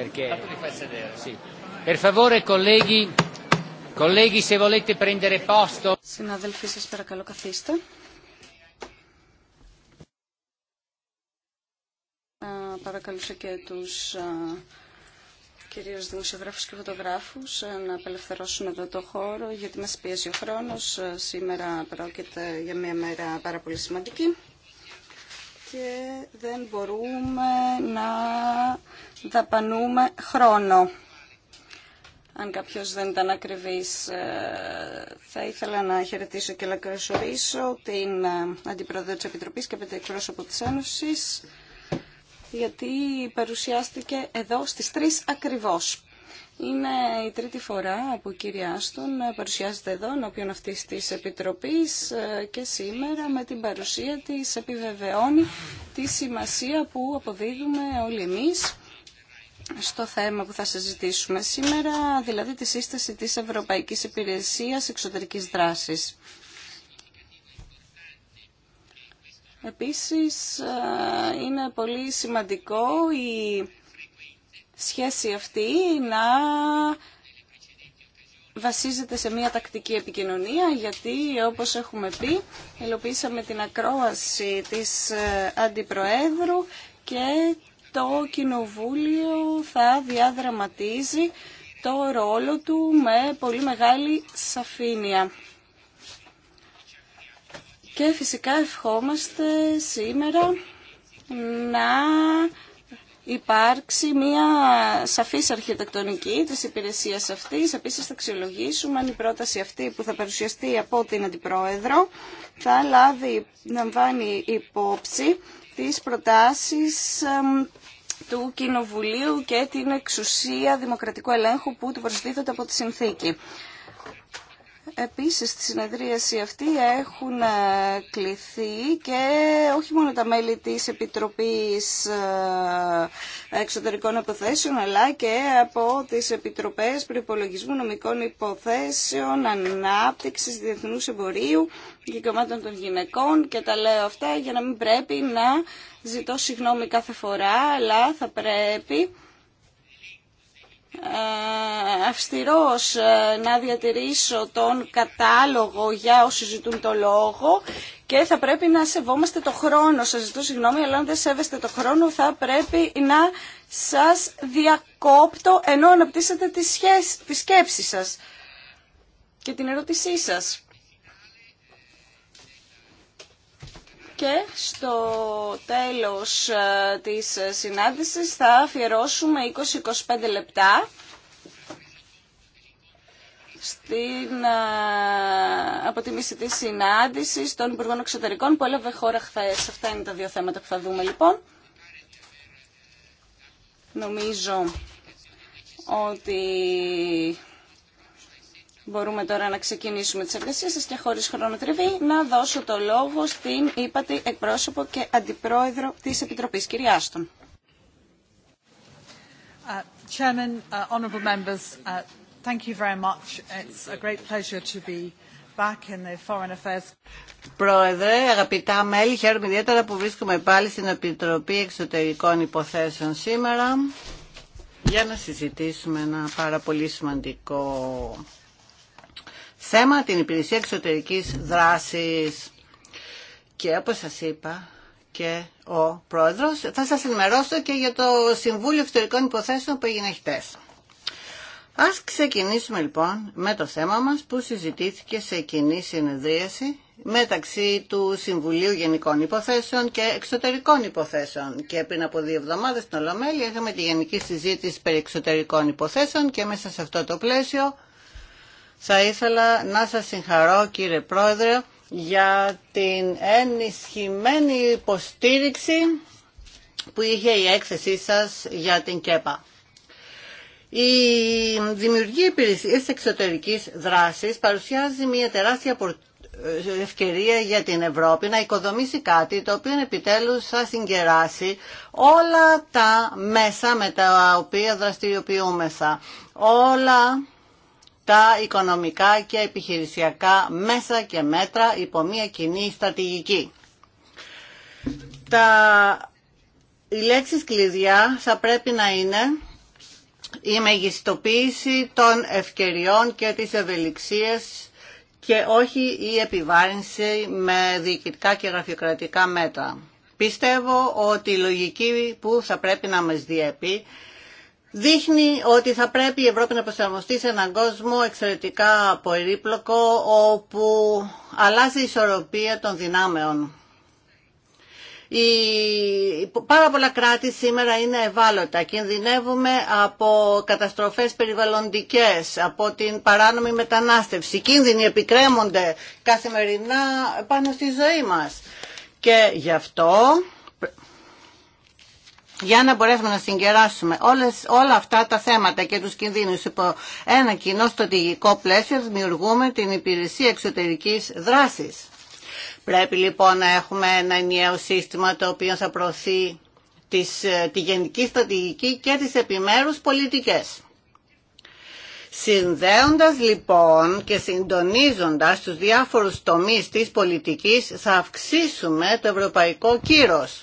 Perché... Συνάδελφοι, σας παρακαλώ καθίστε. Παρακαλούσα και τους κυρίως δημοσιογράφους και φωτογράφους ε, να απελευθερώσουν εδώ το χώρο γιατί μας πιέζει ο χρόνος. Ε, σήμερα πρόκειται για μια μέρα πάρα πολύ σημαντική και δεν μπορούμε να δαπανούμε χρόνο. Αν κάποιος δεν ήταν ακριβής, ε, θα ήθελα να χαιρετήσω και να καλωσορίσω την ε, Αντιπρόεδρο της Επιτροπής και την εκπρόσωπο της Ένωσης, γιατί παρουσιάστηκε εδώ στις 3 ακριβώς. Είναι η τρίτη φορά που η κυρία Άστον παρουσιάζεται εδώ ενώπιον αυτή τη Επιτροπή ε, και σήμερα με την παρουσία τη επιβεβαιώνει τη σημασία που αποδίδουμε όλοι εμείς στο θέμα που θα συζητήσουμε σήμερα, δηλαδή τη σύσταση της Ευρωπαϊκής Υπηρεσίας Εξωτερικής Δράσης. Επίσης, είναι πολύ σημαντικό η σχέση αυτή να βασίζεται σε μια τακτική επικοινωνία γιατί όπως έχουμε πει ελοπίσαμε την ακρόαση της ε, Αντιπροέδρου και το Κοινοβούλιο θα διαδραματίζει το ρόλο του με πολύ μεγάλη σαφήνεια. Και φυσικά ευχόμαστε σήμερα να υπάρξει μια σαφής αρχιτεκτονική της υπηρεσίας αυτής. Επίσης θα αξιολογήσουμε αν η πρόταση αυτή που θα παρουσιαστεί από την Αντιπρόεδρο θα λάβει να βάνει υπόψη τις προτάσεις του Κοινοβουλίου και την εξουσία δημοκρατικού ελέγχου που του προσδίδεται από τη συνθήκη. Επίσης, στη συνεδρίαση αυτή έχουν ε, κληθεί και όχι μόνο τα μέλη της Επιτροπής ε, Εξωτερικών Υποθέσεων, αλλά και από τις Επιτροπές Προϋπολογισμού Νομικών Υποθέσεων, Ανάπτυξης Διεθνούς Εμπορίου, και Κομμάτων των Γυναικών και τα λέω αυτά για να μην πρέπει να ζητώ συγγνώμη κάθε φορά, αλλά θα πρέπει ε, αυστηρός ε, να διατηρήσω τον κατάλογο για όσοι ζητούν το λόγο και θα πρέπει να σεβόμαστε το χρόνο. Σας ζητώ συγγνώμη, αλλά αν δεν σέβεστε το χρόνο θα πρέπει να σας διακόπτω ενώ αναπτύσσετε τη, σχέση, τη σκέψη σας και την ερώτησή σας. και στο τέλος ε, της συνάντησης θα αφιερώσουμε 20-25 λεπτά στην ε, αποτιμήση της συνάντησης των Υπουργών Εξωτερικών που έλαβε χώρα χθε. Αυτά είναι τα δύο θέματα που θα δούμε λοιπόν. Νομίζω ότι Μπορούμε τώρα να ξεκινήσουμε τις εργασίες σας και χωρίς χρονοτριβή να δώσω το λόγο στην ύπατη εκπρόσωπο και αντιπρόεδρο της Επιτροπής, κυρία Άστον. Πρόεδρε, αγαπητά μέλη, χαίρομαι ιδιαίτερα που βρίσκομαι πάλι στην Επιτροπή Εξωτερικών Υποθέσεων σήμερα για να συζητήσουμε ένα πάρα πολύ σημαντικό θέμα την υπηρεσία εξωτερικής δράσης. Και όπως σας είπα και ο πρόεδρος, θα σας ενημερώσω και για το Συμβούλιο Εξωτερικών Υποθέσεων που έγινε χτες. Ας ξεκινήσουμε λοιπόν με το θέμα μας που συζητήθηκε σε κοινή συνεδρίαση μεταξύ του Συμβουλίου Γενικών Υποθέσεων και Εξωτερικών Υποθέσεων. Και πριν από δύο εβδομάδες στην Ολομέλη είχαμε τη Γενική Συζήτηση περί Εξωτερικών Υποθέσεων και μέσα σε αυτό το πλαίσιο θα ήθελα να σας συγχαρώ κύριε Πρόεδρε για την ενισχυμένη υποστήριξη που είχε η έκθεσή σας για την ΚΕΠΑ. Η δημιουργία υπηρεσία εξωτερικής δράσης παρουσιάζει μια τεράστια ευκαιρία για την Ευρώπη να οικοδομήσει κάτι το οποίο επιτέλους θα συγκεράσει όλα τα μέσα με τα οποία δραστηριοποιούμεθα. Όλα τα οικονομικά και επιχειρησιακά μέσα και μέτρα υπό μια κοινή στρατηγική. Τα... Οι λέξεις κλειδιά θα πρέπει να είναι η μεγιστοποίηση των ευκαιριών και της ευελιξίας και όχι η επιβάρυνση με διοικητικά και γραφειοκρατικά μέτρα. Πιστεύω ότι η λογική που θα πρέπει να μας διέπει δείχνει ότι θα πρέπει η Ευρώπη να προσαρμοστεί σε έναν κόσμο εξαιρετικά περίπλοκο όπου αλλάζει η ισορροπία των δυνάμεων. Η... Πάρα πολλά κράτη σήμερα είναι ευάλωτα. Κινδυνεύουμε από καταστροφές περιβαλλοντικές, από την παράνομη μετανάστευση. Οι κίνδυνοι επικρέμονται καθημερινά πάνω στη ζωή μας. Και γι' αυτό για να μπορέσουμε να συγκεράσουμε όλες, όλα αυτά τα θέματα και τους κινδύνους υπό ένα κοινό στρατηγικό πλαίσιο δημιουργούμε την υπηρεσία εξωτερικής δράσης. Πρέπει λοιπόν να έχουμε ένα ενιαίο σύστημα το οποίο θα προωθεί της, ε, τη γενική στρατηγική και τις επιμέρους πολιτικές. Συνδέοντας λοιπόν και συντονίζοντας τους διάφορους τομείς της πολιτικής θα αυξήσουμε το ευρωπαϊκό κύρος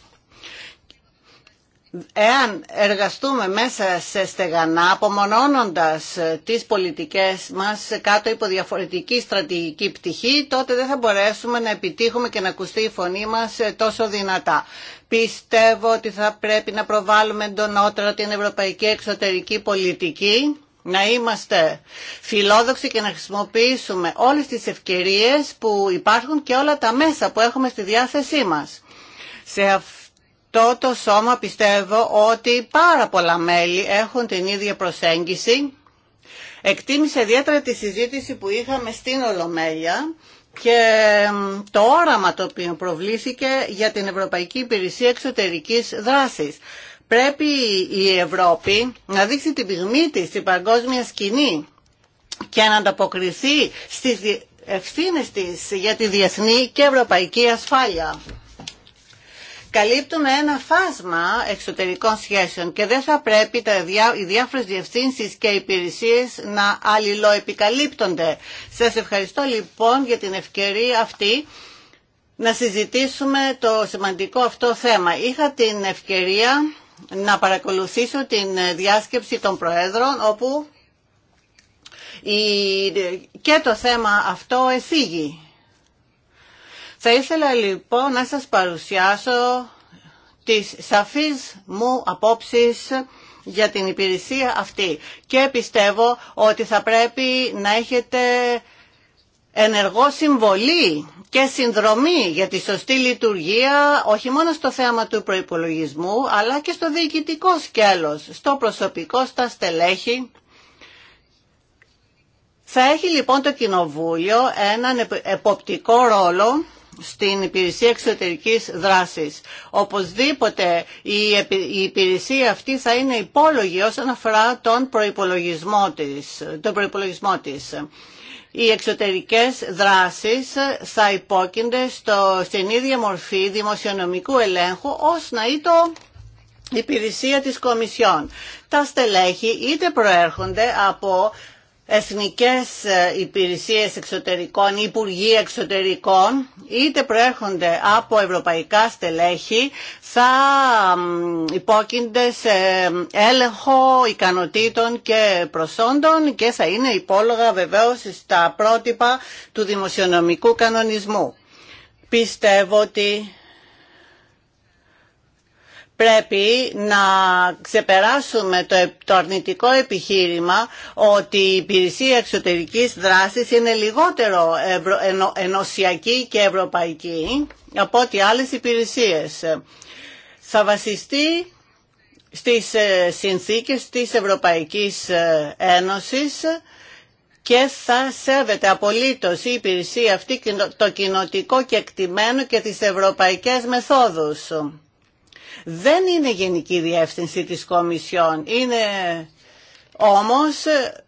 εάν εργαστούμε μέσα σε στεγανά, απομονώνοντας ε, τις πολιτικές μας κάτω υπό διαφορετική στρατηγική πτυχή, τότε δεν θα μπορέσουμε να επιτύχουμε και να ακουστεί η φωνή μας ε, τόσο δυνατά. Πιστεύω ότι θα πρέπει να προβάλλουμε εντονότερα την ευρωπαϊκή εξωτερική πολιτική, να είμαστε φιλόδοξοι και να χρησιμοποιήσουμε όλες τις ευκαιρίες που υπάρχουν και όλα τα μέσα που έχουμε στη διάθεσή μας. Σε Τότο σώμα πιστεύω ότι πάρα πολλά μέλη έχουν την ίδια προσέγγιση. Εκτίμησε ιδιαίτερα τη συζήτηση που είχαμε στην Ολομέλεια και το όραμα το οποίο προβλήθηκε για την Ευρωπαϊκή Υπηρεσία Εξωτερικής Δράσης. Πρέπει η Ευρώπη να δείξει την πυγμή τη στην παγκόσμια σκηνή και να ανταποκριθεί στις ευθύνες της για τη διεθνή και ευρωπαϊκή ασφάλεια. Καλύπτουμε ένα φάσμα εξωτερικών σχέσεων και δεν θα πρέπει τα διά, οι διάφορες διευθύνσεις και υπηρεσίες να αλληλοεπικαλύπτονται. Σας ευχαριστώ λοιπόν για την ευκαιρία αυτή να συζητήσουμε το σημαντικό αυτό θέμα. Είχα την ευκαιρία να παρακολουθήσω την διάσκεψη των Προέδρων όπου και το θέμα αυτό εφήγει θα ήθελα λοιπόν να σας παρουσιάσω τις σαφείς μου απόψεις για την υπηρεσία αυτή και πιστεύω ότι θα πρέπει να έχετε ενεργό συμβολή και συνδρομή για τη σωστή λειτουργία όχι μόνο στο θέμα του προϋπολογισμού αλλά και στο διοικητικό σκέλος, στο προσωπικό, στα στελέχη. Θα έχει λοιπόν το Κοινοβούλιο έναν εποπτικό ρόλο στην υπηρεσία εξωτερικής δράσης. Οπωσδήποτε η υπηρεσία αυτή θα είναι υπόλογη όσον αφορά τον προϋπολογισμό της. Τον προϋπολογισμό της. Οι εξωτερικές δράσεις θα υπόκεινται στην ίδια μορφή δημοσιονομικού ελέγχου ως να ή το υπηρεσία της Κομισιόν. Τα στελέχη είτε προέρχονται από εθνικές ε, υπηρεσίες εξωτερικών, υπουργοί εξωτερικών, είτε προέρχονται από ευρωπαϊκά στελέχη, θα υπόκεινται σε έλεγχο ικανοτήτων και προσόντων και θα είναι υπόλογα βεβαίως στα πρότυπα του δημοσιονομικού κανονισμού. Πιστεύω ότι πρέπει να ξεπεράσουμε το, το αρνητικό επιχείρημα ότι η υπηρεσία εξωτερικής δράσης είναι λιγότερο ενωσιακή και ευρωπαϊκή από ό,τι άλλες υπηρεσίες. Θα βασιστεί στις ε, συνθήκες της Ευρωπαϊκής ε, Ένωσης και θα σέβεται απολύτως η υπηρεσία αυτή το κοινοτικό εκτιμένο και τις ευρωπαϊκές μεθόδους δεν είναι γενική διεύθυνση της Κομισιόν. Είναι όμως ε,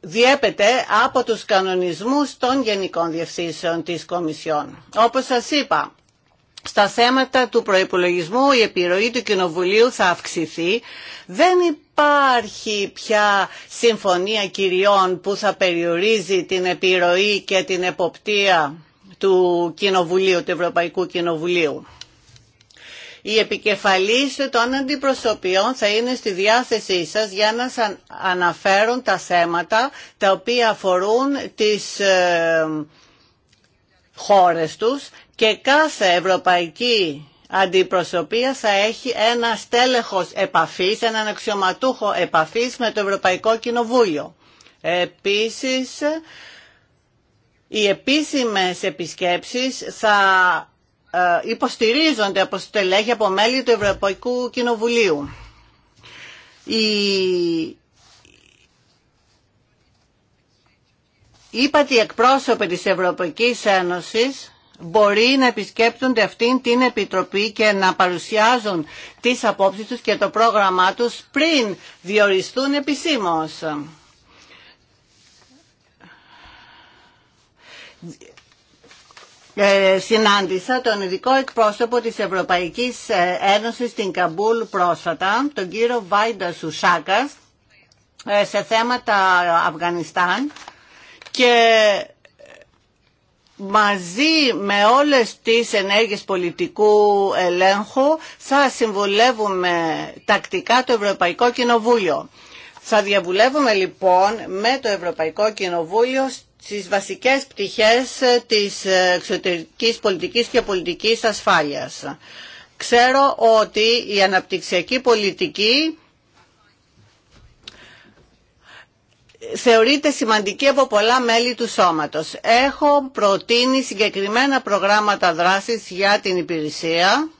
διέπεται από τους κανονισμούς των γενικών διευθύνσεων της Κομισιόν. Όπως σας είπα, στα θέματα του προϋπολογισμού η επιρροή του Κοινοβουλίου θα αυξηθεί. Δεν υπάρχει πια συμφωνία κυριών που θα περιορίζει την επιρροή και την εποπτεία του του Ευρωπαϊκού Κοινοβουλίου. Η επικεφαλή των αντιπροσωπιών θα είναι στη διάθεσή σας για να αναφέρουν τα θέματα τα οποία αφορούν τις ε, χώρες τους και κάθε ευρωπαϊκή αντιπροσωπεία θα έχει ένα στέλεχος επαφής, έναν αξιωματούχο επαφής με το Ευρωπαϊκό Κοινοβούλιο. Επίσης, οι επίσημες επισκέψεις θα ε, υποστηρίζονται από στελέχη από μέλη του Ευρωπαϊκού Κοινοβουλίου. Η ύπατοι εκπρόσωποι της Ευρωπαϊκής Ένωσης μπορεί να επισκέπτονται αυτήν την Επιτροπή και να παρουσιάζουν τις απόψεις τους και το πρόγραμμά τους πριν διοριστούν επισήμως. Ε, συνάντησα τον ειδικό εκπρόσωπο της Ευρωπαϊκής ε, Ένωσης στην Καμπούλ πρόσφατα, τον κύριο Βάιντα Σουσάκας, ε, σε θέματα Αφγανιστάν και μαζί με όλες τις ενέργειες πολιτικού ελέγχου θα συμβουλεύουμε τακτικά το Ευρωπαϊκό Κοινοβούλιο. Θα διαβουλεύουμε λοιπόν με το Ευρωπαϊκό Κοινοβούλιο στις βασικές πτυχές ε, της ε, εξωτερικής πολιτικής και πολιτικής ασφάλειας. Ξέρω ότι η αναπτυξιακή πολιτική θεωρείται σημαντική από πολλά μέλη του σώματος. Έχω προτείνει συγκεκριμένα προγράμματα δράσης για την υπηρεσία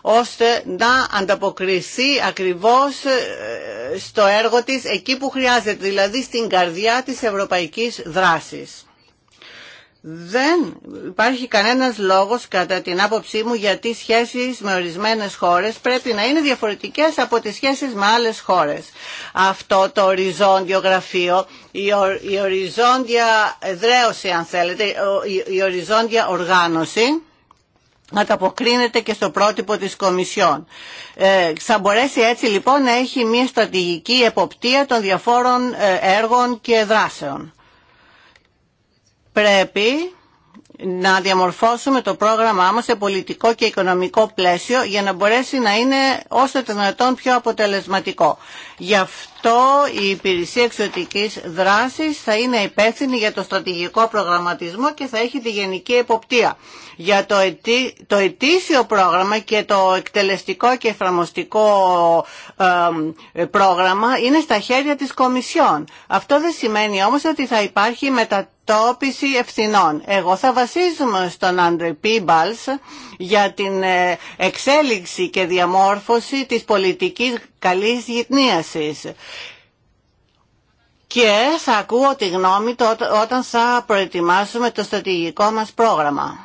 ώστε να ανταποκριθεί ακριβώς ε, στο έργο της εκεί που χρειάζεται, δηλαδή στην καρδιά της ευρωπαϊκής δράσης. Δεν υπάρχει κανένας λόγος κατά την άποψή μου γιατί οι σχέσεις με ορισμένες χώρες πρέπει να είναι διαφορετικές από τις σχέσεις με άλλες χώρες. Αυτό το οριζόντιο γραφείο, η οριζόντια δρέωση αν θέλετε, η οριζόντια οργάνωση αποκρίνεται και στο πρότυπο της Κομισιόν. Ε, θα μπορέσει έτσι λοιπόν να έχει μια στρατηγική εποπτεία των διαφόρων ε, έργων και δράσεων. Πρέπει να διαμορφώσουμε το πρόγραμμά μας σε πολιτικό και οικονομικό πλαίσιο για να μπορέσει να είναι όσο το δυνατόν πιο αποτελεσματικό. Γι' αυτό η Υπηρεσία Εξωτικής Δράσης θα είναι υπεύθυνη για το στρατηγικό προγραμματισμό και θα έχει τη γενική εποπτεία. Για το, το ετήσιο πρόγραμμα και το εκτελεστικό και εφαρμοστικό πρόγραμμα είναι στα χέρια της Κομισιόν. Αυτό δεν σημαίνει όμως ότι θα υπάρχει μετα, αντιμετώπιση ευθυνών. Εγώ θα βασίζομαι στον Άντρε Πίμπαλς για την ε, εξέλιξη και διαμόρφωση της πολιτικής καλής γυτνίασης. Και θα ακούω τη γνώμη όταν θα προετοιμάσουμε το στρατηγικό μας πρόγραμμα.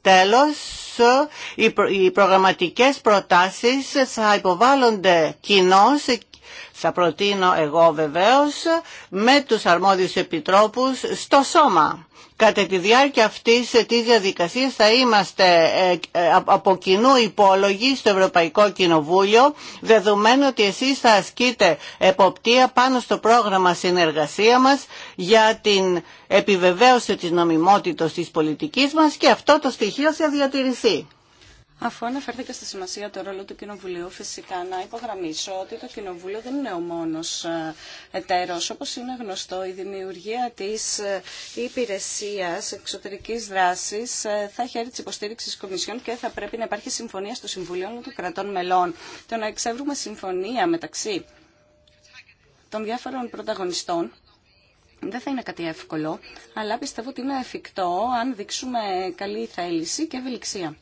Τέλος, οι προγραμματικές προτάσεις θα υποβάλλονται κοινώς θα προτείνω εγώ βεβαίως με τους αρμόδιους επιτρόπους στο σώμα. Κατά τη διάρκεια αυτής της διαδικασίας θα είμαστε ε, ε, από κοινού υπόλογοι στο Ευρωπαϊκό Κοινοβούλιο, δεδομένου ότι εσείς θα ασκείτε εποπτεία πάνω στο πρόγραμμα συνεργασία μας για την επιβεβαίωση της νομιμότητας της πολιτικής μας και αυτό το στοιχείο θα διατηρηθεί. Αφού αναφέρθηκα στη σημασία του ρόλου του Κοινοβουλίου, φυσικά να υπογραμμίσω ότι το Κοινοβούλιο δεν είναι ο μόνος ε, εταίρος. Όπως είναι γνωστό, η δημιουργία της ε, υπηρεσίας εξωτερικής δράσης ε, θα χαίρει τη υποστήριξη τη Κομισιόν και θα πρέπει να υπάρχει συμφωνία στο Συμβουλίο των κρατών μελών. Το να εξεύρουμε συμφωνία μεταξύ των διάφορων πρωταγωνιστών δεν θα είναι κάτι εύκολο, αλλά πιστεύω ότι είναι εφικτό αν δείξουμε καλή θέληση και ευελιξία.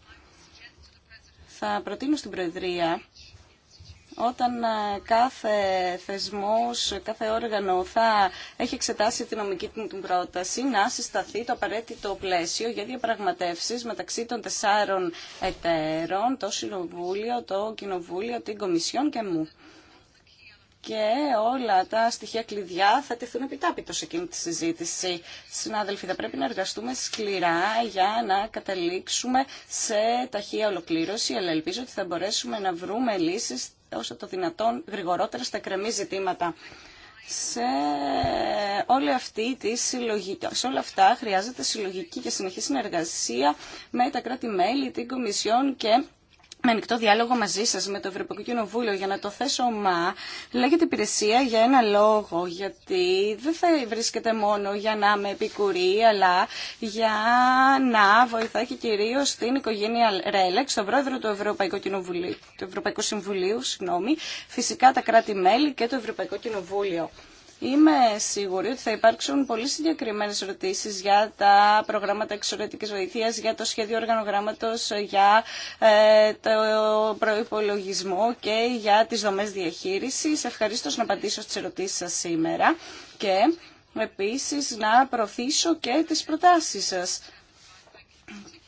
Θα προτείνω στην Προεδρία όταν ε, κάθε θεσμός, κάθε όργανο θα έχει εξετάσει την νομική του πρόταση να συσταθεί το απαραίτητο πλαίσιο για διαπραγματεύσεις μεταξύ των τεσσάρων εταίρων, το Συνοβούλιο, το Κοινοβούλιο, την Κομισιόν και μου και όλα τα στοιχεία κλειδιά θα τεθούν επιτάπητο σε εκείνη τη συζήτηση. Συνάδελφοι, θα πρέπει να εργαστούμε σκληρά για να καταλήξουμε σε ταχεία ολοκλήρωση, αλλά ελπίζω ότι θα μπορέσουμε να βρούμε λύσεις όσο το δυνατόν γρηγορότερα στα κρεμή ζητήματα. Σε, όλη αυτή τη σε όλα αυτά χρειάζεται συλλογική και συνεχή συνεργασία με τα κράτη-μέλη, την Κομισιόν και με ανοιχτό διάλογο μαζί σας με το Ευρωπαϊκό Κοινοβούλιο για να το θέσω μα λέγεται υπηρεσία για ένα λόγο γιατί δεν θα βρίσκεται μόνο για να με επικουρεί αλλά για να βοηθάει και κυρίως την οικογένεια Ρέλεξ, τον πρόεδρο του Ευρωπαϊκού, Κοινοβουλίου, του Ευρωπαϊκού Συμβουλίου, συγγνώμη, φυσικά τα κράτη-μέλη και το Ευρωπαϊκό Κοινοβούλιο. Είμαι σίγουρη ότι θα υπάρξουν πολύ συγκεκριμένε ερωτήσει για τα προγράμματα εξωτερική βοηθεία, για το σχέδιο οργανογράμματο, για ε, το προπολογισμό και για τι δομέ διαχείριση. Ευχαρίστω να απαντήσω στι ερωτήσει σα σήμερα και επίση να προωθήσω και τι προτάσει σα.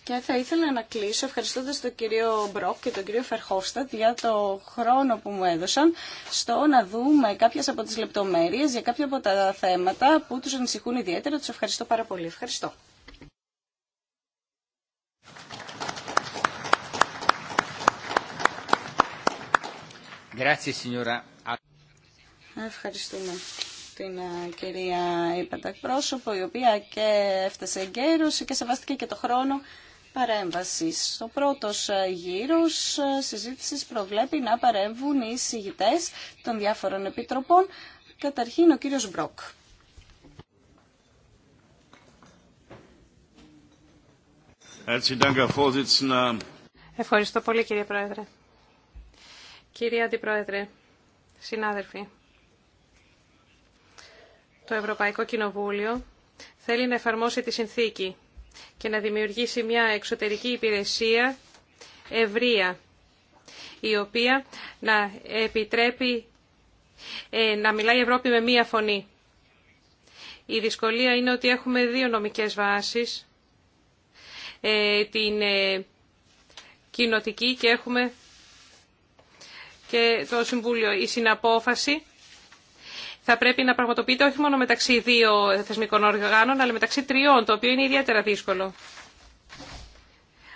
Και θα ήθελα να κλείσω ευχαριστώντας τον κύριο Μπροκ και τον κύριο Φερχόφστατ για το χρόνο που μου έδωσαν στο να δούμε κάποιες από τις λεπτομέρειες για κάποια από τα θέματα που τους ανησυχούν ιδιαίτερα. Τους ευχαριστώ πάρα πολύ. Ευχαριστώ. Ευχαριστούμε την ε, κυρία Ήπατα πρόσωπο, η οποία και έφτασε εγκαίρως και σεβάστηκε και το χρόνο παρέμβασης. Ο γύρο ε, γύρος ε, συζήτησης προβλέπει να παρέμβουν οι συγητές των διάφορων επιτροπών. Καταρχήν ο κύριο Μπροκ. Ευχαριστώ πολύ κύριε Πρόεδρε. Κύριε Αντιπρόεδρε, συνάδελφοι, το Ευρωπαϊκό Κοινοβούλιο θέλει να εφαρμόσει τη συνθήκη και να δημιουργήσει μια εξωτερική υπηρεσία ευρεία, η οποία να επιτρέπει ε, να μιλάει η Ευρώπη με μία φωνή. Η δυσκολία είναι ότι έχουμε δύο νομικές βάσεις, ε, την ε, κοινοτική και έχουμε και το Συμβούλιο, η συναπόφαση θα πρέπει να πραγματοποιείται όχι μόνο μεταξύ δύο θεσμικών οργάνων, αλλά μεταξύ τριών, το οποίο είναι ιδιαίτερα δύσκολο.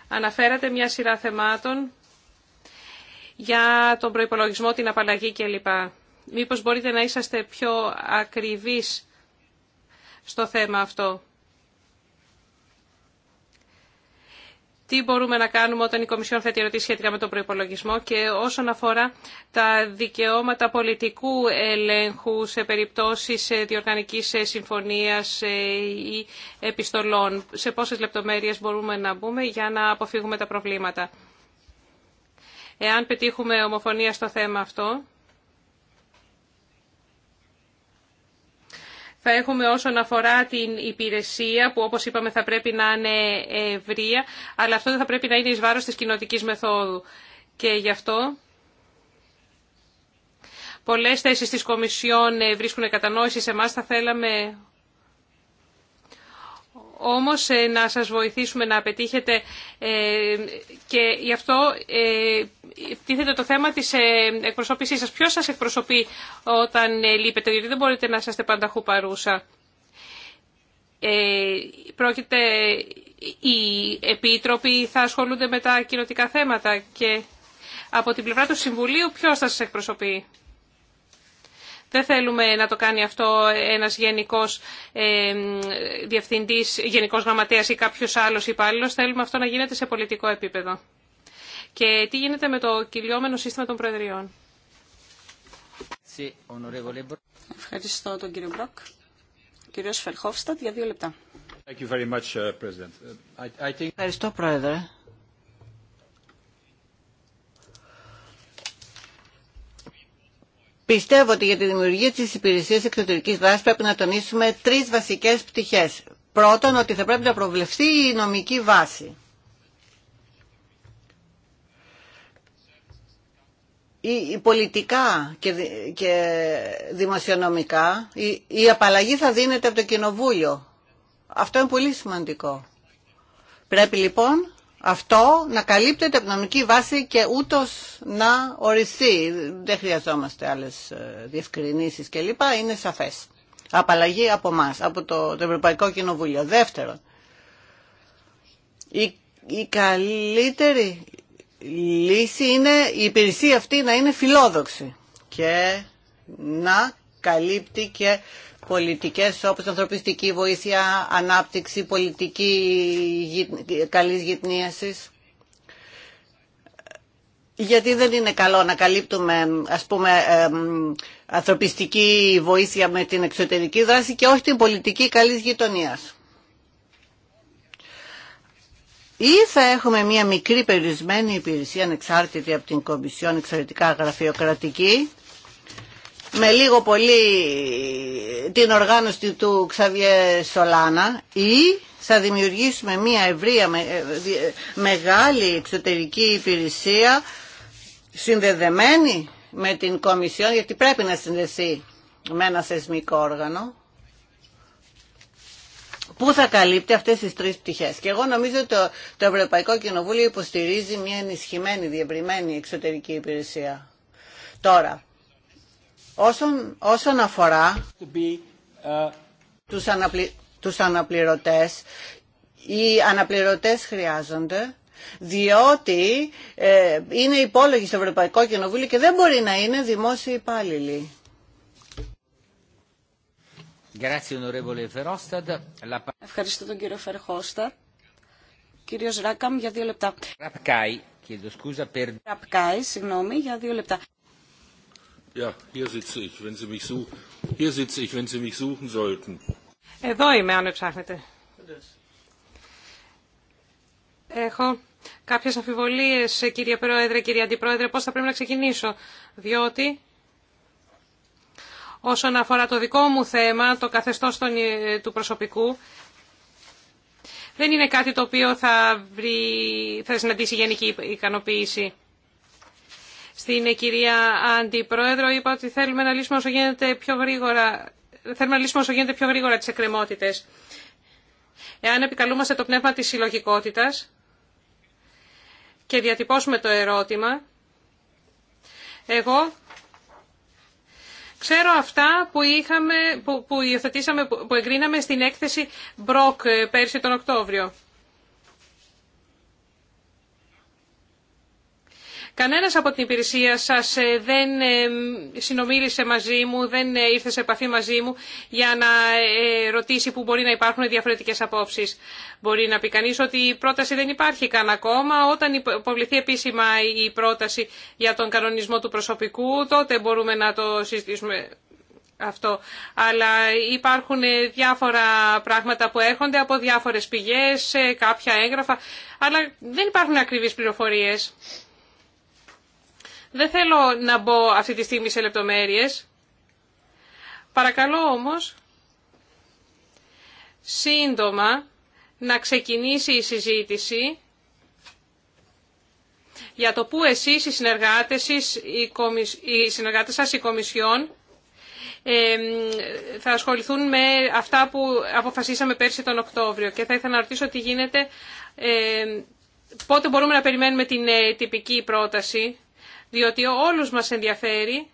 Αναφέρατε μια σειρά θεμάτων για τον προϋπολογισμό, την απαλλαγή κλπ. Μήπως μπορείτε να είσαστε πιο ακριβείς στο θέμα αυτό. τι μπορούμε να κάνουμε όταν η Κομισιόν θέτει ερωτήσει σχετικά με τον προπολογισμό και όσον αφορά τα δικαιώματα πολιτικού ελέγχου σε περιπτώσει ε, διοργανική ε, συμφωνίας ε, ή επιστολών. Σε πόσες λεπτομέρειες μπορούμε να μπούμε για να αποφύγουμε τα προβλήματα. Εάν πετύχουμε ομοφωνία στο θέμα αυτό, θα έχουμε όσον αφορά την υπηρεσία που όπως είπαμε θα πρέπει να είναι ευρεία, αλλά αυτό δεν θα πρέπει να είναι εις βάρος της κοινοτικής μεθόδου. Και γι' αυτό πολλές θέσεις της Κομισιόν ε, βρίσκουν κατανόηση σε εμάς. Θα θέλαμε όμως ε, να σας βοηθήσουμε να πετύχετε ε, και γι' αυτό ε, τίθεται το θέμα της εκπροσώπησής σας. Ποιος σας εκπροσωπεί όταν λείπετε, γιατί δεν μπορείτε να είστε πανταχού παρούσα. Πρόκειται οι επίτροποι θα ασχολούνται με τα κοινοτικά θέματα και από την πλευρά του Συμβουλίου ποιος θα σας εκπροσωπεί. Δεν θέλουμε να το κάνει αυτό ένας γενικός ε, διευθυντής, γενικός γραμματέας ή κάποιος άλλος υπάλληλος. Θέλουμε αυτό να γίνεται σε πολιτικό επίπεδο. Και τι γίνεται με το κυλιόμενο σύστημα των Προεδριών. Ευχαριστώ τον κύριο Μπροκ. Κύριος Φερχόφστατ για δύο λεπτά. Ευχαριστώ, Πρόεδρε. Πιστεύω ότι για τη δημιουργία της υπηρεσίας εξωτερικής βάση πρέπει να τονίσουμε τρεις βασικές πτυχές. Πρώτον, ότι θα πρέπει να προβλεφθεί η νομική βάση. Η πολιτικά και δημοσιονομικά, η απαλλαγή θα δίνεται από το Κοινοβούλιο. Αυτό είναι πολύ σημαντικό. Πρέπει λοιπόν αυτό να καλύπτεται από νομική βάση και ούτω να οριστεί. Δεν χρειαζόμαστε άλλε διευκρινήσει κλπ. Είναι σαφές. Απαλλαγή από εμά, από το, το Ευρωπαϊκό Κοινοβούλιο. Δεύτερον, η, η καλύτερη λύση είναι η υπηρεσία αυτή να είναι φιλόδοξη και να καλύπτει και πολιτικές όπως ανθρωπιστική βοήθεια, ανάπτυξη, πολιτική καλής γυτνίαση. Γιατί δεν είναι καλό να καλύπτουμε ας πούμε ανθρωπιστική βοήθεια με την εξωτερική δράση και όχι την πολιτική καλής γειτονίας. Ή θα έχουμε μια μικρή περιορισμένη υπηρεσία ανεξάρτητη από την Κομισιόν εξαιρετικά γραφειοκρατική με λίγο πολύ την οργάνωση του Ξαβιέ Σολάνα ή θα δημιουργήσουμε μια ευρεία ε, ε, μεγάλη εξωτερική υπηρεσία συνδεδεμένη με την Κομισιόν γιατί πρέπει να συνδεθεί με ένα θεσμικό όργανο που θα καλύπτει αυτές τις τρεις πτυχές. Και εγώ νομίζω ότι το, το Ευρωπαϊκό Κοινοβούλιο υποστηρίζει μια ενισχυμένη, διευρυμένη εξωτερική υπηρεσία. Τώρα, Όσον, όσον αφορά ε, τους, αναπληρωτές, οι αναπληρωτές χρειάζονται διότι ε, είναι υπόλογοι στο Ευρωπαϊκό Κοινοβούλιο και δεν μπορεί να είναι δημόσιοι υπάλληλοι. Ευχαριστώ τον κύριο Φερχώστα. Κύριος Ράκαμ για δύο λεπτά. Ραπκάι, συγγνώμη, για δύο λεπτά. Ja, hier sitze ich, wenn Sie mich suchen. Hier sitze ich, wenn Sie mich suchen sollten. Εδώ είμαι, αν ψάχνετε. Έχω κάποιες αμφιβολίες, κύριε Πρόεδρε, κύριε Αντιπρόεδρε, πώς θα πρέπει να ξεκινήσω. Διότι όσον αφορά το δικό μου θέμα, το καθεστώς ε, του προσωπικού, δεν είναι κάτι το οποίο θα, βρει, θα συναντήσει γενική ικανοποίηση. Στην κυρία Αντιπρόεδρο είπα ότι θέλουμε να λύσουμε όσο γίνεται πιο γρήγορα, θέλουμε να όσο γίνεται πιο γρήγορα τις εκκρεμότητες. Εάν επικαλούμαστε το πνεύμα της συλλογικότητα και διατυπώσουμε το ερώτημα, εγώ ξέρω αυτά που, είχαμε, που, που που εγκρίναμε στην έκθεση Μπροκ ε, πέρσι τον Οκτώβριο. Κανένας από την υπηρεσία σας ε, δεν ε, συνομίλησε μαζί μου, δεν ε, ήρθε σε επαφή μαζί μου για να ρωτήσει που μπορεί να υπάρχουν διαφορετικές απόψεις. Μπορεί να πει κανεί ότι η πρόταση δεν υπάρχει καν ακόμα. Όταν υποβληθεί επίσημα η πρόταση για τον κανονισμό του προσωπικού, τότε μπορούμε να το συζητήσουμε αυτό. Αλλά υπάρχουν διάφορα πράγματα που έρχονται από διάφορες πηγές, κάποια έγγραφα, αλλά δεν υπάρχουν ακριβείς πληροφορίες. Δεν θέλω να μπω αυτή τη στιγμή σε λεπτομέρειες. Παρακαλώ όμως σύντομα να ξεκινήσει η συζήτηση για το που εσείς οι συνεργάτες, οι συνεργάτες σας, οι Κομισιόν, θα ασχοληθούν με αυτά που αποφασίσαμε πέρσι τον Οκτώβριο. Και θα ήθελα να ρωτήσω τι γίνεται, πότε μπορούμε να περιμένουμε την ε, τυπική πρόταση διότι όλους μας ενδιαφέρει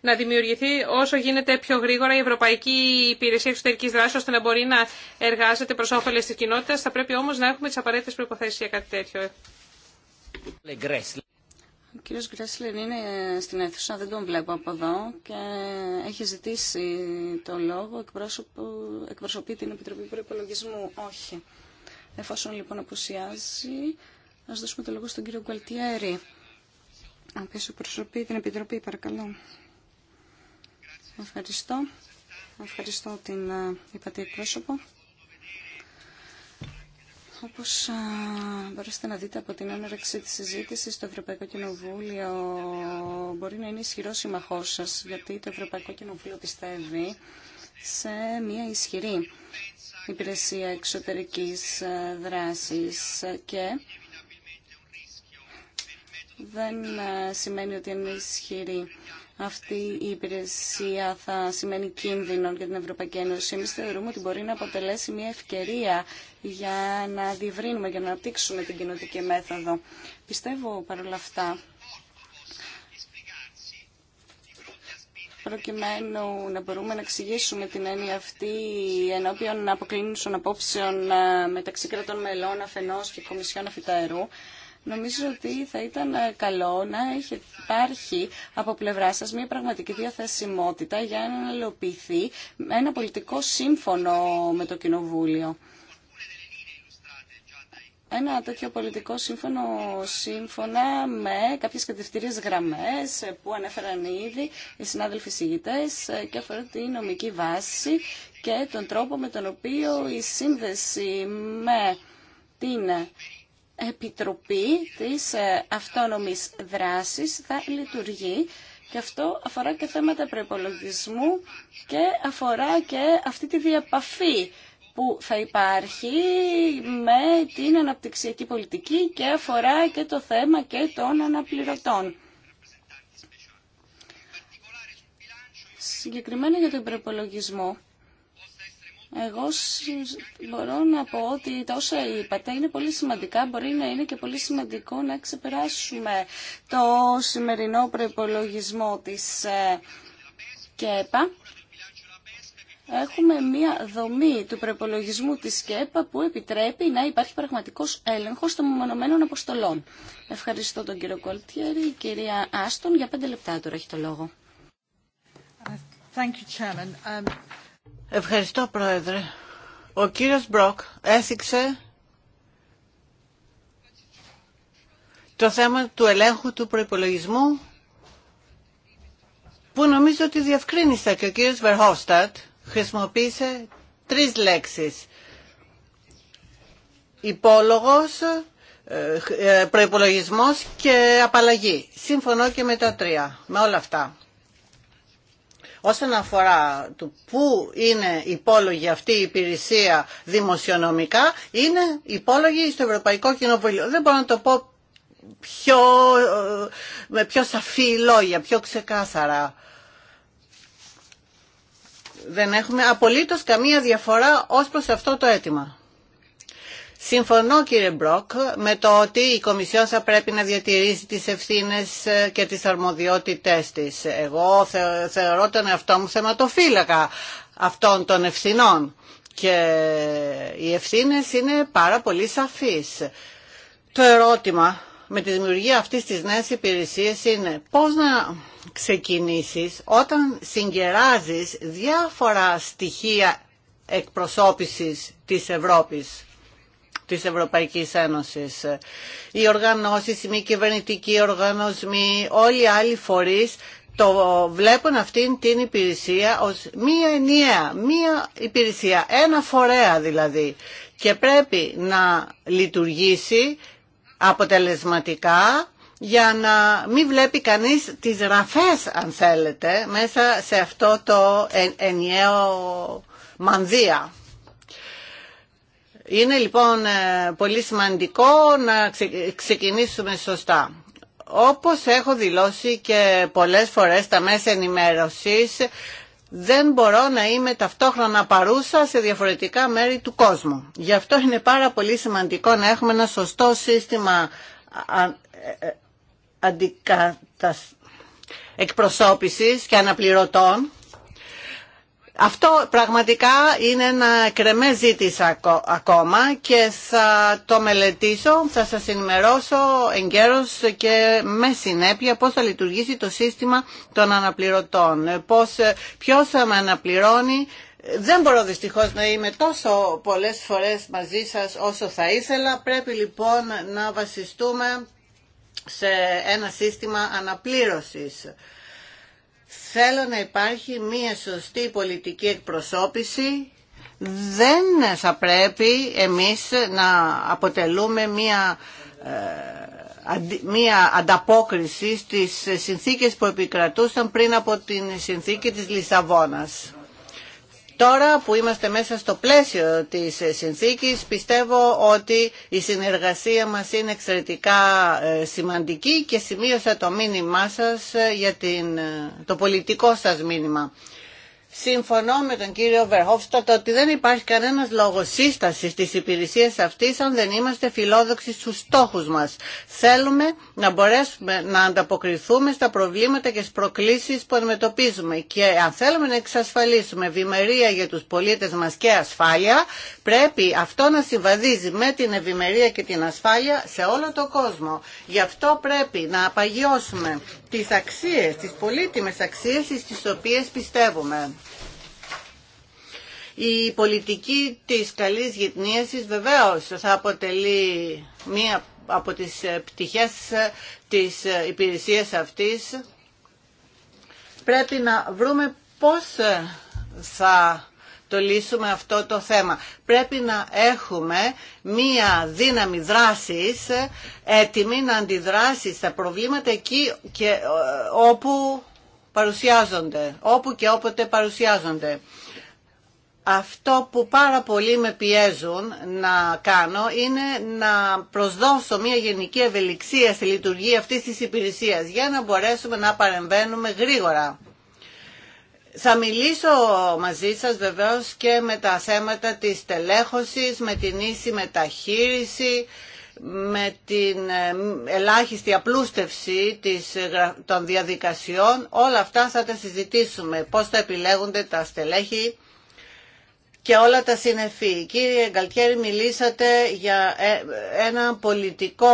να δημιουργηθεί όσο γίνεται πιο γρήγορα η Ευρωπαϊκή Υπηρεσία Εξωτερικής Δράσης, ώστε να μπορεί να εργάζεται προς όφελες της κοινότητας. Θα πρέπει όμως να έχουμε τις απαραίτητες προϋποθέσεις για κάτι τέτοιο. Ο κύριο Γκρέσλερ είναι στην αίθουσα, δεν τον βλέπω από εδώ και έχει ζητήσει το λόγο, εκπροσωπεί την Επιτροπή Προϋπολογισμού. Όχι. Εφόσον λοιπόν απουσιάζει, Ας δώσουμε το λόγο στον κύριο Γκουαλτιέρη, από προσωπεί την Επιτροπή, παρακαλώ. Ευχαριστώ. Ευχαριστώ την υπατή ε, εκπρόσωπο. Όπως μπορείτε να δείτε από την έναρξη της συζήτηση, το Ευρωπαϊκό Κοινοβούλιο μπορεί να είναι ισχυρό συμμαχός σας, γιατί το Ευρωπαϊκό Κοινοβούλιο πιστεύει σε μια ισχυρή υπηρεσία εξωτερικής ε, δράσης και δεν ε, σημαίνει ότι είναι ισχυρή αυτή η υπηρεσία θα σημαίνει κίνδυνο για την Ευρωπαϊκή Ένωση. Εμεί θεωρούμε ότι μπορεί να αποτελέσει μια ευκαιρία για να διευρύνουμε για να αναπτύξουμε την κοινωτική μέθοδο. Πιστεύω παρόλα αυτά προκειμένου να μπορούμε να εξηγήσουμε την έννοια αυτή ενώπιον αποκλίνουσων απόψεων ε, μεταξύ κρατών μελών αφενός και κομισιών αφιταερού. Νομίζω ότι θα ήταν ε, καλό να έχει υπάρχει από πλευρά σας μια πραγματική διαθεσιμότητα για να αναλοποιηθεί ένα πολιτικό σύμφωνο με το Κοινοβούλιο. Ένα τέτοιο πολιτικό σύμφωνο σύμφωνα με κάποιες κατευθύνσεις γραμμές ε, που ανέφεραν ήδη οι συνάδελφοι συγητές ε, και αφορά τη νομική βάση και τον τρόπο με τον οποίο η σύνδεση με την Επιτροπή της ε, Αυτόνομης Δράσης θα λειτουργεί και αυτό αφορά και θέματα προπολογισμού και αφορά και αυτή τη διαπαφή που θα υπάρχει με την αναπτυξιακή πολιτική και αφορά και το θέμα και των αναπληρωτών. Συγκεκριμένα για τον προπολογισμό, εγώ μπορώ να πω ότι τα όσα είπατε είναι πολύ σημαντικά. Μπορεί να είναι και πολύ σημαντικό να ξεπεράσουμε το σημερινό προπολογισμό της ε, ΚΕΠΑ. Έχουμε μία δομή του προπολογισμού της ΚΕΠΑ που επιτρέπει να υπάρχει πραγματικός έλεγχος των μεμονωμένων αποστολών. Ευχαριστώ τον κύριο Κολτιέρη. Η κυρία Άστον για πέντε λεπτά τώρα έχει το λόγο. Um, Ευχαριστώ, Πρόεδρε. Ο κύριος Μπροκ έθιξε το θέμα του ελέγχου του προϋπολογισμού που νομίζω ότι διευκρίνησε και ο κύριος Βερχόστατ χρησιμοποίησε τρεις λέξεις. Υπόλογος, ε, ε, προϋπολογισμός και απαλλαγή. Σύμφωνο και με τα τρία, με όλα αυτά. Όσον αφορά του πού είναι υπόλογη αυτή η υπηρεσία δημοσιονομικά, είναι υπόλογη στο Ευρωπαϊκό Κοινοβούλιο. Δεν μπορώ να το πω πιο, με πιο σαφή λόγια, πιο ξεκάθαρα. Δεν έχουμε απολύτως καμία διαφορά ως προς αυτό το αίτημα. Συμφωνώ κύριε Μπροκ με το ότι η Κομισιόν θα πρέπει να διατηρήσει τις ευθύνες ε, και τις αρμοδιότητές της. Εγώ θεωρώ τον εαυτό μου θεματοφύλακα αυτών των ευθυνών και οι ευθύνες είναι πάρα πολύ σαφείς. Το ερώτημα με τη δημιουργία αυτής της νέας υπηρεσίας είναι πώς να ξεκινήσεις όταν συγκεράζεις διάφορα στοιχεία εκπροσώπησης της Ευρώπης της Ευρωπαϊκής Ένωσης. Οι οργανώσεις, οι μη κυβερνητικοί οργανωσμοί, όλοι οι άλλοι φορείς το βλέπουν αυτήν την υπηρεσία ως μία ενιαία, μία υπηρεσία, ένα φορέα δηλαδή και πρέπει να λειτουργήσει αποτελεσματικά για να μην βλέπει κανείς τις ραφές αν θέλετε μέσα σε αυτό το ενιαίο μανδύα. Είναι λοιπόν ε, πολύ σημαντικό να ξεκινήσουμε σωστά. Όπως έχω δηλώσει και πολλές φορές στα μέσα ενημέρωσης, δεν μπορώ να είμαι ταυτόχρονα παρούσα σε διαφορετικά μέρη του κόσμου. Γι' αυτό είναι πάρα πολύ σημαντικό να έχουμε ένα σωστό σύστημα ε, εκπροσώπησης και αναπληρωτών αυτό πραγματικά είναι ένα κρεμέ ακο- ακόμα και θα το μελετήσω, θα σας ενημερώσω εγκαίρως και με συνέπεια πώς θα λειτουργήσει το σύστημα των αναπληρωτών, πώς, ποιος θα με αναπληρώνει. Δεν μπορώ δυστυχώς να είμαι τόσο πολλές φορές μαζί σας όσο θα ήθελα. Πρέπει λοιπόν να βασιστούμε σε ένα σύστημα αναπλήρωσης Θέλω να υπάρχει μία σωστή πολιτική εκπροσώπηση. Δεν θα πρέπει εμείς να αποτελούμε μία ε, μία ανταπόκριση στις συνθήκες που επικρατούσαν πριν από την συνθήκη της Λισαβόνας. Τώρα που είμαστε μέσα στο πλαίσιο της ε, συνθήκης, πιστεύω ότι η συνεργασία μας είναι εξαιρετικά ε, σημαντική και σημείωσα το μήνυμά σας ε, για την, το πολιτικό σας μήνυμα. Συμφωνώ με τον κύριο Βερχόφστατ ότι δεν υπάρχει κανένας λόγος σύστασης της υπηρεσία αυτής αν δεν είμαστε φιλόδοξοι στους στόχους μας. Θέλουμε να μπορέσουμε να ανταποκριθούμε στα προβλήματα και στις προκλήσεις που αντιμετωπίζουμε και αν θέλουμε να εξασφαλίσουμε ευημερία για τους πολίτες μας και ασφάλεια πρέπει αυτό να συμβαδίζει με την ευημερία και την ασφάλεια σε όλο τον κόσμο. Γι' αυτό πρέπει να απαγιώσουμε τις αξίες, τις πολύτιμες αξίες στις οποίες πιστεύουμε. Η πολιτική της καλής γυτνίασης βεβαίως θα αποτελεί μία από τις ε, πτυχές ε, της ε, υπηρεσίας αυτής. Πρέπει να βρούμε πώς θα το λύσουμε αυτό το θέμα. Πρέπει να έχουμε μία δύναμη δράσης έτοιμη να αντιδράσει στα προβλήματα εκεί και όπου παρουσιάζονται, όπου και όποτε παρουσιάζονται αυτό που πάρα πολύ με πιέζουν να κάνω είναι να προσδώσω μια γενική ευελιξία στη λειτουργία αυτής της υπηρεσίας για να μπορέσουμε να παρεμβαίνουμε γρήγορα. Θα μιλήσω μαζί σας βεβαίως και με τα θέματα της τελέχωσης, με την ίση μεταχείριση, με την ε, ελάχιστη απλούστευση ε, των διαδικασιών. Όλα αυτά θα τα συζητήσουμε, πώς θα επιλέγονται τα στελέχη και όλα τα συνεφή. Κύριε Γκαλτιέρη, μιλήσατε για ε, ένα πολιτικό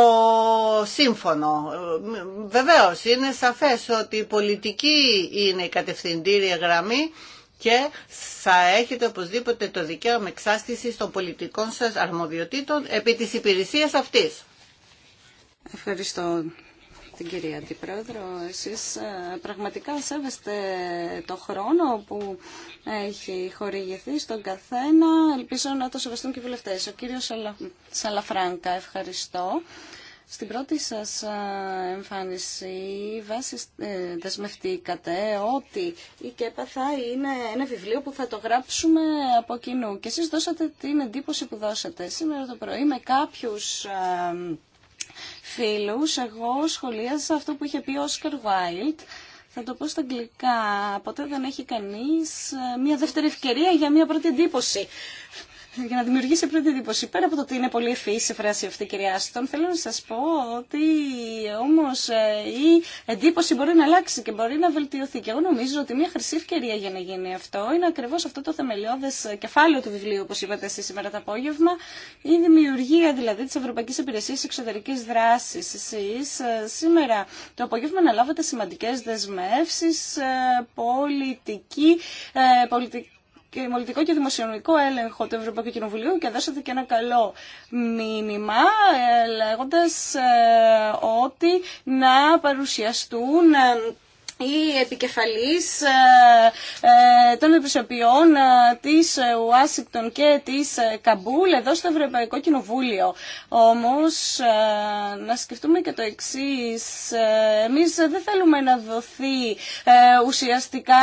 σύμφωνο. Βεβαίως, είναι σαφές ότι η πολιτική είναι η κατευθυντήρια γραμμή και θα έχετε οπωσδήποτε το δικαίωμα εξάστηση των πολιτικών σας αρμοδιοτήτων επί της υπηρεσίας αυτής. Ευχαριστώ την κυρία Αντιπρόεδρο. Εσείς ε, πραγματικά σέβεστε το χρόνο που έχει χορηγηθεί στον καθένα. Ελπίζω να το σεβαστούν και οι βουλευτές. Ο κύριος Σαλαφράνκα, ευχαριστώ. Στην πρώτη σας ε, εμφάνιση βάση ε, δεσμευτήκατε ότι η ΚΕΠΑ θα είναι ένα βιβλίο που θα το γράψουμε από κοινού και εσείς δώσατε την εντύπωση που δώσατε. Σήμερα το πρωί με κάποιους φίλους, εγώ σχολίασα αυτό που είχε πει ο Όσκαρ Βάιλτ, θα το πω στα αγγλικά, ποτέ δεν έχει κανείς ε, μια δεύτερη ευκαιρία για μια πρώτη εντύπωση για να δημιουργήσει πρώτη εντύπωση. Πέρα από το ότι είναι πολύ ευφύ η φράση αυτή, κυρία Άστον, θέλω να σα πω ότι όμω ε, η εντύπωση μπορεί να αλλάξει και μπορεί να βελτιωθεί. Και εγώ νομίζω ότι μια χρυσή ευκαιρία για να γίνει αυτό είναι ακριβώ αυτό το θεμελιώδε κεφάλαιο του βιβλίου, όπω είπατε εσεί σήμερα το απόγευμα, η δημιουργία δηλαδή τη Ευρωπαϊκή Υπηρεσία Εξωτερική Δράση. Εσεί ε, σήμερα το απόγευμα αναλάβατε σημαντικέ δεσμεύσει ε, πολιτική, πολιτική και μολυτικό και δημοσιονομικό έλεγχο του Ευρωπαϊκού Κοινοβουλίου και δώσατε και ένα καλό μήνυμα ε, λέγοντας ε, ότι να παρουσιαστούν ε, ή επικεφαλής ε, ε, των ε, της Ουάσιγκτον και της ε, Καμπούλ εδώ στο Ευρωπαϊκό Κοινοβούλιο. Όμως, να σκεφτούμε και το εξής. Εμείς δεν θέλουμε να δοθεί ουσιαστικά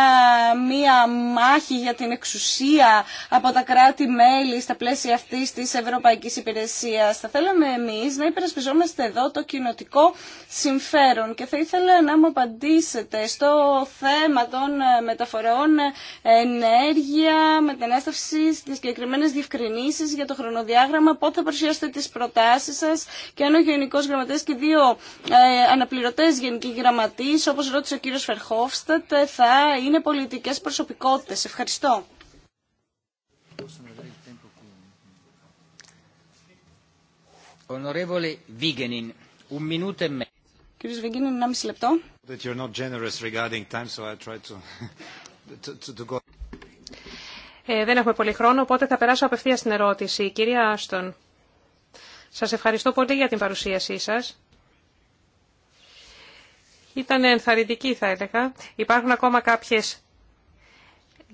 μία μάχη για την εξουσία από τα κράτη-μέλη στα πλαίσια αυτής της Ευρωπαϊκής Υπηρεσίας. Θα θέλαμε εμείς να υπερασπιζόμαστε εδώ το κοινοτικό συμφέρον και θα ήθελα να μου απαντήσετε στο θέμα των ε, μεταφορών ε, ενέργεια, μετανάστευση, τι συγκεκριμένε διευκρινήσει για το χρονοδιάγραμμα, πότε θα παρουσιάσετε τι προτάσει σα και αν ο Γενικό Γραμματέα και δύο ε, αναπληρωτέ γενικοί γραμματεί, όπω ρώτησε ο κύριο Φερχόφστατ, ε, θα είναι πολιτικέ προσωπικότητε. Ευχαριστώ. E κύριος ένα μισή λεπτό δεν έχουμε πολύ χρόνο, οπότε θα περάσω απευθείας στην ερώτηση. Κυρία Άστον, σας ευχαριστώ πολύ για την παρουσίασή σας. Ήταν ενθαρρυντική, θα έλεγα. Υπάρχουν ακόμα κάποιες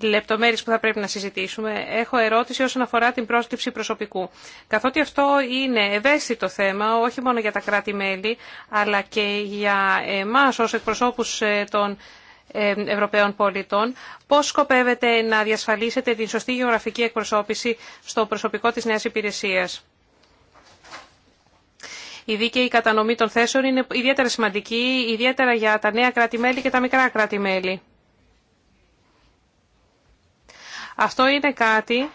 λεπτομέρειε που θα πρέπει να συζητήσουμε, έχω ερώτηση όσον αφορά την πρόσληψη προσωπικού. Καθότι αυτό είναι ευαίσθητο θέμα, όχι μόνο για τα κράτη-μέλη, αλλά και για εμά ω εκπροσώπους ε, των ε, Ευρωπαίων πολιτών, πώς σκοπεύετε να διασφαλίσετε την σωστή γεωγραφική εκπροσώπηση στο προσωπικό της νέας υπηρεσία Η δίκαιη κατανομή των θέσεων είναι ιδιαίτερα σημαντική, ιδιαίτερα για τα νέα κράτη-μέλη και τα μικρά κράτη-μέλη. Αυτό είναι κάτι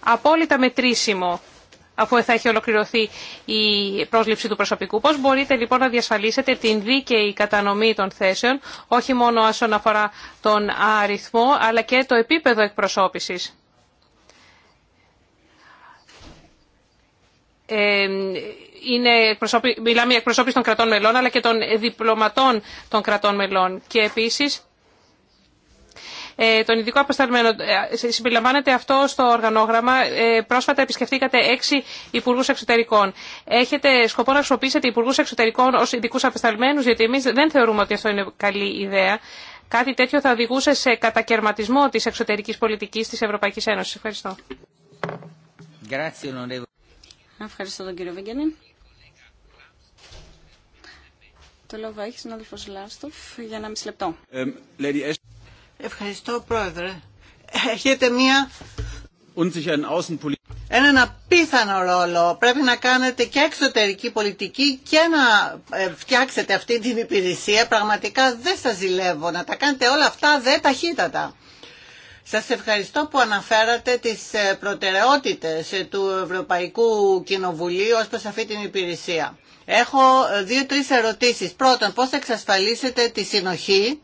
απόλυτα μετρήσιμο αφού θα έχει ολοκληρωθεί η πρόσληψη του προσωπικού. Πώς μπορείτε λοιπόν να διασφαλίσετε την δίκαιη κατανομή των θέσεων, όχι μόνο όσον αφορά τον αριθμό, αλλά και το επίπεδο εκπροσώπησης. Ε, είναι μιλάμε για εκπροσώπηση των κρατών μελών, αλλά και των διπλωματών των κρατών μελών. Και επίσης, ε, τον ειδικό απεσταλμένο ε, Συμπεριλαμβάνεται αυτό στο οργανόγραμμα. Ε, πρόσφατα επισκεφτήκατε έξι υπουργού εξωτερικών. Έχετε σκοπό να χρησιμοποιήσετε υπουργού εξωτερικών ω ειδικού απεσταλμένου, γιατί εμεί δεν θεωρούμε ότι αυτό είναι καλή ιδέα. Κάτι τέτοιο θα οδηγούσε σε κατακαιρματισμό τη εξωτερική πολιτική τη Ευρωπαϊκή Ένωση. Ευχαριστώ. Ευχαριστώ τον κύριο Το λόγο έχει Λάστοφ για ένα λεπτό. Ευχαριστώ πρόεδρε. Έχετε μία... Έναν απίθανο ρόλο. Πρέπει να κάνετε και εξωτερική πολιτική και να ε, φτιάξετε αυτή την υπηρεσία. Πραγματικά δεν σας ζηλεύω να τα κάνετε όλα αυτά δε ταχύτατα. Σας ευχαριστώ που αναφέρατε τις ε, προτεραιότητες ε, του Ευρωπαϊκού Κοινοβουλίου ως προς αυτή την υπηρεσία. Έχω δύο-τρεις ερωτήσεις. Πρώτον, πώς εξασφαλίσετε τη συνοχή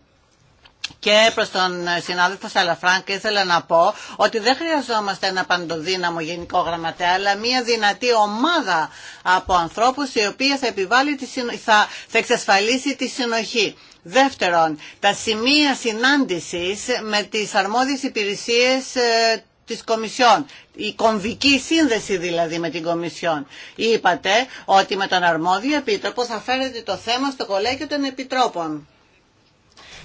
και προς τον συνάδελφο Σαλαφράνκ ήθελα να πω ότι δεν χρειαζόμαστε ένα παντοδύναμο γενικό γραμματέα αλλά μια δυνατή ομάδα από ανθρώπους η οποία θα, επιβάλλει τη θα... θα εξασφαλίσει τη συνοχή. Δεύτερον, τα σημεία συνάντησης με τις αρμόδιες υπηρεσίες ε, της Κομισιόν. Η κομβική σύνδεση δηλαδή με την Κομισιόν. Είπατε ότι με τον αρμόδιο επίτροπο θα φέρετε το θέμα στο κολέγιο των επιτρόπων.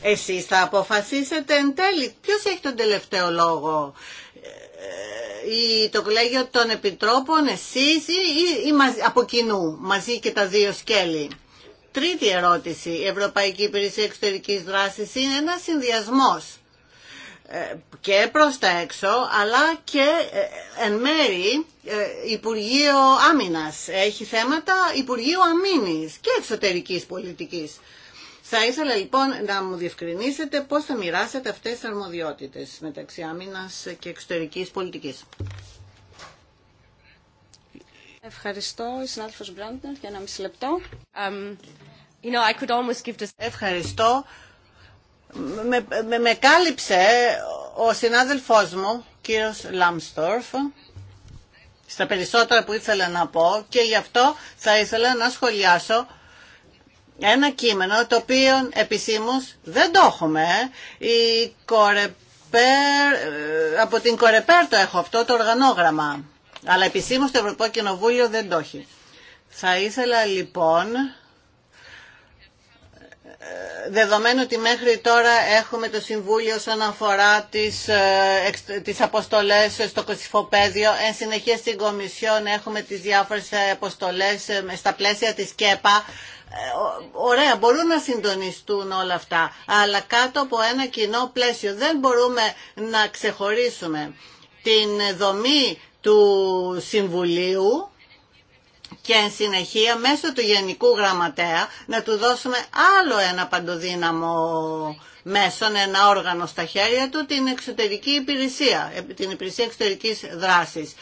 Εσείς θα αποφασίσετε εν τέλει ποιος έχει τον τελευταίο λόγο. Ή ε, το κολέγιο των επιτρόπων, εσείς ή, ή, ή από κοινού, μαζί και τα δύο σκέλη. Τρίτη ερώτηση. Η Ευρωπαϊκή Υπηρεσία Εξωτερικής Δράσης είναι ένας συνδυασμός ε, και προς τα έξω, αλλά και ε, εν μέρη Υπουργείο Άμυνας. Έχει θέματα Υπουργείου Αμήνης και εξωτερικής πολιτικής. Θα ήθελα λοιπόν να μου διευκρινίσετε πώς θα μοιράσετε αυτές τις αρμοδιότητες μεταξύ άμυνας και εξωτερικής πολιτικής. Ευχαριστώ, η συνάδελφος Μπραντνερ, για ένα μισή λεπτό. Um, you know, I could this... Ευχαριστώ. Με, με, κάλυψε ο συνάδελφός μου, κύριος Λάμστορφ, στα περισσότερα που ήθελα να πω και γι' αυτό θα ήθελα να σχολιάσω ένα κείμενο το οποίο επισήμως δεν το έχουμε. Η κορεπέρ, ε, από την Κορεπέρ το έχω αυτό το οργανόγραμμα. Αλλά επισήμως το Ευρωπαϊκό Κοινοβούλιο δεν το έχει. Θα ήθελα λοιπόν ε, δεδομένου ότι μέχρι τώρα έχουμε το Συμβούλιο όσον αφορά τις, ε, τις αποστολές στο Κωσυφοπαίδιο, εν συνεχεία στην Κομισιόν έχουμε τις διάφορες αποστολές ε, στα πλαίσια της ΚΕΠΑ. Ωραία, μπορούν να συντονιστούν όλα αυτά, αλλά κάτω από ένα κοινό πλαίσιο δεν μπορούμε να ξεχωρίσουμε την δομή του Συμβουλίου και εν συνεχεία μέσω του Γενικού Γραμματέα να του δώσουμε άλλο ένα παντοδύναμο μέσον, ένα όργανο στα χέρια του, την εξωτερική υπηρεσία, ε, την υπηρεσία εξωτερικής δράσης.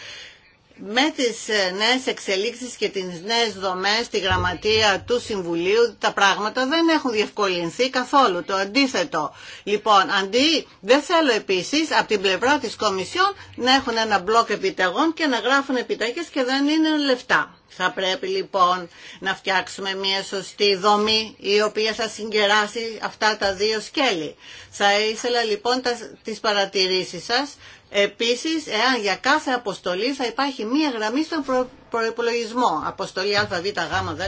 Με τις ε, νέες εξελίξεις και τις νέες δομές στη γραμματεία του Συμβουλίου τα πράγματα δεν έχουν διευκολυνθεί καθόλου, το αντίθετο. Λοιπόν, αντί δεν θέλω επίσης από την πλευρά της Κομισιόν να έχουν ένα μπλοκ επιταγών και να γράφουν επιταγές και δεν είναι λεφτά. Θα πρέπει λοιπόν να φτιάξουμε μια σωστή δομή η οποία θα συγκεράσει αυτά τα δύο σκέλη. Θα ήθελα λοιπόν τα, τις παρατηρήσεις σας. Επίσης, εάν για κάθε αποστολή θα υπάρχει μία γραμμή στον προ, προϋπολογισμό. Αποστολή Β, Γ, Δ.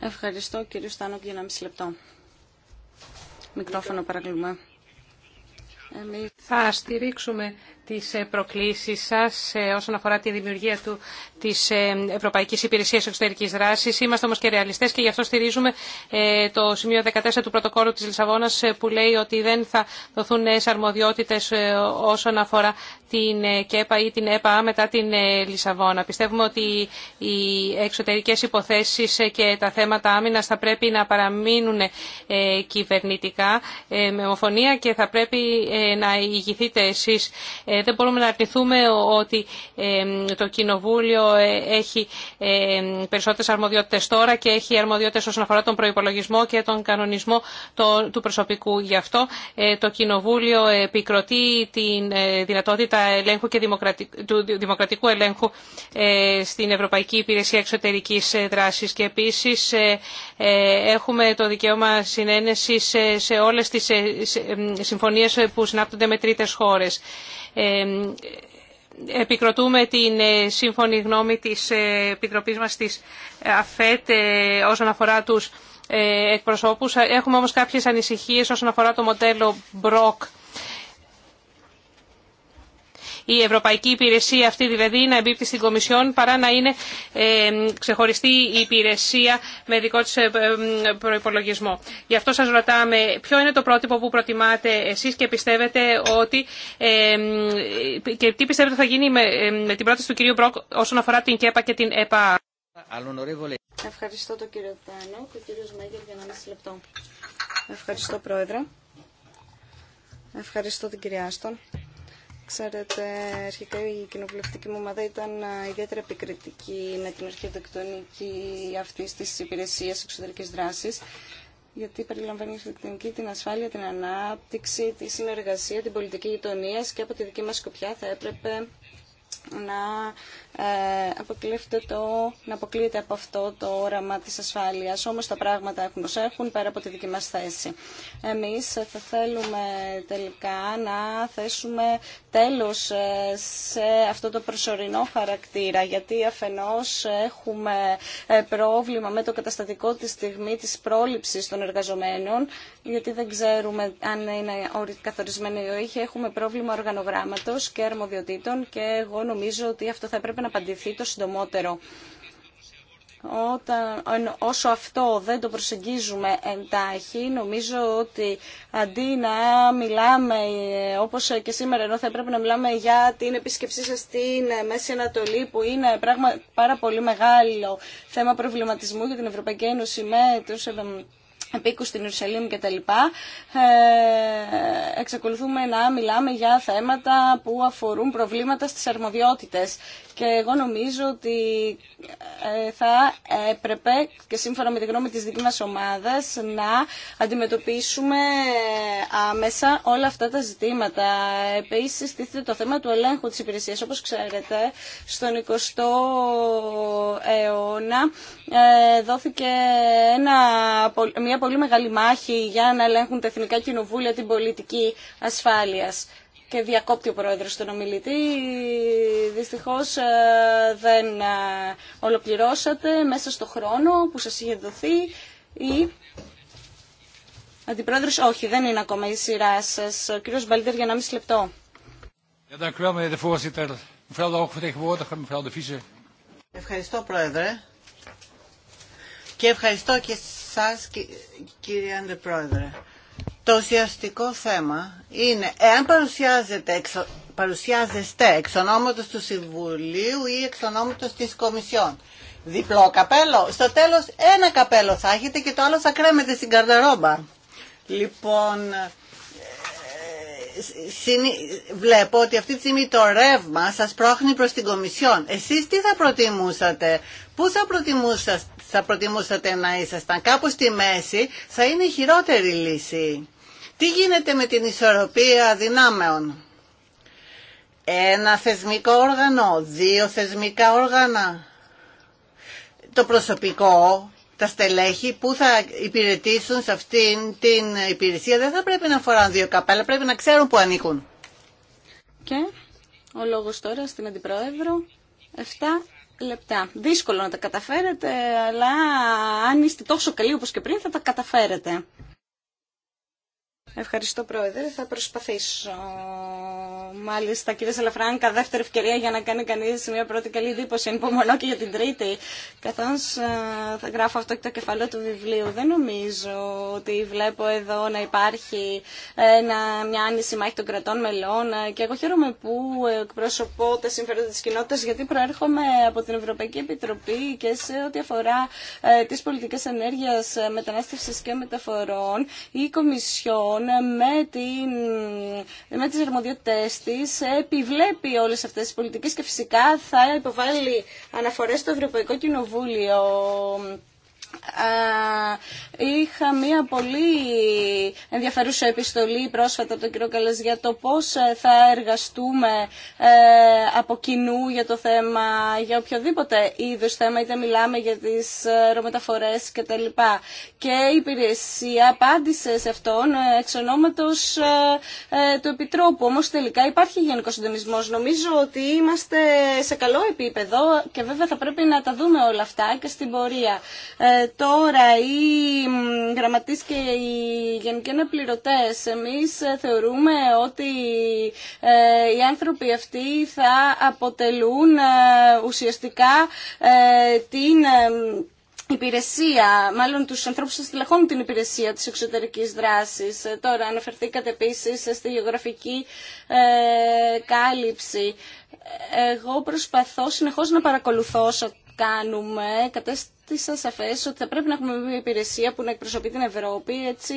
Ευχαριστώ κύριε Στάνο για ένα μισή λεπτό. Μικρόφωνο παρακολουθούμε. Εμείς... Θα στηρίξουμε τις ε, προκλήσεις σας ε, όσον αφορά τη δημιουργία του, της ε, Ευρωπαϊκής Υπηρεσίας Εξωτερικής Δράσης. Είμαστε όμως και ρεαλιστές και γι' αυτό στηρίζουμε το σημείο 14 του πρωτοκόλου της Λισαβόνας που λέει ότι δεν θα δοθούν νέε αρμοδιότητες όσον αφορά την ΚΕΠΑ ή την ΕΠΑ μετά την Λισαβόνα. Πιστεύουμε ότι οι εξωτερικές υποθέσεις και τα θέματα άμυνας θα πρέπει να παραμείνουν κυβερνητικά με ομοφωνία και θα πρέπει να ηγηθείτε εσείς ε, δεν μπορούμε να αρνηθούμε ότι ε, το Κοινοβούλιο ε, έχει περισσότερες αρμοδιότητες τώρα και έχει αρμοδιότητες όσον αφορά τον προϋπολογισμό και τον κανονισμό του προσωπικού. Γι' αυτό το Κοινοβούλιο επικροτεί τη δυνατότητα ελέγχου και του δημοκρατικού ελέγχου στην Ευρωπαϊκή Υπηρεσία Εξωτερικής Δράσης και επίσης έχουμε το δικαίωμα συνένεση σε όλες τις συμφωνίες που συνάπτονται με τρίτες χώρες επικροτούμε την ε, σύμφωνη γνώμη της ε, Επιτροπής μας της ε, ΑΦΕΤ όσον αφορά τους εκπροσώπους. Έχουμε όμως κάποιες ανησυχίες όσον αφορά το μοντέλο Brock η Ευρωπαϊκή Υπηρεσία αυτή δηλαδή να εμπίπτει στην Κομισιόν παρά να είναι ξεχωριστή η υπηρεσία με δικό της προϋπολογισμό. Γι' αυτό σας ρωτάμε ποιο είναι το πρότυπο που προτιμάτε εσείς και πιστεύετε ότι και τι πιστεύετε θα γίνει με την πρόταση του κυρίου Μπροκ όσον αφορά την ΚΕΠΑ και την ΕΠΑ. Ευχαριστώ τον κύριο Πάνο και Μέγερ για λεπτό. Ευχαριστώ Πρόεδρε. Ευχαριστώ την κυρία Άστον Ξέρετε, αρχικά η κοινοβουλευτική μου ομάδα ήταν ε, ιδιαίτερα επικριτική με την αρχιτεκτονική αυτή τη υπηρεσία εξωτερική δράση, γιατί περιλαμβάνει την, αρχιτεκτονική την ασφάλεια, την ανάπτυξη, τη συνεργασία, την πολιτική γειτονία και από τη δική μα σκοπιά θα έπρεπε να ε, αποκλείεται το, να αποκλείεται από αυτό το όραμα της ασφάλειας. Όμως τα πράγματα έχουν ως έχουν πέρα από τη δική μας θέση. Εμείς θα θέλουμε τελικά να θέσουμε τέλος ε, σε αυτό το προσωρινό χαρακτήρα γιατί αφενός έχουμε ε, πρόβλημα με το καταστατικό τη στιγμή της πρόληψης των εργαζομένων γιατί δεν ξέρουμε αν είναι καθορισμένο ή όχι. Έχουμε πρόβλημα οργανογράμματος και αρμοδιοτήτων και εγώ νομίζω ότι αυτό θα έπρεπε να απαντηθεί το συντομότερο. Όταν, όσο αυτό δεν το προσεγγίζουμε εντάχει, νομίζω ότι αντί να μιλάμε, όπως και σήμερα, ενώ θα έπρεπε να μιλάμε για την επίσκεψή σας στην Μέση Ανατολή, που είναι πράγμα, πάρα πολύ μεγάλο θέμα προβληματισμού για την Ευρωπαϊκή Ένωση με τους επίκους στην Ιερουσαλήμ και τα λοιπά, ε, εξακολουθούμε να μιλάμε για θέματα που αφορούν προβλήματα στις αρμοδιότητες. Και εγώ νομίζω ότι ε, θα έπρεπε και σύμφωνα με τη γνώμη της δική μας ομάδας να αντιμετωπίσουμε ε, άμεσα όλα αυτά τα ζητήματα. Επίσης, στήθηκε το θέμα του ελέγχου της υπηρεσίας. Όπως ξέρετε, στον 20ο αιώνα ε, δόθηκε μια πολύ μεγάλη μάχη για να ελέγχουν τα εθνικά κοινοβούλια την πολιτική ασφάλειας και διακόπτει ο πρόεδρος τον ομιλητή. Δυστυχώς ε, δεν ε, ολοκληρώσατε μέσα στο χρόνο που σας είχε δοθεί η αντιπρόεδρος. Όχι, δεν είναι ακόμα η σειρά σας. Ο κύριος Μπαλίτερ για ένα μισή λεπτό. Ευχαριστώ πρόεδρε και ευχαριστώ και σας κύριε Αντιπρόεδρε. Το ουσιαστικό θέμα είναι εάν παρουσιάζεται παρουσιάζεστε εξ ονόματος του Συμβουλίου ή εξ ονόματος της Κομισιόν. Διπλό καπέλο. Στο τέλος ένα καπέλο θα έχετε και το άλλο θα κρέμετε στην καρδερόμπα. Λοιπόν, ε, βλέπω ότι αυτή τη στιγμή το ρεύμα σας πρόχνει προς την Κομισιόν. Εσείς τι θα προτιμούσατε, πού θα προτιμούσα θα προτιμούσατε να ήσασταν, κάπου στη μέση θα είναι η χειρότερη λύση. Τι γίνεται με την ισορροπία δυνάμεων. Ένα θεσμικό όργανο, δύο θεσμικά όργανα. Το προσωπικό, τα στελέχη που θα υπηρετήσουν σε αυτήν την υπηρεσία δεν θα πρέπει να φοράν δύο καπέλα, πρέπει να ξέρουν που ανήκουν. Και ο λόγος τώρα στην Αντιπρόεδρο, 7 λεπτά. Δύσκολο να τα καταφέρετε, αλλά αν είστε τόσο καλοί όπως και πριν θα τα καταφέρετε. Ευχαριστώ Πρόεδρε, θα προσπαθήσω. Μάλιστα κύριε Σαλαφράγκα, δεύτερη ευκαιρία για να κάνει κανεί μια πρώτη καλή εντύπωση, υπομονώ και για την τρίτη, Καθώ ε, θα γράφω αυτό και το κεφαλαίο του βιβλίου. Δεν νομίζω ότι βλέπω εδώ να υπάρχει ε, ένα, μια άνηση μάχη των κρατών μελών ε, και εγώ χαίρομαι που εκπροσωπώ τα συμφέροντα τη κοινότητα γιατί προέρχομαι από την Ευρωπαϊκή Επιτροπή και σε ό,τι αφορά τι πολιτικέ ενέργεια μετανάστευση και μεταφορών η Κομισιόν Λοιπόν, με, την, με τις αρμοδιότητές της επιβλέπει όλες αυτές τις πολιτικές και φυσικά θα υποβάλει αναφορές στο Ευρωπαϊκό Κοινοβούλιο ε, είχα μία πολύ ενδιαφέρουσα επιστολή πρόσφατα από τον κύριο Καλές για το πώς ε, θα εργαστούμε ε, από κοινού για το θέμα, για οποιοδήποτε είδο θέμα, είτε μιλάμε για τις τα κτλ. Και η υπηρεσία απάντησε σε αυτόν εξ ονόματος του Επιτρόπου. Όμως τελικά υπάρχει γενικό συντονισμό. Νομίζω ότι είμαστε σε καλό επίπεδο και βέβαια θα πρέπει να τα δούμε όλα αυτά και στην πορεία τώρα οι γραμματείς και οι γενικοί αναπληρωτές, εμείς θεωρούμε ότι ε, οι άνθρωποι αυτοί θα αποτελούν ε, ουσιαστικά ε, την υπηρεσία, μάλλον τους ανθρώπους που στελεχώνουν την υπηρεσία της εξωτερική δράση. Τώρα αναφερθήκατε επίση στη γεωγραφική κάλυψη. Εγώ προσπαθώ συνεχώ να παρακολουθώ κάνουμε, κατέστησα σαφέ ότι θα πρέπει να έχουμε μια υπηρεσία που να εκπροσωπεί την Ευρώπη. Έτσι,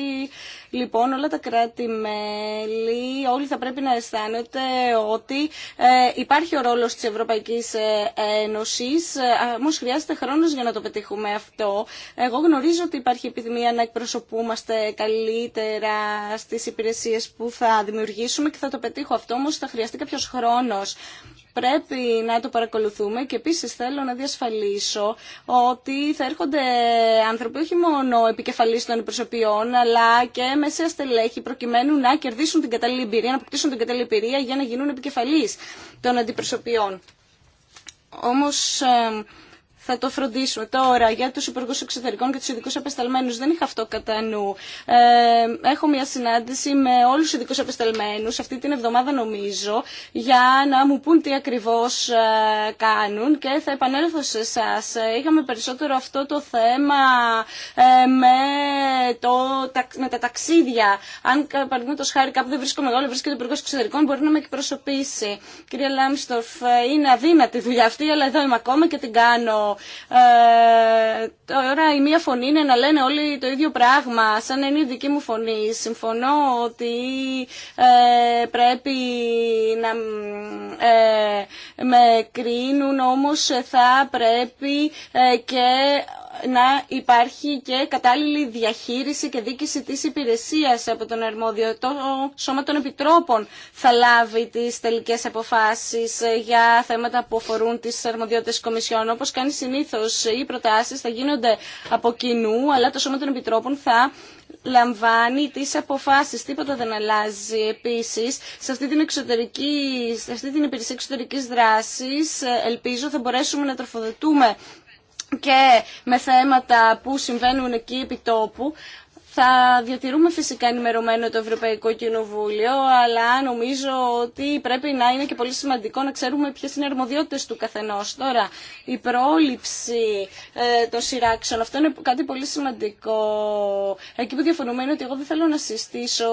λοιπόν, όλα τα κράτη-μέλη, όλοι θα πρέπει να αισθάνονται ότι ε, υπάρχει ο ρόλο τη Ευρωπαϊκή ε, Ένωση. Ε, όμω χρειάζεται χρόνο για να το πετύχουμε αυτό. Εγώ γνωρίζω ότι υπάρχει επιθυμία να εκπροσωπούμαστε καλύτερα στι υπηρεσίε που θα δημιουργήσουμε και θα το πετύχω αυτό, όμω θα χρειαστεί κάποιο χρόνο πρέπει να το παρακολουθούμε και επίσης θέλω να διασφαλίσω ότι θα έρχονται άνθρωποι όχι μόνο επικεφαλής των αντιπροσωπιών, αλλά και μεσαία στελέχη προκειμένου να κερδίσουν την κατάλληλη εμπειρία, να αποκτήσουν την κατάλληλη εμπειρία για να γίνουν επικεφαλής των αντιπροσωπιών. Όμως θα το φροντίσουμε. Τώρα, για του υπουργού εξωτερικών και του ειδικού απεσταλμένου, δεν είχα αυτό κατά νου. Ε, έχω μια συνάντηση με όλου του ειδικού απεσταλμένου αυτή την εβδομάδα, νομίζω, για να μου πούν τι ακριβώ ε, κάνουν και θα επανέλθω σε εσά. Ε, είχαμε περισσότερο αυτό το θέμα με, το, με τα ταξίδια. Αν παραδείγματο χάρη κάπου δεν βρίσκομαι εγώ, αλλά βρίσκεται ο υπουργό εξωτερικών, μπορεί να με εκπροσωπήσει. Κυρία Λάμστορφ, είναι αδύνατη δουλειά αυτή, αλλά εδώ είμαι ακόμα και την κάνω. Ε, τώρα η μία φωνή είναι να λένε όλοι το ίδιο πράγμα, σαν να είναι η δική μου φωνή. Συμφωνώ ότι ε, πρέπει να ε, με κρίνουν, όμως θα πρέπει και να υπάρχει και κατάλληλη διαχείριση και δίκηση της υπηρεσίας από τον αρμόδιο. Το Σώμα των Επιτρόπων θα λάβει τις τελικές αποφάσεις ε, για θέματα που αφορούν τις αρμοδιότητες κομισιών. Όπως κάνει συνήθως, οι προτάσεις θα γίνονται από κοινού, αλλά το Σώμα των Επιτρόπων θα λαμβάνει τις αποφάσεις, τίποτα δεν αλλάζει. Επίσης, σε αυτή την, εξωτερική, σε αυτή την υπηρεσία εξωτερικής δράσης, ε, ελπίζω θα μπορέσουμε να τροφοδοτούμε και με θέματα που συμβαίνουν εκεί επί τόπου, θα διατηρούμε φυσικά ενημερωμένο το Ευρωπαϊκό Κοινοβούλιο, αλλά νομίζω ότι πρέπει να είναι και πολύ σημαντικό να ξέρουμε ποιε είναι οι αρμοδιότητες του καθενό Τώρα, η πρόληψη ε, των σειράξεων, αυτό είναι κάτι πολύ σημαντικό. Εκεί που διαφωνούμε είναι ότι εγώ δεν θέλω να συστήσω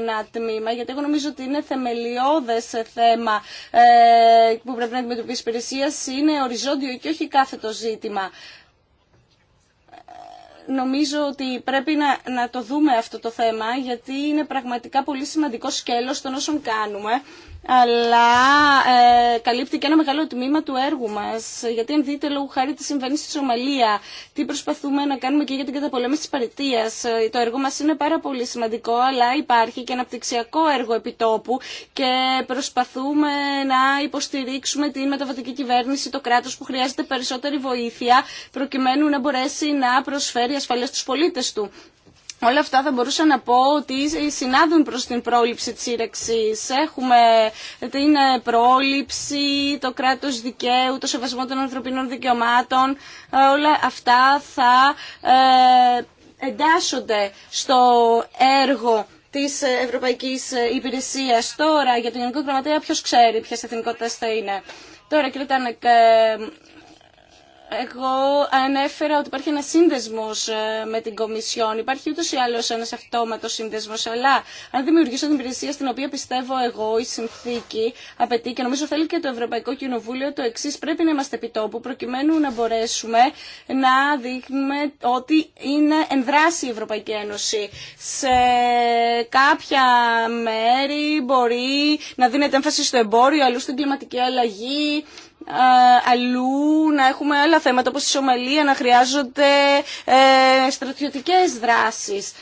ένα τμήμα, γιατί εγώ νομίζω ότι είναι θεμελιώδες θέμα ε, που πρέπει να αντιμετωπίσει η υπηρεσία, είναι οριζόντιο και όχι κάθετο ζήτημα νομίζω ότι πρέπει να, να το δούμε αυτό το θέμα, γιατί είναι πραγματικά πολύ σημαντικό σκέλος των όσων κάνουμε αλλά ε, καλύπτει και ένα μεγάλο τμήμα του έργου μα, Γιατί αν δείτε λόγω χάρη τι συμβαίνει στη Σομαλία, τι προσπαθούμε να κάνουμε και για την καταπολέμηση της παρετίας. Ε, το έργο μα είναι πάρα πολύ σημαντικό, αλλά υπάρχει και αναπτυξιακό έργο επιτόπου και προσπαθούμε να υποστηρίξουμε την μεταβατική κυβέρνηση, το κράτο που χρειάζεται περισσότερη βοήθεια, προκειμένου να μπορέσει να προσφέρει ασφαλεία στους πολίτε του. Όλα αυτά θα μπορούσα να πω ότι συνάδουν προς την πρόληψη της σύρεξης. Έχουμε την πρόληψη, το κράτος δικαίου, το σεβασμό των ανθρωπίνων δικαιωμάτων. Όλα αυτά θα ε, εντάσσονται στο έργο της Ευρωπαϊκής Υπηρεσίας. Τώρα για τον Γενικό Γραμματέα ποιος ξέρει ποιες εθνικότητες θα είναι. Τώρα κύριε Τάνεκ, ε, εγώ ανέφερα ότι υπάρχει ένα σύνδεσμο ε, με την Κομισιόν. Υπάρχει ούτω ή άλλω ένα αυτόματο σύνδεσμο. Αλλά αν δημιουργήσω την υπηρεσία στην οποία πιστεύω εγώ, η συνθήκη απαιτεί και νομίζω θέλει και το Ευρωπαϊκό Κοινοβούλιο το εξή. Πρέπει να είμαστε επιτόπου προκειμένου να μπορέσουμε να δείχνουμε ότι είναι ενδράση η Ευρωπαϊκή Ένωση. Σε κάποια μέρη μπορεί να δίνεται έμφαση στο εμπόριο, αλλού στην κλιματική αλλαγή, αλλού να έχουμε άλλα θέματα όπως η Σομαλία να χρειάζονται ε, στρατιωτικές δράσεις.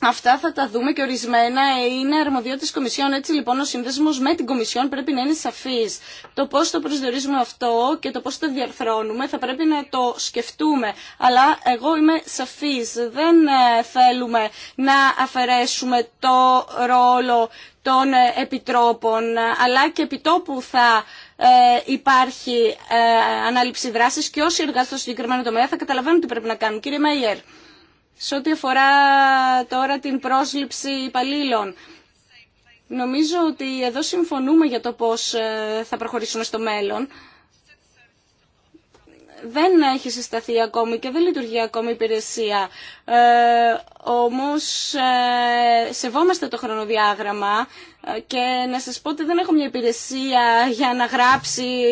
Αυτά θα τα δούμε και ορισμένα είναι αρμοδιότητες Κομισιόν. Έτσι λοιπόν ο σύνδεσμος με την Κομισιόν πρέπει να είναι σαφής. Το πώς το προσδιορίζουμε αυτό και το πώς το διαρθρώνουμε θα πρέπει να το σκεφτούμε. Αλλά εγώ είμαι σαφής. Δεν ε, θέλουμε να αφαιρέσουμε το ρόλο των ε, επιτρόπων αλλά και επιτόπου θα ε, υπάρχει ε, ανάληψη δράση και όσοι εργάζονται στο συγκεκριμένο τομέα θα καταλαβαίνουν τι πρέπει να κάνουν. Κύριε Μαϊέρ, σε ό,τι αφορά τώρα την πρόσληψη υπαλλήλων, νομίζω ότι εδώ συμφωνούμε για το πώς ε, θα προχωρήσουμε στο μέλλον δεν έχει συσταθεί ακόμη και δεν λειτουργεί ακόμη η υπηρεσία. Ε, όμως ε, σεβόμαστε το χρονοδιάγραμμα ε, και να σας πω ότι δεν έχω μια υπηρεσία για να γράψει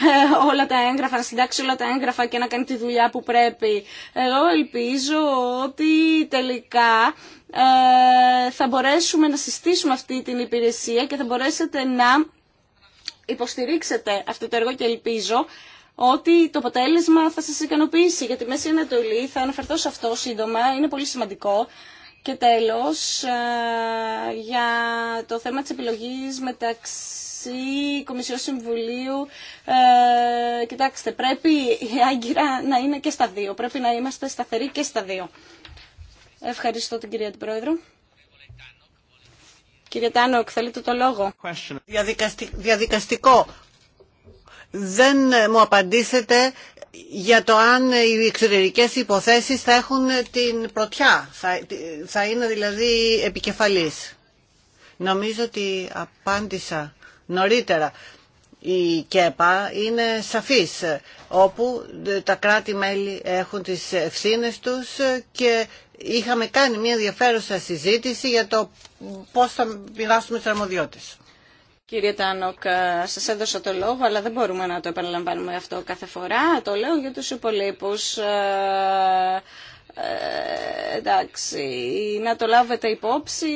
ε, όλα τα έγγραφα, να συντάξει όλα τα έγγραφα και να κάνει τη δουλειά που πρέπει. Εγώ ελπίζω ότι τελικά ε, θα μπορέσουμε να συστήσουμε αυτή την υπηρεσία και θα μπορέσετε να υποστηρίξετε αυτό το έργο και ελπίζω ότι το αποτέλεσμα θα σας ικανοποιήσει για τη Μέση Ανατολή. Θα αναφερθώ σε αυτό σύντομα, είναι πολύ σημαντικό. Και τέλος, ε, για το θέμα της επιλογής μεταξύ Κομισιού Συμβουλίου, ε, κοιτάξτε, πρέπει η Άγκυρα να είναι και στα δύο. Πρέπει να είμαστε σταθεροί και στα δύο. Ευχαριστώ την κυρία την Πρόεδρο. Κύριε Τάνοκ, θέλετε το λόγο. Διαδικαστικό δεν μου απαντήσετε για το αν οι εξωτερικές υποθέσεις θα έχουν την πρωτιά, θα, είναι δηλαδή επικεφαλής. Νομίζω ότι απάντησα νωρίτερα. Η ΚΕΠΑ είναι σαφής, όπου τα κράτη-μέλη έχουν τις ευθύνες τους και είχαμε κάνει μια ενδιαφέρουσα συζήτηση για το πώς θα μοιράσουμε τους Κύριε Τάνοκ, ε, σας έδωσα το λόγο, αλλά δεν μπορούμε να το επαναλαμβάνουμε αυτό κάθε φορά. Το λέω για τους υπολείπους. Ε, ε εντάξει, να το λάβετε υπόψη.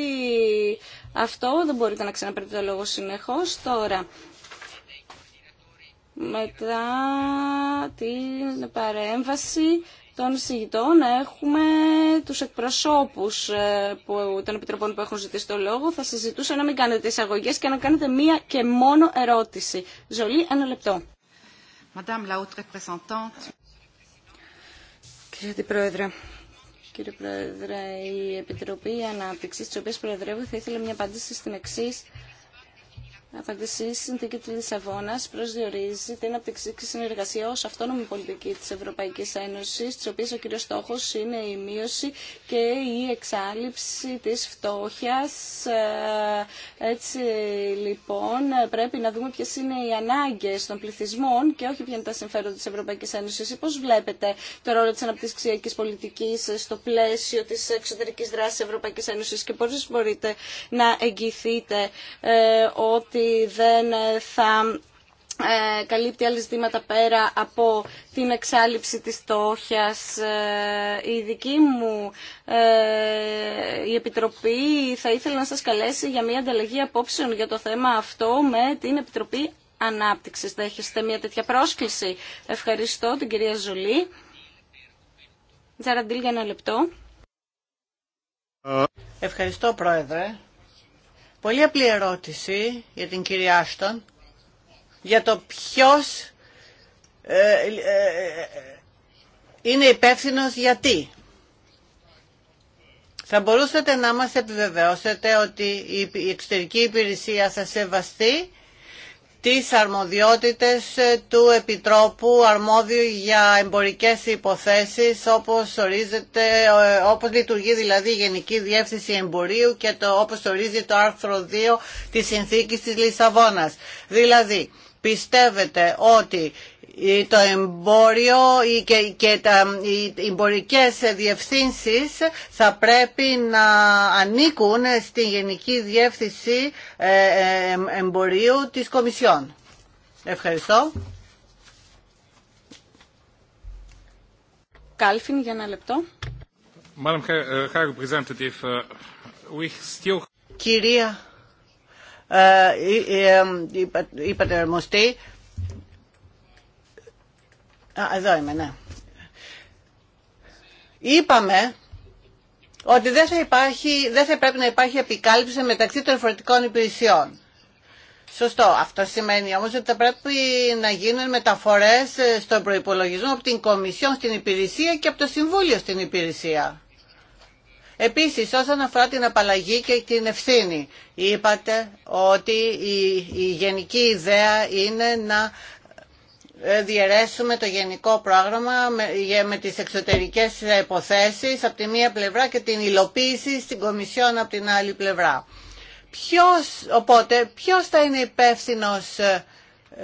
Αυτό δεν μπορείτε να ξαναπέρετε το λόγο συνεχώς. Τώρα, μετά την παρέμβαση των συζητών έχουμε τους εκπροσώπους ε, που, των επιτροπών που έχουν ζητήσει το λόγο. Θα συζητούσα να μην κάνετε εισαγωγέ και να κάνετε μία και μόνο ερώτηση. Ζολή, ένα λεπτό. Κύριε την Πρόεδρε, κύριε Πρόεδρε, η Επιτροπή Ανάπτυξης, της οποίας προεδρεύω, θα ήθελε μια και μονο ερωτηση ζωλη ενα λεπτο κυριε προεδρε κυριε προεδρε η επιτροπη αναπτυξη τη οποια προεδρευω θα ηθελε μια απαντηση στην εξής απαντήσει, η συνθήκη τη Λισαβόνα προσδιορίζει την αναπτυξιακή συνεργασία ω αυτόνομη πολιτική τη Ευρωπαϊκή Ένωση, τη οποία ο κύριο στόχο είναι η μείωση και η εξάλληψη τη φτώχεια. Ε, έτσι λοιπόν, πρέπει να δούμε ποιε είναι οι ανάγκε των πληθυσμών και όχι ποια είναι τα συμφέροντα τη Ευρωπαϊκή Ένωση. Πώ βλέπετε το ρόλο τη αναπτυξιακή πολιτική στο πλαίσιο τη εξωτερική δράση τη Ευρωπαϊκή Ένωση και πώ μπορείτε να εγγυηθείτε ε, ότι δεν ε, θα ε, καλύπτει άλλες ζητήματα πέρα από την εξάλληψη της στόχιας. Ε, η δική μου η Επιτροπή θα ήθελε να σας καλέσει για μια ανταλλαγή απόψεων για το θέμα αυτό με την Επιτροπή Ανάπτυξης. Θα έχετε μια τέτοια πρόσκληση. Ευχαριστώ την κυρία Ζουλή. Τζαραντήλ για ένα λεπτό. Ευχαριστώ Πρόεδρε. Πολύ απλή ερώτηση για την κυρία Άστον για το ποιος ε, ε, ε είναι υπεύθυνο γιατί. Θα μπορούσατε να μας επιβεβαιώσετε ότι η εξωτερική υπηρεσία θα σεβαστεί τις αρμοδιότητες ε, του Επιτρόπου αρμόδιου για εμπορικές υποθέσεις όπως, ορίζεται, ε, όπως λειτουργεί δηλαδή η Γενική Διεύθυνση Εμπορίου και το, όπως ορίζει το άρθρο 2 της Συνθήκης της Λισαβόνας. Δηλαδή, πιστεύετε ότι το εμπόριο και, και τα, οι εμπορικές διευθύνσεις θα πρέπει να ανήκουν στην Γενική Διεύθυνση Εμπορίου της Κομισιόν. Ευχαριστώ. Κάλφιν για ένα λεπτό. Κυρία, είπατε αρμοστή, εδώ είμαι, ναι. Είπαμε ότι δεν θα, υπάρχει, δεν θα πρέπει να υπάρχει επικάλυψη μεταξύ των εφορετικών υπηρεσιών. Σωστό. Αυτό σημαίνει όμως ότι θα πρέπει να γίνουν μεταφορές ε, στον προϋπολογισμό από την Κομισιόν στην υπηρεσία και από το Συμβούλιο στην υπηρεσία. Επίσης, όσον αφορά την απαλλαγή και την ευθύνη, είπατε ότι η, η γενική ιδέα είναι να ε, διαιρέσουμε το γενικό πρόγραμμα με τις εξωτερικές υποθέσεις από τη μία πλευρά και την υλοποίηση στην Κομισιόν από την άλλη πλευρά. Ποιος, οπότε, ποιος θα είναι υπεύθυνο ε,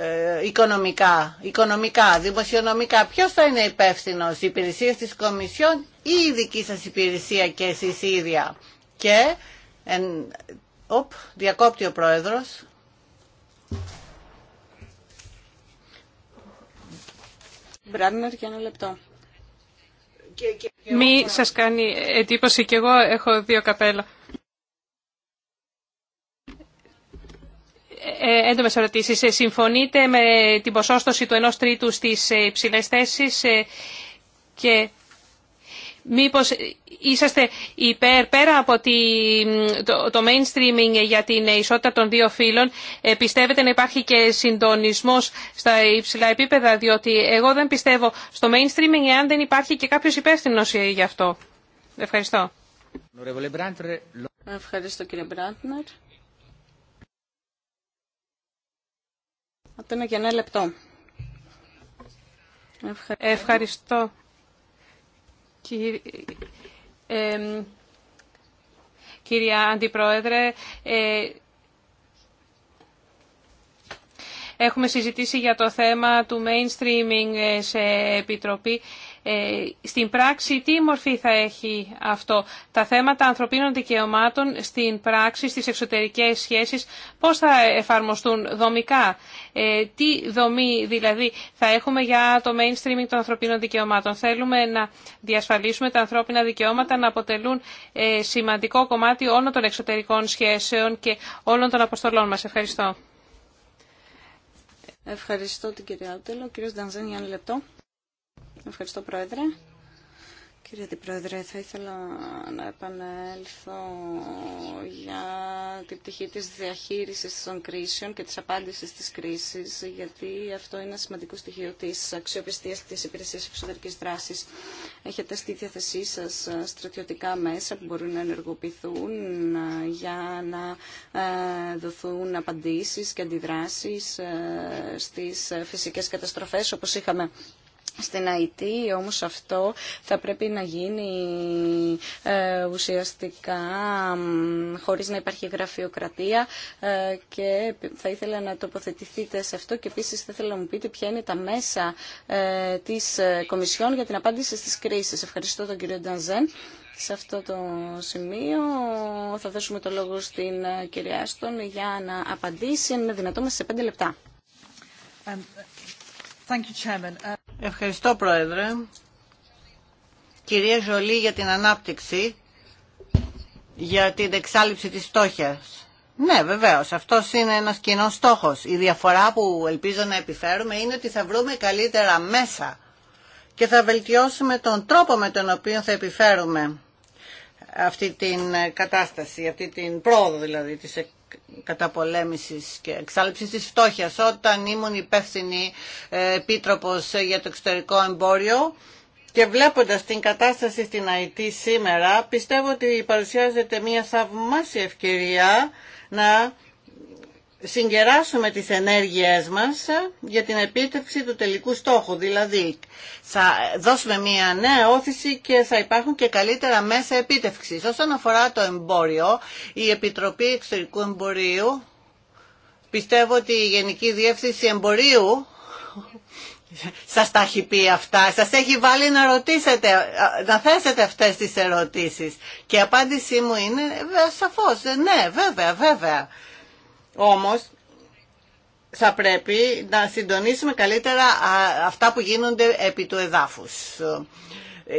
ε, οικονομικά, οικονομικά, δημοσιονομικά, ποιος θα είναι υπεύθυνο η υπηρεσία της Κομισιόν ή η δική σας υπηρεσία και εσείς ίδια. Και, οπ, διακόπτει ο Πρόεδρος. Μπράνερ για ένα λεπτό. Μη σας κάνει εντύπωση κι εγώ έχω δύο καπέλα. Ε, ε έντομες ερωτήσεις. Ε, συμφωνείτε με την ποσόστοση του ενός τρίτου στις ε, υψηλές θέσεις και Μήπως είσαστε υπέρ, πέρα από το, το mainstreaming για την ισότητα των δύο φύλων, ε, πιστεύετε να υπάρχει και συντονισμός στα υψηλά επίπεδα, διότι εγώ δεν πιστεύω στο mainstreaming εάν δεν υπάρχει και κάποιος υπεύθυνο γι' αυτό. Ευχαριστώ. Ευχαριστώ κύριε Μπράντνερ. Αυτό είναι για ένα λεπτό. Ευχαριστώ. Κυρία Αντιπρόεδρε, ε, έχουμε συζητήσει για το θέμα του mainstreaming ε, σε επιτροπή ε, στην πράξη τι μορφή θα έχει αυτό. Τα θέματα ανθρωπίνων δικαιωμάτων στην πράξη, στις εξωτερικές σχέσεις, πώς θα εφαρμοστούν δομικά. Ε, τι δομή δηλαδή θα έχουμε για το mainstreaming των ανθρωπίνων δικαιωμάτων. Θέλουμε να διασφαλίσουμε τα ανθρώπινα δικαιώματα να αποτελούν ε, σημαντικό κομμάτι όλων των εξωτερικών σχέσεων και όλων των αποστολών μας. Ευχαριστώ. Ευχαριστώ την κυρία Άντελο. κύριος Ντανζέν για ένα λεπτό. Ευχαριστώ, Πρόεδρε. Κύριε Αντιπρόεδρε, θα ήθελα να επανέλθω για την πτυχή της διαχείρισης των κρίσεων και της απάντησης της κρίσης, γιατί αυτό είναι ένα σημαντικό στοιχείο της αξιοπιστίας της υπηρεσίας εξωτερικής δράσης. Έχετε στη διάθεσή σας στρατιωτικά μέσα που μπορούν να ενεργοποιηθούν για να ε, δοθούν απαντήσεις και αντιδράσεις ε, στις φυσικές καταστροφές, όπως είχαμε στην ΑΕΤ, όμως αυτό θα πρέπει να γίνει ε, ουσιαστικά χωρίς να υπάρχει γραφειοκρατία ε, και θα ήθελα να τοποθετηθείτε σε αυτό και επίσης θα ήθελα να μου πείτε ποια είναι τα μέσα ε, της ε, Κομισιόν για την απάντηση στις κρίσεις. Ευχαριστώ τον κύριο Ντανζέν. Σε αυτό το σημείο θα δώσουμε το λόγο στην κυρία Άστον για να απαντήσει, αν είναι δυνατό, σε πέντε λεπτά. Uh, Ευχαριστώ, Πρόεδρε. Κυρία Ζολή, για την ανάπτυξη, για την εξάλληψη της στόχιας. Ναι, βεβαίως. Αυτό είναι ένας κοινό στόχος. Η διαφορά που ελπίζω να επιφέρουμε είναι ότι θα βρούμε καλύτερα μέσα και θα βελτιώσουμε τον τρόπο με τον οποίο θα επιφέρουμε αυτή την κατάσταση, αυτή την πρόοδο δηλαδή της καταπολέμησης και εξάλληψης της φτώχειας. Όταν ήμουν υπεύθυνη ε, επίτροπος για το εξωτερικό εμπόριο και βλέποντας την κατάσταση στην ΑΕΤ σήμερα, πιστεύω ότι παρουσιάζεται μια θαυμάσια ευκαιρία να συγκεράσουμε τις ενέργειές μας για την επίτευξη του τελικού στόχου. Δηλαδή θα δώσουμε μια νέα όθηση και θα υπάρχουν και καλύτερα μέσα επίτευξης. Όσον αφορά το εμπόριο, η Επιτροπή Εξωτερικού Εμπορίου πιστεύω ότι η Γενική Διεύθυνση Εμπορίου σας τα έχει πει αυτά, σας έχει βάλει να ρωτήσετε, να θέσετε αυτές τις ερωτήσεις. Και η απάντησή μου είναι ε, σαφώς, ε, ναι, βέβαια, βέβαια. Όμως θα πρέπει να συντονίσουμε καλύτερα αυτά που γίνονται επί του εδάφους.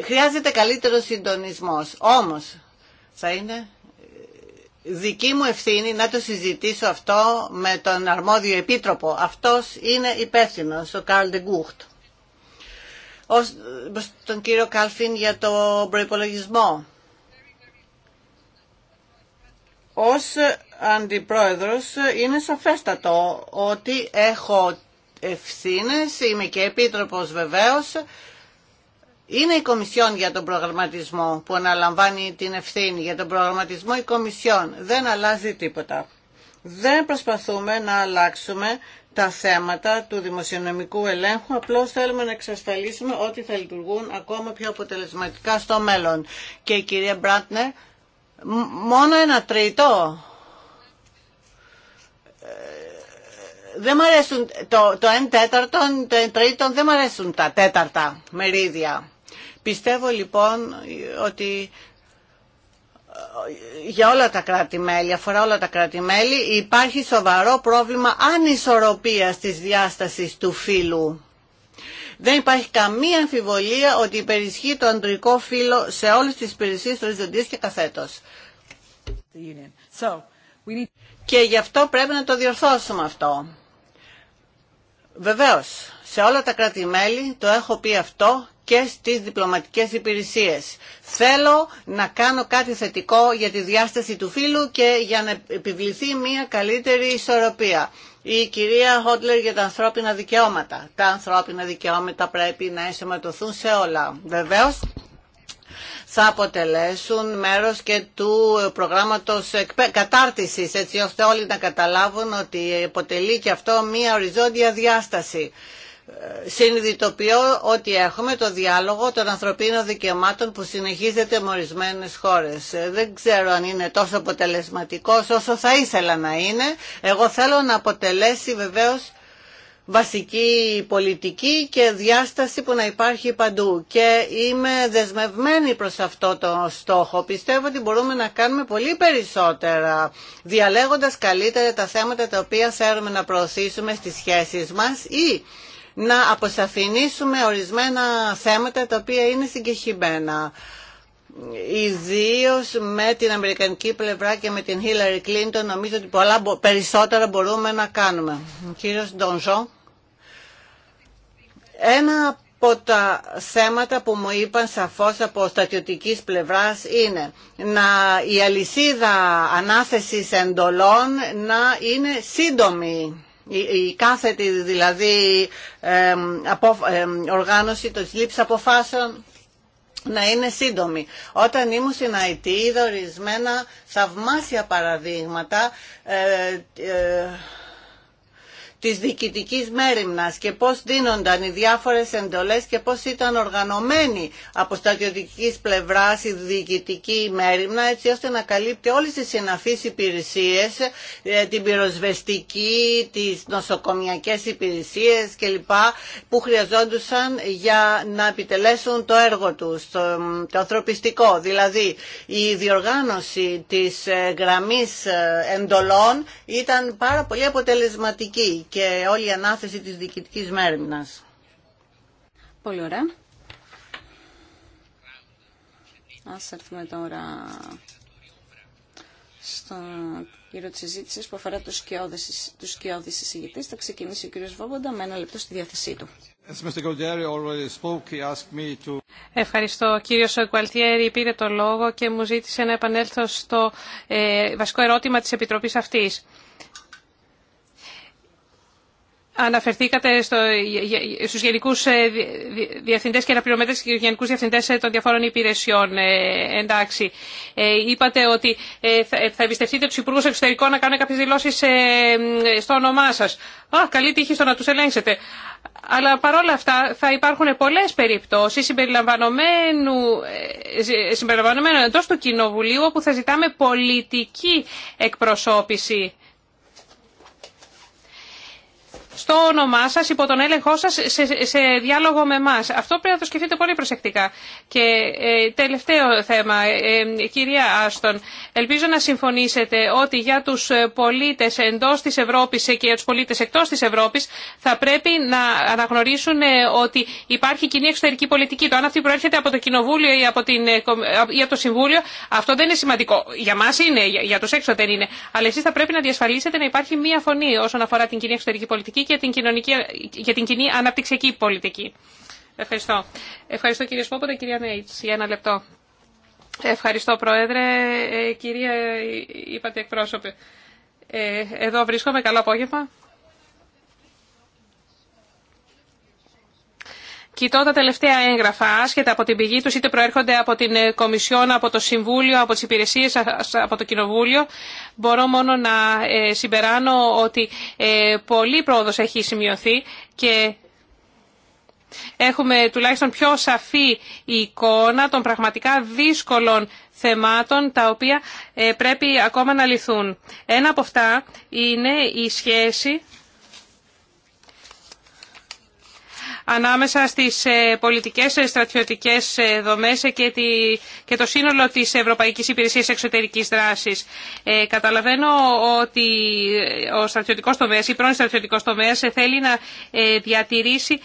Χρειάζεται καλύτερο συντονισμός. Όμως θα είναι ε, δική μου ευθύνη να το συζητήσω αυτό με τον αρμόδιο επίτροπο. Αυτός είναι υπεύθυνο, ο Καρλ Ντεγκούχτ. Ως τον κύριο Κάλφιν για το προϋπολογισμό. Ως αντιπρόεδρος είναι σαφέστατο ότι έχω ευθύνες, είμαι και επίτροπος βεβαίως. Είναι η Κομισιόν για τον προγραμματισμό που αναλαμβάνει την ευθύνη για τον προγραμματισμό. Η Κομισιόν δεν αλλάζει τίποτα. Δεν προσπαθούμε να αλλάξουμε τα θέματα του δημοσιονομικού ελέγχου, απλώς θέλουμε να εξασφαλίσουμε ότι θα λειτουργούν ακόμα πιο αποτελεσματικά στο μέλλον. Και η κυρία Μπράτνερ, μόνο ένα τρίτο δεν αρέσουν το, το 1 τέταρτο, το 1 τρίτο, δεν μου αρέσουν τα τέταρτα μερίδια. Πιστεύω λοιπόν ότι ε, για όλα τα κράτη-μέλη, αφορά όλα τα κράτη-μέλη, υπάρχει σοβαρό πρόβλημα ανισορροπίας της διάστασης του φύλου. Δεν υπάρχει καμία αμφιβολία ότι υπερισχύει το αντρικό φύλο σε όλες τις υπηρεσίες οριζοντίες και καθέτος και γι' αυτό πρέπει να το διορθώσουμε αυτό. Βεβαίως, σε όλα τα κράτη-μέλη το έχω πει αυτό και στις διπλωματικές υπηρεσίες. Θέλω να κάνω κάτι θετικό για τη διάσταση του φύλου και για να επιβληθεί μια καλύτερη ισορροπία. Η κυρία Χότλερ για τα ανθρώπινα δικαιώματα. Τα ανθρώπινα δικαιώματα πρέπει να ενσωματωθούν σε όλα. Βεβαίως, θα αποτελέσουν μέρος και του προγράμματος κατάρτισης, έτσι ώστε όλοι να καταλάβουν ότι αποτελεί και αυτό μία οριζόντια διάσταση. Ε, συνειδητοποιώ ότι έχουμε το διάλογο των ανθρωπίνων δικαιωμάτων που συνεχίζεται με ορισμένε χώρε. Ε, δεν ξέρω αν είναι τόσο αποτελεσματικό όσο θα ήθελα να είναι. Εγώ θέλω να αποτελέσει βεβαίω βασική πολιτική και διάσταση που να υπάρχει παντού. Και είμαι δεσμευμένη προς αυτό το στόχο. Πιστεύω ότι μπορούμε να κάνουμε πολύ περισσότερα, διαλέγοντας καλύτερα τα θέματα τα οποία θέλουμε να προωθήσουμε στις σχέσεις μας ή να αποσαφηνίσουμε ορισμένα θέματα τα οποία είναι συγκεχημένα. Ιδίω με την Αμερικανική πλευρά και με την Χίλαρη Κλίντον νομίζω ότι πολλά περισσότερα μπορούμε να κάνουμε. κύριος ένα από τα θέματα που μου είπαν σαφώς από στατιωτικής πλευράς είναι να η αλυσίδα ανάθεσης εντολών να είναι σύντομη. Η, κάθετη δηλαδή απο, οργάνωση των λήψης αποφάσεων να είναι σύντομη. Όταν ήμουν στην ΑΕΤ είδα ορισμένα θαυμάσια παραδείγματα ε, ε, της διοικητικής μέρημνας και πώς δίνονταν οι διάφορες εντολές και πώς ήταν οργανωμένη από στρατιωτικής πλευράς η διοικητική μέρημνα έτσι ώστε να καλύπτει όλες τις συναφείς υπηρεσίες, ε, την πυροσβεστική, τις νοσοκομιακές υπηρεσίες κλπ που χρειαζόντουσαν για να επιτελέσουν το έργο τους, το, το ανθρωπιστικό. Δηλαδή η διοργάνωση της ε, γραμμής ε, εντολών ήταν πάρα πολύ αποτελεσματική και όλη η ανάθεση της διοικητικής μέρημνας. Πολύ ωραία. Ας έρθουμε τώρα στο κύριο της συζήτησης που αφορά τους σκιώδεις, Θα ξεκινήσει ο κύριος Βόμποντα με ένα λεπτό στη διάθεσή του. Ευχαριστώ. κύριο Γκουαλτιέρη πήρε το λόγο και μου ζήτησε να επανέλθω στο ε, βασικό ερώτημα της Επιτροπής αυτής. Αναφερθήκατε στο, στους γενικούς ε, διευθυντές και αναπληρωμένες και γενικούς διευθυντές ε, των διαφόρων υπηρεσιών. Ε, εντάξει, ε, είπατε ότι ε, θα εμπιστευτείτε τους υπουργούς εξωτερικών να κάνουν κάποιες δηλώσεις στο όνομά σας. Α, καλή τύχη στο να τους ελέγξετε. Αλλά παρόλα αυτά θα υπάρχουν πολλές περιπτώσεις συμπεριλαμβανομένου, συμπεριλαμβανομένου εντός του Κοινοβουλίου όπου θα ζητάμε πολιτική εκπροσώπηση στο όνομά σας, υπό τον έλεγχό σας, σε, διάλογο με εμά. Αυτό πρέπει να το σκεφτείτε πολύ προσεκτικά. Και ε, τελευταίο θέμα, ε, κυρία Άστον, ελπίζω να συμφωνήσετε ότι για τους πολίτες εντός της Ευρώπης και για τους πολίτες εκτός της Ευρώπης θα πρέπει να αναγνωρίσουν ε, ότι υπάρχει κοινή εξωτερική πολιτική. Το αν αυτή προέρχεται από το Κοινοβούλιο ή από, την, ε, ή το Συμβούλιο, αυτό δεν είναι σημαντικό. Για μας είναι, για, για τους έξω δεν είναι. Αλλά εσείς θα πρέπει να διασφαλίσετε να υπάρχει μία φωνή όσον αφορά την κοινή εξωτερική πολιτική για την, κοινωνική, για την κοινή αναπτυξιακή πολιτική. Ευχαριστώ. Ευχαριστώ κύριε Σπόποτα, κυρία Νέιτς, για ένα λεπτό. Ευχαριστώ Πρόεδρε, ε, κυρία ε, είπατε εκπρόσωπε. Ε, εδώ βρίσκομαι, καλό απόγευμα. κοιτώ τα τελευταία έγγραφα, άσχετα από την πηγή τους, είτε προέρχονται από την ε, Κομισιόν, από το Συμβούλιο, από τι υπηρεσίε από το Κοινοβούλιο, μπορώ μόνο να ε, συμπεράνω ότι ε, πολλή πρόοδος έχει σημειωθεί και έχουμε τουλάχιστον πιο σαφή εικόνα των πραγματικά δύσκολων θεμάτων τα οποία πρέπει ακόμα να λυθούν. Ένα από αυτά είναι η σχέση ανάμεσα στις ε, πολιτικές ε, στρατιωτικές ε, δομές και το σύνολο της Ευρωπαϊκής Υπηρεσίας Εξωτερικής Δράσης. Καταλαβαίνω ότι ο στρατιωτικός τομέας ή πρώην στρατιωτικός τομέας θέλει να διατηρήσει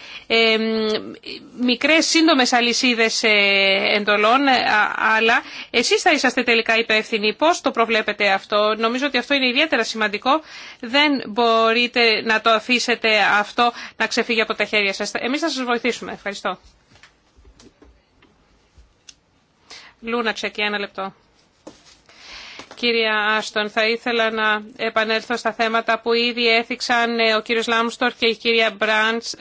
μικρές σύντομες αλυσίδες εντολών, αλλά εσείς θα είσαστε τελικά υπεύθυνοι. Πώς το προβλέπετε αυτό. Νομίζω ότι αυτό είναι ιδιαίτερα σημαντικό. Δεν μπορείτε να το αφήσετε αυτό να ξεφύγει από τα χέρια σας εμείς να σας βοηθήσουμε. Ευχαριστώ. Λούνατσεκ, ένα λεπτό. Κυρία Άστον, θα ήθελα να επανέλθω στα θέματα που ήδη έθιξαν ο κύριος Λάμστορ και η κυρία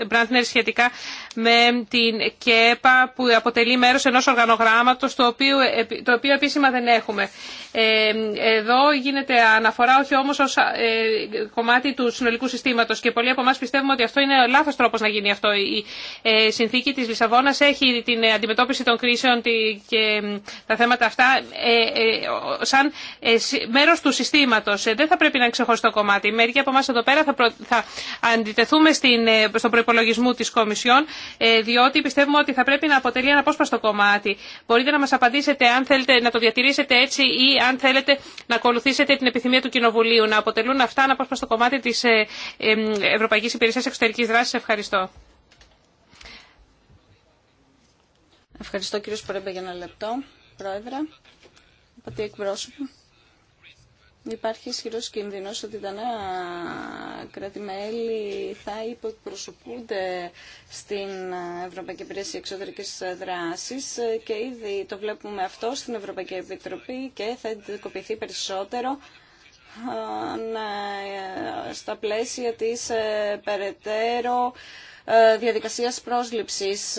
Μπραντνερ σχετικά με την ΚΕΠΑ που αποτελεί μέρος ενός οργανογράμματος το οποίο, το οποίο επίσημα δεν έχουμε. Ε, εδώ γίνεται αναφορά όχι όμως ως ε, κομμάτι του συνολικού συστήματος και πολλοί από εμά πιστεύουμε ότι αυτό είναι λάθος τρόπος να γίνει αυτό. Η ε, συνθήκη της Λισαβόνας έχει την αντιμετώπιση των κρίσεων και τα θέματα αυτά σαν μέρος του συστήματος. δεν θα πρέπει να ξεχωρίσει το κομμάτι. Μερικοί από εμά εδώ πέρα θα, αντιτεθούμε στην, στον προπολογισμό της Κομισιόν ε, διότι πιστεύουμε ότι θα πρέπει να αποτελεί ένα απόσπαστο κομμάτι. Μπορείτε να μας απαντήσετε αν θέλετε να το διατηρήσετε έτσι ή αν θέλετε να ακολουθήσετε την επιθυμία του Κοινοβουλίου, να αποτελούν αυτά ένα απόσπαστο κομμάτι της ε, Ευρωπαϊκή Υπηρεσίας Εξωτερικής Δράσης. Ευχαριστώ. Ευχαριστώ κύριο Σπορέμπε για ένα λεπτό, πρόεδρε, εκπρόσωπο. Υπάρχει ισχυρό κίνδυνο ότι τα νέα κράτη-μέλη θα υποεκπροσωπούνται στην Ευρωπαϊκή Υπηρεσία Εξωτερική Δράση και ήδη το βλέπουμε αυτό στην Ευρωπαϊκή Επιτροπή και θα εντυπωθεί περισσότερο ε, στα πλαίσια της ε, περαιτέρω ε, διαδικασίας πρόσληψης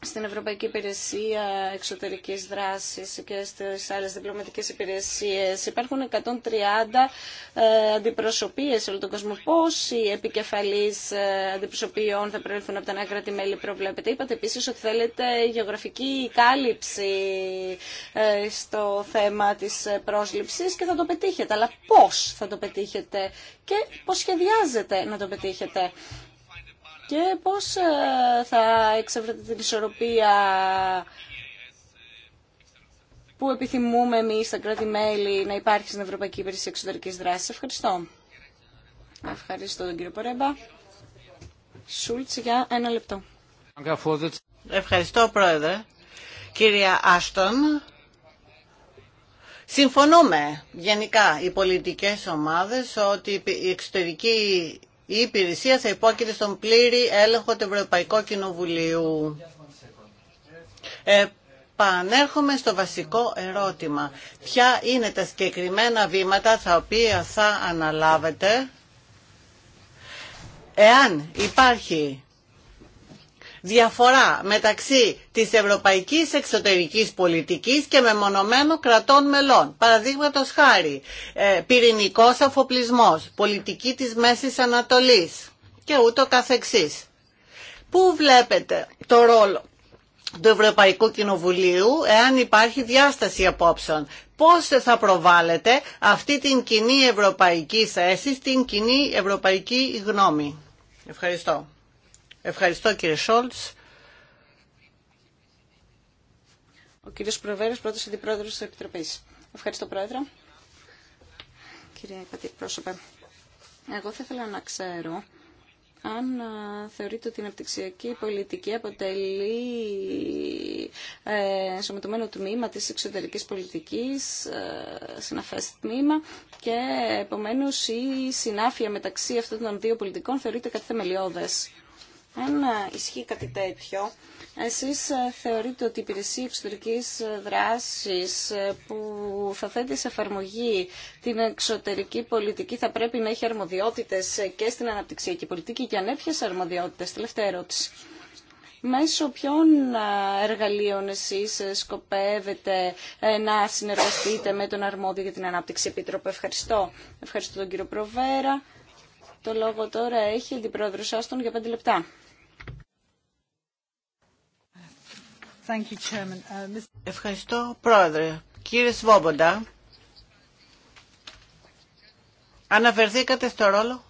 στην Ευρωπαϊκή Υπηρεσία Εξωτερικής Δράσης και στις άλλες διπλωματικές υπηρεσίες. Υπάρχουν 130 ε, αντιπροσωπείες σε όλο τον κόσμο. Πόσοι επικεφαλείς ε, αντιπροσωπείων θα προέλθουν από τα νέα κράτη-μέλη προβλέπετε. Είπατε επίσης ότι θέλετε γεωγραφική κάλυψη ε, στο θέμα της πρόσληψης και θα το πετύχετε. Αλλά πώς θα το πετύχετε και πώς σχεδιάζετε να το πετύχετε και πώς ε, θα εξεύρετε την ισορροπία που επιθυμούμε εμείς στα κράτη-μέλη να υπάρχει στην Ευρωπαϊκή Υπηρεσία εξωτερική δράση; Ευχαριστώ. Ευχαριστώ τον κύριο Πορέμπα. Σούλτς για ένα λεπτό. Ευχαριστώ πρόεδρε. Κυρία Άστον, συμφωνούμε γενικά οι πολιτικές ομάδες ότι η εξωτερική η υπηρεσία θα υπόκειται στον πλήρη έλεγχο του Ευρωπαϊκού Κοινοβουλίου. Πανέρχομαι στο βασικό ερώτημα. Ποια είναι τα συγκεκριμένα βήματα τα οποία θα αναλάβετε εάν υπάρχει διαφορά μεταξύ της ευρωπαϊκής εξωτερικής πολιτικής και μεμονωμένων κρατών μελών. Παραδείγματο χάρη, ε, πυρηνικός αφοπλισμός, πολιτική της Μέσης Ανατολής και ούτω καθεξής. Πού βλέπετε το ρόλο του Ευρωπαϊκού Κοινοβουλίου εάν υπάρχει διάσταση απόψεων. Πώς θα προβάλλετε αυτή την κοινή ευρωπαϊκή θέση, την κοινή ευρωπαϊκή γνώμη. Ευχαριστώ. Ευχαριστώ κύριε Σόλτς. Ο κύριος Προβέρος, πρώτος αντιπρόεδρος της Επιτροπής. Ευχαριστώ πρόεδρε. Κύριε πρόσωπε. εγώ θα ήθελα να ξέρω αν θεωρείτε ότι η αναπτυξιακή πολιτική αποτελεί ε, σωματωμένο τμήμα της εξωτερικής πολιτικής, ε, συναφές τμήμα και επομένως η συνάφεια μεταξύ αυτών των δύο πολιτικών θεωρείται κάτι θεμελιώδες. Αν ισχύει κάτι τέτοιο, εσείς ε, θεωρείτε ότι η υπηρεσία εξωτερικής ε, δράσης ε, που θα θέτει σε εφαρμογή την εξωτερική πολιτική θα πρέπει να έχει αρμοδιότητες και στην αναπτυξιακή πολιτική και αν έπιασε αρμοδιότητες. Τελευταία ερώτηση. Μέσω ποιων εργαλείων εσείς σκοπεύετε να συνεργαστείτε με τον αρμόδιο για την ανάπτυξη επίτροπο. Ευχαριστώ. Ευχαριστώ τον κύριο Προβέρα. Το λόγο τώρα έχει αντιπρόεδρος Άστον για πέντε λεπτά. Uh, Ευχαριστώ, Πρόεδρε. Κύριε Σβόμποντα, αναφερθήκατε στο ρόλο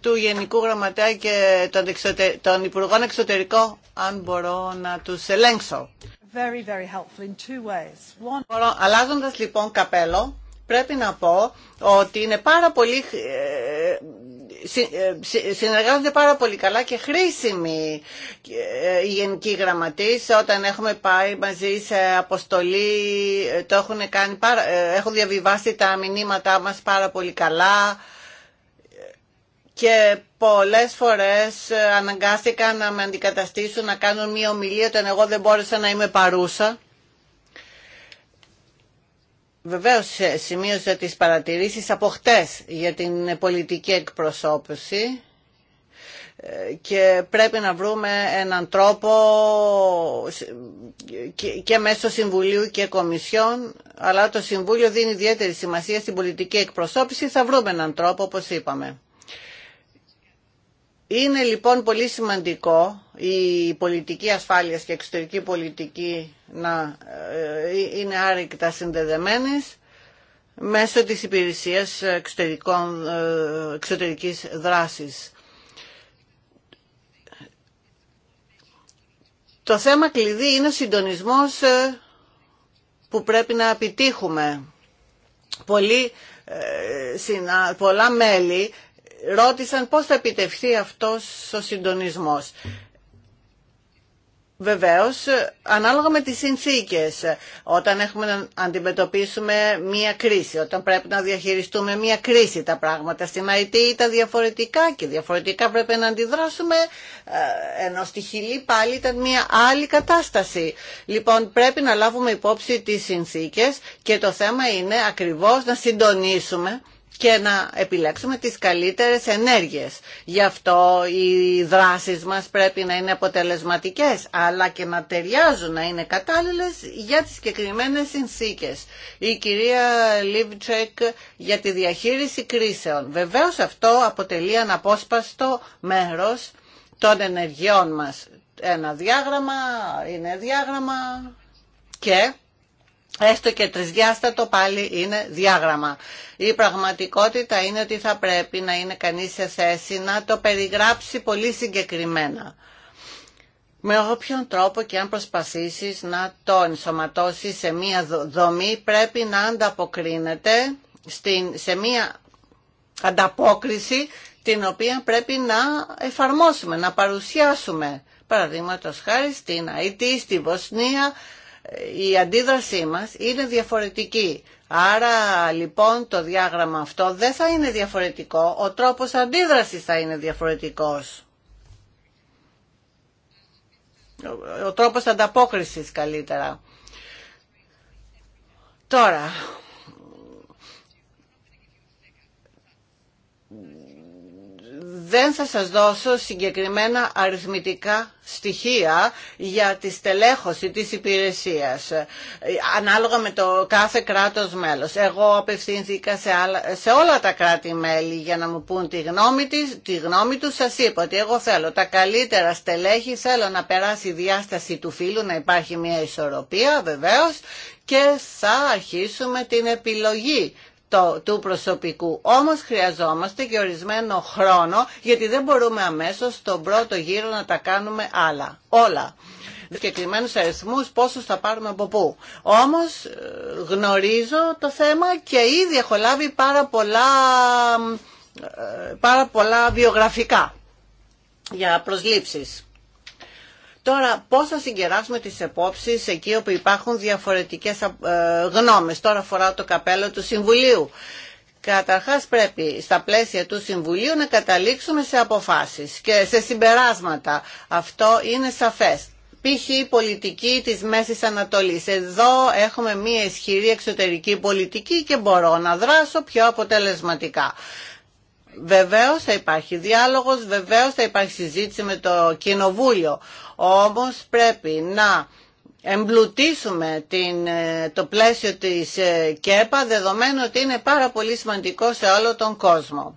του Γενικού Γραμματέα και των, εξωτε... Υπουργών Εξωτερικών, αν μπορώ να τους ελέγξω. Very, very helpful in two ways. One... αλλάζοντας λοιπόν καπέλο, πρέπει να πω ότι είναι πάρα πολύ ε, ε, συνεργάζονται πάρα πολύ καλά και χρήσιμοι ε, οι γενικοί γραμματείς όταν έχουμε πάει μαζί σε αποστολή ε, το έχουν, κάνει, έχουν διαβιβάσει τα μηνύματά μας πάρα πολύ καλά και πολλές φορές αναγκάστηκαν να με αντικαταστήσουν να κάνουν μια ομιλία όταν εγώ δεν μπόρεσα να είμαι παρούσα Βεβαίω, ε, σημείωσα τι παρατηρήσει από χτέ για την πολιτική εκπροσώπηση ε, και πρέπει να βρούμε έναν τρόπο και μέσω Συμβουλίου και Κομισιόν αλλά το Συμβούλιο δίνει ιδιαίτερη σημασία στην πολιτική εκπροσώπηση θα βρούμε έναν τρόπο όπως είπαμε. Είναι λοιπόν πολύ σημαντικό η πολιτική ασφάλειας και η εξωτερική πολιτική να ε, ε, είναι άρρηκτα συνδεδεμένες μέσω της υπηρεσίας εξωτερικών, ε, εξωτερικής δράσης. Το θέμα κλειδί είναι ο συντονισμός που πρέπει να επιτύχουμε. Πολλοί, πολλά μέλη ρώτησαν πώς θα επιτευχθεί αυτός ο συντονισμός. Βεβαίως, ανάλογα με τις συνθήκες, όταν έχουμε να αντιμετωπίσουμε μία κρίση, όταν πρέπει να διαχειριστούμε μία κρίση τα πράγματα στην ΑΕΤ, ήταν διαφορετικά και διαφορετικά πρέπει να αντιδράσουμε, ε, ενώ στη Χιλή πάλι ήταν μία άλλη κατάσταση. Λοιπόν, πρέπει να λάβουμε υπόψη τις συνθήκες και το θέμα είναι ακριβώς να συντονίσουμε και να επιλέξουμε τις καλύτερες ενέργειες. Γι' αυτό οι δράσεις μας πρέπει να είναι αποτελεσματικές, αλλά και να ταιριάζουν, να είναι κατάλληλες για τις συγκεκριμένε συνθήκες. Η κυρία Λίβτσεκ για τη διαχείριση κρίσεων. Βεβαίως αυτό αποτελεί αναπόσπαστο μέρος των ενεργειών μας. Ένα διάγραμμα είναι διάγραμμα και Έστω και τρισδιάστατο πάλι είναι διάγραμμα. Η πραγματικότητα είναι ότι θα πρέπει να είναι κανείς σε θέση να το περιγράψει πολύ συγκεκριμένα. Με όποιον τρόπο και αν προσπαθήσεις να το ενσωματώσεις σε μία δομή πρέπει να ανταποκρίνεται στην, σε μία ανταπόκριση την οποία πρέπει να εφαρμόσουμε, να παρουσιάσουμε. Παραδείγματο χάρη στην ΑΕΤ, στη Βοσνία, η αντίδρασή μας είναι διαφορετική. Άρα λοιπόν το διάγραμμα αυτό δεν θα είναι διαφορετικό, ο τρόπος αντίδρασης θα είναι διαφορετικός. Ο τρόπος ανταπόκρισης καλύτερα. Τώρα, δεν θα σας δώσω συγκεκριμένα αριθμητικά στοιχεία για τη στελέχωση της υπηρεσίας, ε, ανάλογα με το κάθε κράτος μέλος. Εγώ απευθύνθηκα σε, σε όλα τα κράτη-μέλη για να μου πούν τη γνώμη, της, τη γνώμη τους. Σας είπα ότι εγώ θέλω τα καλύτερα στελέχη, θέλω να περάσει η διάσταση του φίλου, να υπάρχει μια ισορροπία βεβαίως και θα αρχίσουμε την επιλογή το, του προσωπικού. Όμως χρειαζόμαστε και ορισμένο χρόνο γιατί δεν μπορούμε αμέσως στον πρώτο γύρο να τα κάνουμε άλλα. Όλα. Συγκεκριμένου αριθμού, πόσου θα πάρουμε από πού. Όμω ε, γνωρίζω το θέμα και ήδη έχω λάβει πάρα πολλά, ε, πάρα πολλά βιογραφικά για προσλήψεις. Τώρα πώς θα συγκεράσουμε τις επόψεις εκεί όπου υπάρχουν διαφορετικές ε, γνώμες. Τώρα αφορά το καπέλο του Συμβουλίου. Καταρχάς πρέπει στα πλαίσια του Συμβουλίου να καταλήξουμε σε αποφάσεις και σε συμπεράσματα. Αυτό είναι σαφές. Π.χ. η πολιτική της Μέσης Ανατολής. Εδώ έχουμε μια ισχυρή εξωτερική πολιτική και μπορώ να δράσω πιο αποτελεσματικά. Βεβαίως θα υπάρχει διάλογος, βεβαίως θα υπάρχει συζήτηση με το Κοινοβούλιο. Όμως πρέπει να εμπλουτίσουμε την, ε, το πλαίσιο της ε, ΚΕΠΑ δεδομένου ότι είναι πάρα πολύ σημαντικό σε όλο τον κόσμο.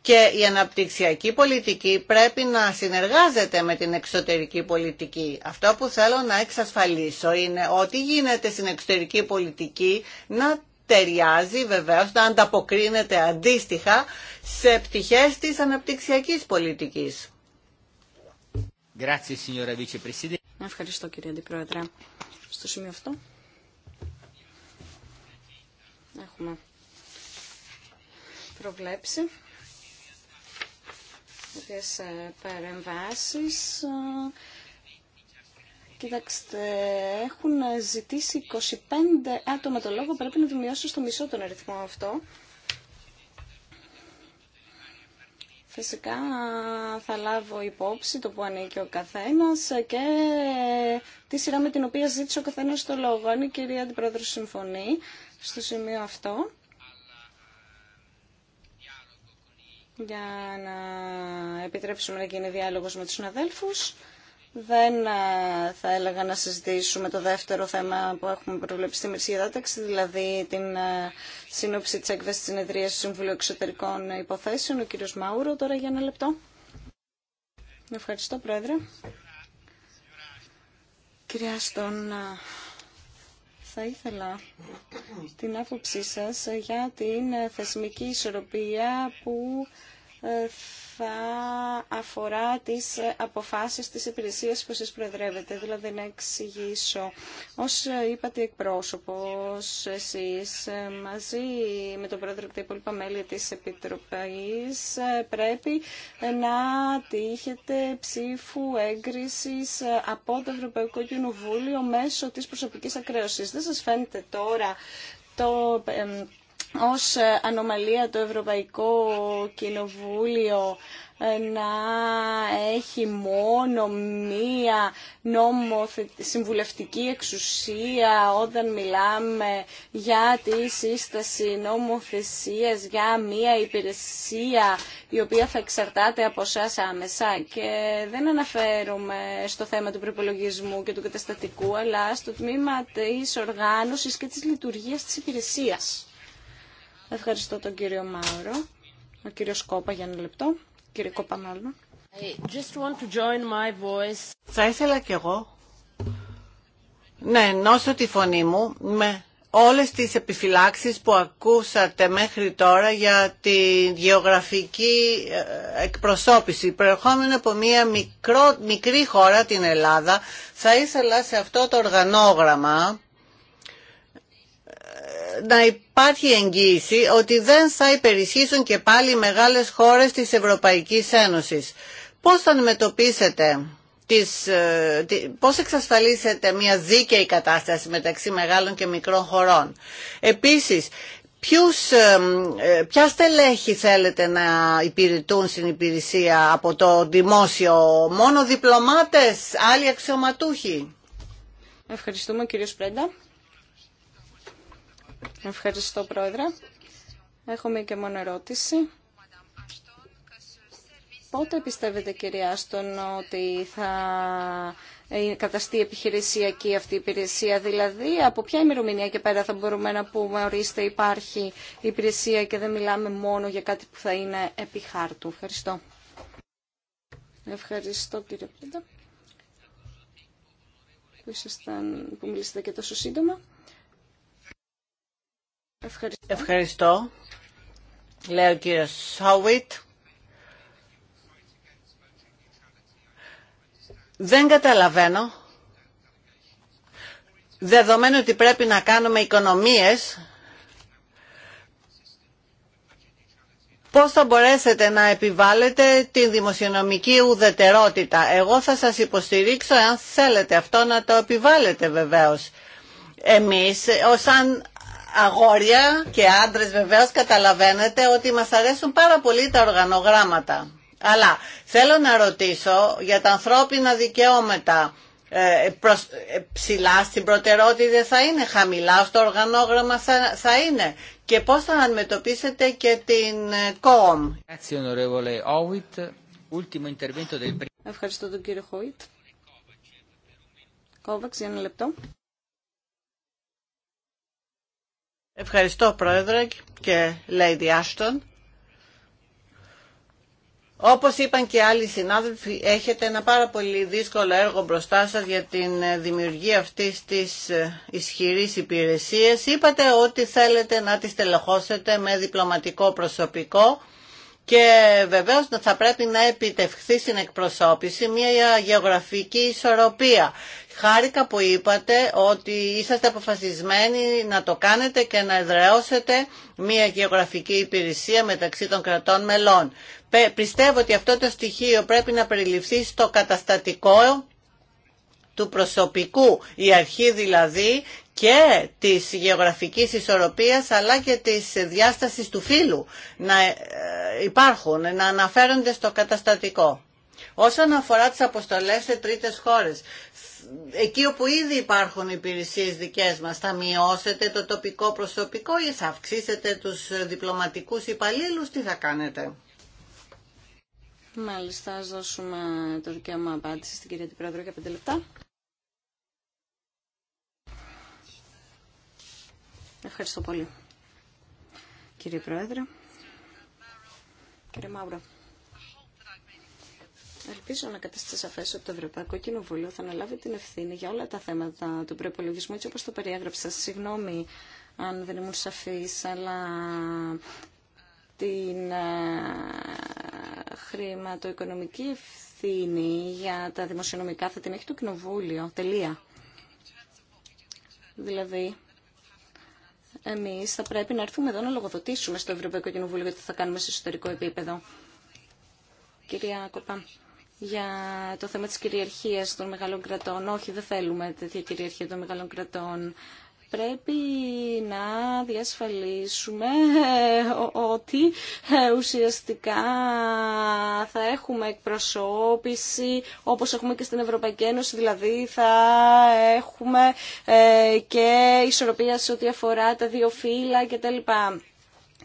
Και η αναπτυξιακή πολιτική πρέπει να συνεργάζεται με την εξωτερική πολιτική. Αυτό που θέλω να εξασφαλίσω είναι ότι γίνεται στην εξωτερική πολιτική να ταιριάζει βεβαίως να ανταποκρίνεται αντίστοιχα σε πτυχές της αναπτυξιακής πολιτικής. Ευχαριστώ κύριε Αντιπρόεδρε. Στο σημείο αυτό έχουμε προβλέψει τις ε, παρεμβάσεις ε, Κοιτάξτε, έχουν ζητήσει 25 άτομα το λόγο, πρέπει να δημιώσω στο μισό τον αριθμό αυτό. Φυσικά θα λάβω υπόψη το που ανήκει ο καθένας και τη σειρά με την οποία ζήτησε ο καθένας το λόγο. Αν η κυρία Αντιπρόεδρο συμφωνεί στο σημείο αυτό, για να επιτρέψουμε να γίνει διάλογος με τους συναδέλφους, δεν θα έλεγα να συζητήσουμε το δεύτερο θέμα που έχουμε προβλέψει στη Μερσία Δάταξη, δηλαδή την σύνοψη της έκβασης της συνεδρίας του Συμβουλίου Εξωτερικών Υποθέσεων. Ο κύριος Μάουρο, τώρα για ένα λεπτό. Ευχαριστώ, Πρόεδρε. Κυρία Στον, θα ήθελα την άποψή σας για την θεσμική ισορροπία που ε, θα αφορά τις αποφάσεις της υπηρεσίας που σας προεδρεύετε. Δηλαδή να εξηγήσω, ως είπατε εκπρόσωπος εσείς μαζί με τον πρόεδρο και τα υπόλοιπα μέλη της Επιτροπής πρέπει να τύχετε ψήφου έγκρισης από το Ευρωπαϊκό Κοινοβούλιο μέσω της προσωπικής ακρέωσης. Δεν σας φαίνεται τώρα το ως ε, ανομαλία το Ευρωπαϊκό Κοινοβούλιο ε, να έχει μόνο μία συμβουλευτική εξουσία όταν μιλάμε για τη σύσταση νομοθεσίας για μία υπηρεσία η οποία θα εξαρτάται από εσά άμεσα και δεν αναφέρομαι στο θέμα του προπολογισμού και του καταστατικού αλλά στο τμήμα της οργάνωσης και της λειτουργίας της υπηρεσίας. Ευχαριστώ τον κύριο Μάουρο. Ο κύριο Κόπα για ένα λεπτό. Κύριε Κόπα μάλλον. want to my voice. Θα ήθελα κι εγώ να ενώσω τη φωνή μου με όλες τις επιφυλάξεις που ακούσατε μέχρι τώρα για τη γεωγραφική ε, εκπροσώπηση. Προερχόμενο από μια μικρό, μικρή χώρα, την Ελλάδα, θα ήθελα σε αυτό το οργανόγραμμα να υπάρχει εγγύηση ότι δεν θα υπερισχύσουν και πάλι οι μεγάλες χώρες της Ευρωπαϊκής Ένωσης. Πώς θα αντιμετωπίσετε, τις, ε, πώς εξασφαλίσετε μια δίκαιη κατάσταση μεταξύ μεγάλων και μικρών χωρών. Επίσης, Ποιους, ε, ε, ποια στελέχη θέλετε να υπηρετούν στην υπηρεσία από το δημόσιο, μόνο διπλωμάτες, άλλοι αξιωματούχοι. Ευχαριστούμε κύριο Σπρέντα. Ευχαριστώ, Πρόεδρε. Έχω μία και μόνο ερώτηση. Πότε πιστεύετε, κυρία Άστον, ότι θα ε, καταστεί επιχειρησιακή αυτή η υπηρεσία, δηλαδή από ποια ημερομηνία και πέρα θα μπορούμε να πούμε ορίστε υπάρχει υπηρεσία και δεν μιλάμε μόνο για κάτι που θα είναι επί χάρτου. Ευχαριστώ. Ευχαριστώ κύριε πιτα. που, που μιλήσατε και τόσο σύντομα. Ευχαριστώ. Λέω ο κύριο Δεν καταλαβαίνω. Δεδομένου ότι πρέπει να κάνουμε οικονομίες, πώς θα μπορέσετε να επιβάλλετε την δημοσιονομική ουδετερότητα. Εγώ θα σας υποστηρίξω, αν θέλετε αυτό, να το επιβάλλετε βεβαίως. Εμείς, ως αν αγόρια και άντρες βεβαίως καταλαβαίνετε ότι μας αρέσουν πάρα πολύ τα οργανογράμματα. Αλλά θέλω να ρωτήσω για τα ανθρώπινα δικαιώματα. Ε, ε ψηλά στην προτεραιότητα θα είναι, χαμηλά στο οργανόγραμμα θα, θα είναι. Και πώς θα αντιμετωπίσετε και την ε, ΚΟΟΜ. Ευχαριστώ τον κύριο Χόιτ. Κόβαξ για ένα λεπτό. Ευχαριστώ Πρόεδρε και Lady Άστον. Όπως είπαν και άλλοι συνάδελφοι, έχετε ένα πάρα πολύ δύσκολο έργο μπροστά σας για την ε, δημιουργία αυτής της ε, ισχυρής υπηρεσίας. Είπατε ότι θέλετε να τη στελεχώσετε με διπλωματικό προσωπικό και βεβαίως θα πρέπει να επιτευχθεί στην εκπροσώπηση μια γεωγραφική ισορροπία. Χάρηκα που είπατε ότι είσαστε αποφασισμένοι να το κάνετε και να εδραιώσετε μια γεωγραφική υπηρεσία μεταξύ των κρατών μελών. Πιστεύω ότι αυτό το στοιχείο πρέπει να περιληφθεί στο καταστατικό του προσωπικού, η αρχή δηλαδή και της γεωγραφικής ισορροπίας αλλά και της διάστασης του φύλου να ε, υπάρχουν, να αναφέρονται στο καταστατικό. Όσον αφορά τις αποστολές σε τρίτες χώρες, εκεί όπου ήδη υπάρχουν υπηρεσίες δικές μας, θα μειώσετε το τοπικό προσωπικό ή θα αυξήσετε τους διπλωματικούς υπαλλήλους, τι θα κάνετε. Μάλιστα, ας δώσουμε το δικαίωμα απάντηση στην κυρία Την Πρόεδρο για πέντε λεπτά. Ευχαριστώ πολύ. Κύριε Πρόεδρε, κύριε Μάουρα, ελπίζω να καταστεί σαφέ ότι το Ευρωπαϊκό Κοινοβούλιο θα αναλάβει την ευθύνη για όλα τα θέματα του προπολογισμού, έτσι όπω το περιέγραψα. Συγγνώμη αν δεν ήμουν σαφή, αλλά την ε, χρηματοοικονομική ευθύνη για τα δημοσιονομικά θα την έχει το Κοινοβούλιο. Τελεία. Δηλαδή, Εμεί, θα πρέπει να έρθουμε εδώ να λογοδοτήσουμε στο Ευρωπαϊκό Κοινοβούλιο γιατί θα κάνουμε σε εσωτερικό επίπεδο. Κυρία Κοπά, για το θέμα τη κυριαρχία των μεγάλων κρατών. Όχι, δεν θέλουμε τέτοια κυριαρχία των μεγάλων κρατών πρέπει να διασφαλίσουμε ότι ουσιαστικά θα έχουμε εκπροσώπηση όπως έχουμε και στην Ευρωπαϊκή Ένωση, δηλαδή θα έχουμε ε, και ισορροπία σε ό,τι αφορά τα δύο φύλλα κτλ.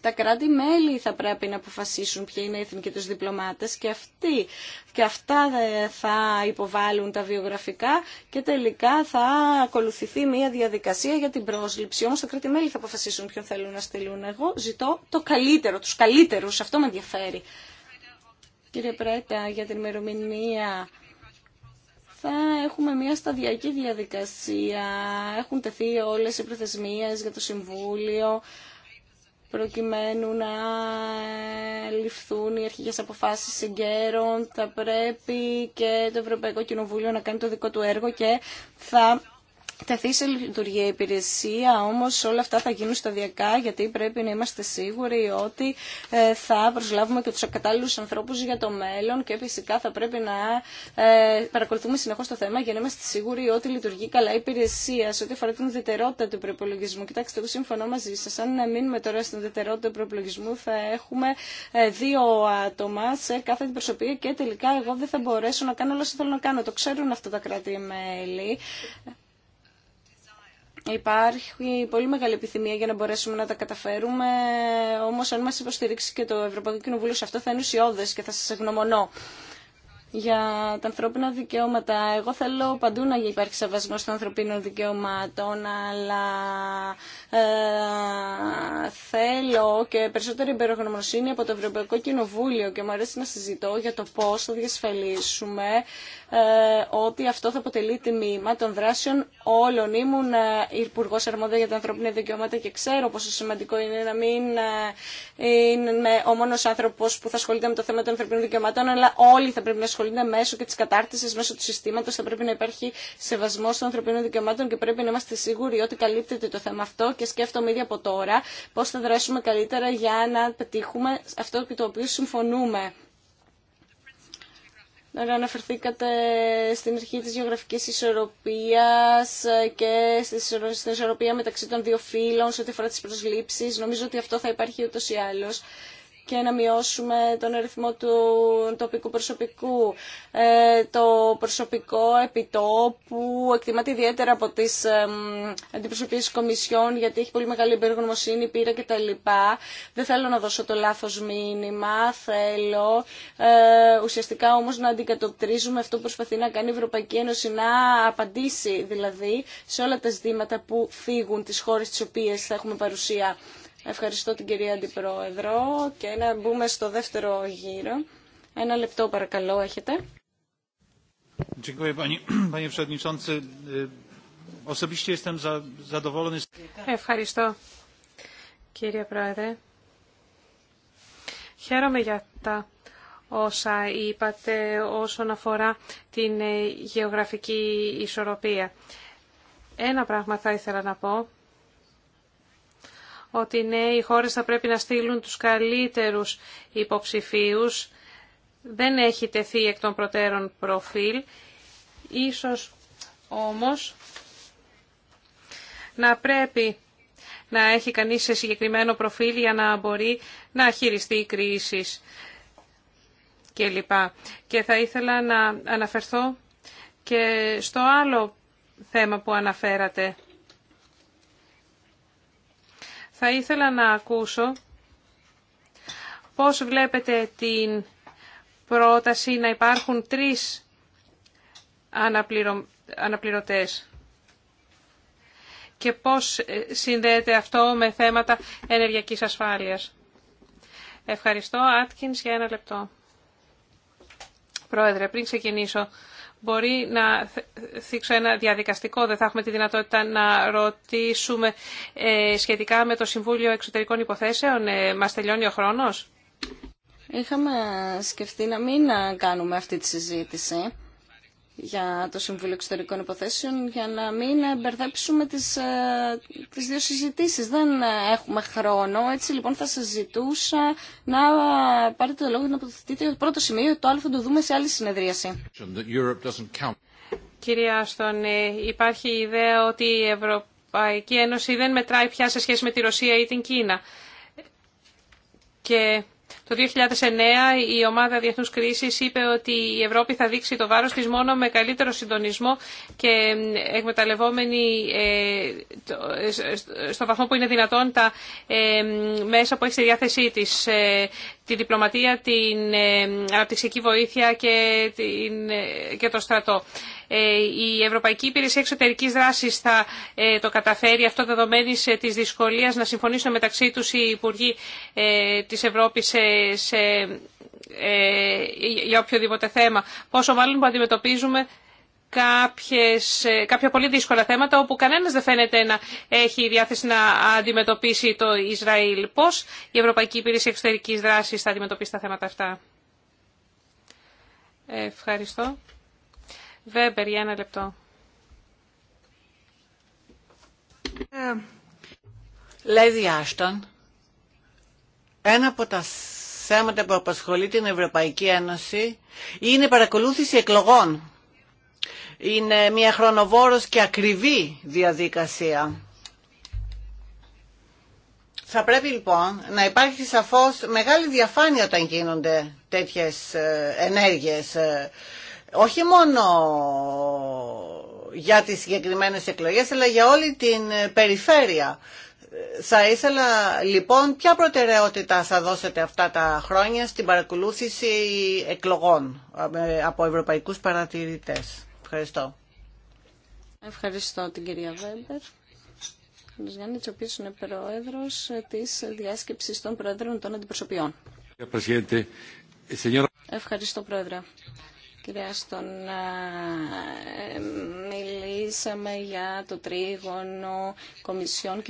Τα κράτη-μέλη θα πρέπει να αποφασίσουν ποιοι είναι οι εθνικοί τους διπλωμάτες και, αυτοί, και αυτά θα υποβάλουν τα βιογραφικά και τελικά θα ακολουθηθεί μια διαδικασία για την πρόσληψη. Όμως τα κράτη-μέλη θα αποφασίσουν ποιον θέλουν να στείλουν. Εγώ ζητώ το καλύτερο, τους καλύτερους. Αυτό με ενδιαφέρει. Κύριε Πρέτα, για την ημερομηνία θα έχουμε μια σταδιακή διαδικασία. Έχουν τεθεί όλες οι προθεσμίες για το Συμβούλιο προκειμένου να ληφθούν οι αρχικές αποφάσεις εγκαίρων. Θα πρέπει και το Ευρωπαϊκό Κοινοβούλιο να κάνει το δικό του έργο και θα τεθεί σε λειτουργία η υπηρεσία, Όμω όλα αυτά θα γίνουν σταδιακά γιατί πρέπει να είμαστε σίγουροι ότι ε, θα προσλάβουμε και του κατάλληλου ανθρώπου για το μέλλον και φυσικά θα πρέπει να ε, παρακολουθούμε συνεχώ το θέμα για να είμαστε σίγουροι ότι λειτουργεί καλά η υπηρεσία σε ό,τι αφορά την ιδιαιτερότητα του προπολογισμού. Κοιτάξτε, εγώ συμφωνώ μαζί σα. Αν μείνουμε τώρα στην ιδιαιτερότητα του προπολογισμού θα έχουμε ε, δύο άτομα σε κάθε την προσωπία και τελικά εγώ δεν θα μπορέσω να κάνω όλα όσα θέλω να κάνω. Το ξέρουν αυτά τα κράτη-μέλη. Υπάρχει πολύ μεγάλη επιθυμία για να μπορέσουμε να τα καταφέρουμε, όμω αν μα υποστηρίξει και το Ευρωπαϊκό Κοινοβούλιο σε αυτό θα είναι ουσιώδε και θα σα εγγνωμονώ για τα ανθρώπινα δικαιώματα. Εγώ θέλω παντού να υπάρχει σεβασμό των ανθρωπίνων δικαιωμάτων, αλλά ε, θέλω και περισσότερη υπερογνωμοσύνη από το Ευρωπαϊκό Κοινοβούλιο και μου αρέσει να συζητώ για το πώς θα διασφαλίσουμε ε, ότι αυτό θα αποτελεί τιμήμα των δράσεων όλων. Ήμουν ε, υπουργό αρμόδια για τα ανθρώπινα δικαιώματα και ξέρω πόσο σημαντικό είναι να μην ε, είναι ο μόνο άνθρωπο που θα ασχολείται με το θέμα των ανθρωπίνων δικαιωμάτων, αλλά όλοι θα πρέπει να ασχολούνται μέσω και τη κατάρτιση, μέσω του συστήματο. Θα πρέπει να υπάρχει σεβασμό των ανθρωπίνων δικαιωμάτων και πρέπει να είμαστε σίγουροι ότι καλύπτεται το θέμα αυτό και σκέφτομαι ήδη από τώρα πώ θα δράσουμε καλύτερα για να πετύχουμε αυτό που το οποίο συμφωνούμε να Αναφερθήκατε στην αρχή της γεωγραφικής ισορροπίας και στην ισορροπία μεταξύ των δύο φύλων σε ό,τι αφορά τις προσλήψεις. Νομίζω ότι αυτό θα υπάρχει ούτως ή άλλως και να μειώσουμε τον αριθμό του τοπικού προσωπικού. Ε, το προσωπικό επιτόπου εκτιμάται ιδιαίτερα από τις ε, αντιπροσωπείες κομισιών γιατί έχει πολύ μεγάλη και τα κτλ. Δεν θέλω να δώσω το λάθος μήνυμα, θέλω ε, ουσιαστικά όμως να αντικατοπτρίζουμε αυτό που προσπαθεί να κάνει η Ευρωπαϊκή Ένωση να απαντήσει δηλαδή σε όλα τα ζητήματα που φύγουν τις χώρες τις οποίες θα έχουμε παρουσία Ευχαριστώ την κυρία Αντιπρόεδρο και να μπούμε στο δεύτερο γύρο. Ένα λεπτό παρακαλώ έχετε. Ε, Ευχαριστώ κύριε Πρόεδρε. Χαίρομαι για τα όσα είπατε όσον αφορά την γεωγραφική ισορροπία. Ένα πράγμα θα ήθελα να πω ότι ναι, οι χώρες θα πρέπει να στείλουν τους καλύτερους υποψηφίους. Δεν έχει τεθεί εκ των προτέρων προφίλ. Ίσως όμως να πρέπει να έχει κανείς σε συγκεκριμένο προφίλ για να μπορεί να χειριστεί κρίσεις και Και θα ήθελα να αναφερθώ και στο άλλο θέμα που αναφέρατε. Θα ήθελα να ακούσω πώς βλέπετε την πρόταση να υπάρχουν τρεις αναπληρω... αναπληρωτές και πώς ε, συνδέεται αυτό με θέματα ενεργειακής ασφάλειας. Ευχαριστώ. Άτκινς για ένα λεπτό. Πρόεδρε, πριν ξεκινήσω μπορεί να θίξω ένα διαδικαστικό. Δεν θα έχουμε τη δυνατότητα να ρωτήσουμε ε, σχετικά με το Συμβούλιο Εξωτερικών Υποθέσεων. Ε, μας τελειώνει ο χρόνος. Είχαμε σκεφτεί να μην ε, κάνουμε αυτή τη συζήτηση για το Συμβούλιο Εξωτερικών Υποθέσεων για να μην μπερδέψουμε τις, ε, τις δύο συζητήσεις. Δεν έχουμε χρόνο, έτσι λοιπόν θα σας ζητούσα να πάρετε το λόγο να αποθετείτε το πρώτο σημείο, το άλλο θα το δούμε σε άλλη συνεδρίαση. Κυρία Άστον, ε, υπάρχει η ιδέα ότι η Ευρωπαϊκή Ένωση δεν μετράει πια σε σχέση με τη Ρωσία ή την Κίνα. Και το 2009 η ομάδα διεθνούς κρίσης είπε ότι η Ευρώπη θα δείξει το βάρος της μόνο με καλύτερο συντονισμό και εκμεταλλευόμενη ε, ε, ε, στο βαθμό που είναι δυνατόν τα μέσα που έχει στη διάθεσή της τη διπλωματία, την ε, αναπτυξιακή βοήθεια και, την, ε, το στρατό. Ε, η Ευρωπαϊκή Υπηρεσία Εξωτερικής Δράσης θα το καταφέρει αυτό δεδομένη της δυσκολίας να συμφωνήσουν μεταξύ τους οι Υπουργοί της Ευρώπης σε, για οποιοδήποτε θέμα. Πόσο μάλλον που αντιμετωπίζουμε κάποιες, ε, κάποια πολύ δύσκολα θέματα όπου κανένας δεν φαίνεται να έχει διάθεση να αντιμετωπίσει το Ισραήλ. Πώς η Ευρωπαϊκή Υπηρεσία Εξωτερικής Δράσης θα αντιμετωπίσει τα θέματα αυτά. Ε, ευχαριστώ. Βέμπερ, για ένα λεπτό. Λέει Άστον, ένα από τα θέματα που απασχολεί την Ευρωπαϊκή Ένωση είναι η παρακολούθηση εκλογών είναι μια χρονοβόρος και ακριβή διαδικασία. Θα πρέπει λοιπόν να υπάρχει σαφώς μεγάλη διαφάνεια όταν γίνονται τέτοιες ε, ενέργειες. Ε, όχι μόνο για τις συγκεκριμένες εκλογές, αλλά για όλη την ε, περιφέρεια. Θα ήθελα λοιπόν ποια προτεραιότητα θα δώσετε αυτά τα χρόνια στην παρακολούθηση εκλογών από ευρωπαϊκούς παρατηρητές. Ευχαριστώ. Ευχαριστώ την κυρία Βέμπερ. Ο Γιάννης, ο οποίος είναι πρόεδρος της διάσκεψης των Προέδρων των Αντιπροσωπιών. Ευχαριστώ, Πρόεδρε. Κυρία Στον, ε, μιλήσαμε για το τρίγωνο Κομισιόν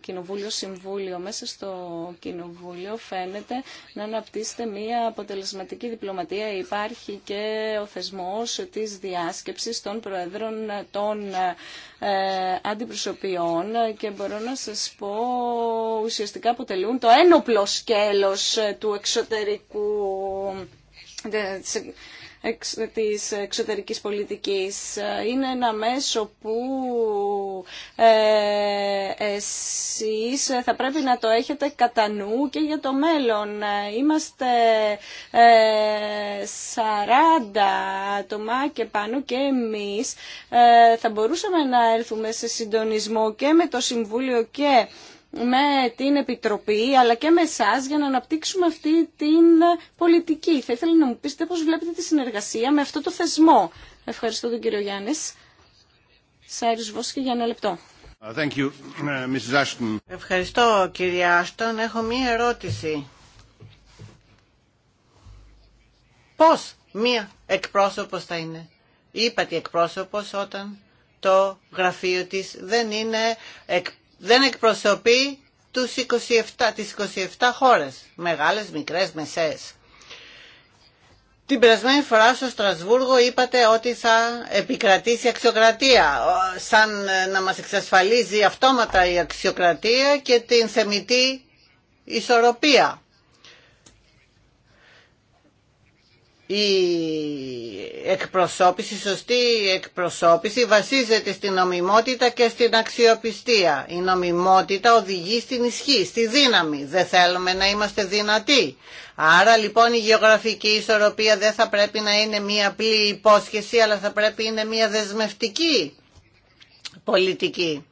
Κοινοβούλιο Συμβούλιο. Μέσα στο Κοινοβούλιο φαίνεται να αναπτύσσεται μια αποτελεσματική διπλωματία. Υπάρχει και ο θεσμός της διάσκεψης των Προέδρων των ε, Αντιπροσωπιών και μπορώ να σας πω ουσιαστικά αποτελούν το ένοπλο σκέλος του εξωτερικού της εξωτερικής πολιτικής. Είναι ένα μέσο που ε, εσείς θα πρέπει να το έχετε κατά νου και για το μέλλον. Είμαστε 40 ε, άτομα και πάνω και εμείς ε, θα μπορούσαμε να έρθουμε σε συντονισμό και με το Συμβούλιο και με την Επιτροπή αλλά και με εσά για να αναπτύξουμε αυτή την πολιτική. Θα ήθελα να μου πείτε πώς βλέπετε τη συνεργασία με αυτό το θεσμό. Ευχαριστώ τον κύριο Γιάννη. Σάιρους Βόσκη για ένα λεπτό. Uh, thank you, uh, Mrs. Ashton. Ευχαριστώ κύριε Άστον. Έχω μία ερώτηση. Πώς μία εκπρόσωπος θα είναι. Είπατε εκπρόσωπος όταν το γραφείο της δεν είναι εκπρόσωπος δεν εκπροσωπεί τους 27, τις 27 χώρες, μεγάλες, μικρές, μεσαίες. Την περασμένη φορά στο Στρασβούργο είπατε ότι θα επικρατήσει αξιοκρατία, σαν να μας εξασφαλίζει αυτόματα η αξιοκρατία και την θεμητή ισορροπία. η εκπροσώπηση, σωστή εκπροσώπηση βασίζεται στην νομιμότητα και στην αξιοπιστία. Η νομιμότητα οδηγεί στην ισχύ, στη δύναμη. Δεν θέλουμε να είμαστε δυνατοί. Άρα λοιπόν η γεωγραφική ισορροπία δεν θα πρέπει να είναι μία απλή υπόσχεση, αλλά θα πρέπει να είναι μία δεσμευτική πολιτική.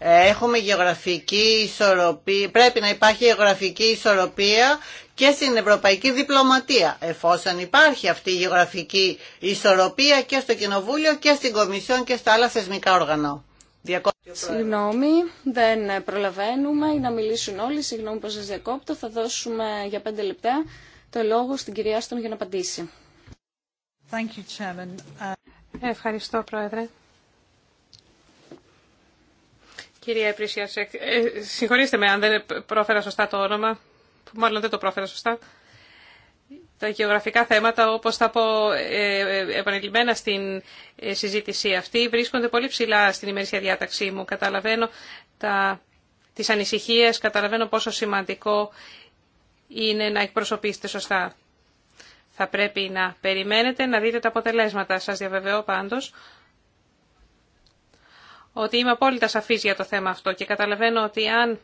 Έχουμε γεωγραφική ισορροπία, πρέπει να υπάρχει γεωγραφική ισορροπία και στην ευρωπαϊκή διπλωματία, εφόσον υπάρχει αυτή η γεωγραφική ισορροπία και στο Κοινοβούλιο και στην Κομισιόν και στα άλλα θεσμικά όργανα. Συγγνώμη, δεν προλαβαίνουμε να μιλήσουν όλοι. Συγγνώμη που σας διακόπτω. Θα δώσουμε για πέντε λεπτά το λόγο στην κυρία Στον για να απαντήσει. Ε, ευχαριστώ, Πρόεδρε. Κυρία Επρίσια, ε, ε, συγχωρήστε με αν δεν πρόφερα σωστά το όνομα μάλλον δεν το πρόφερα σωστά, τα γεωγραφικά θέματα, όπως θα πω ε, ε, επανειλημμένα στην ε, συζήτηση αυτή, βρίσκονται πολύ ψηλά στην ημερήσια διάταξή μου. Καταλαβαίνω τα, τις ανησυχίες, καταλαβαίνω πόσο σημαντικό είναι να εκπροσωπήσετε σωστά. Θα πρέπει να περιμένετε να δείτε τα αποτελέσματα. Σας διαβεβαιώ πάντως ότι είμαι απόλυτα σαφής για το θέμα αυτό και καταλαβαίνω ότι αν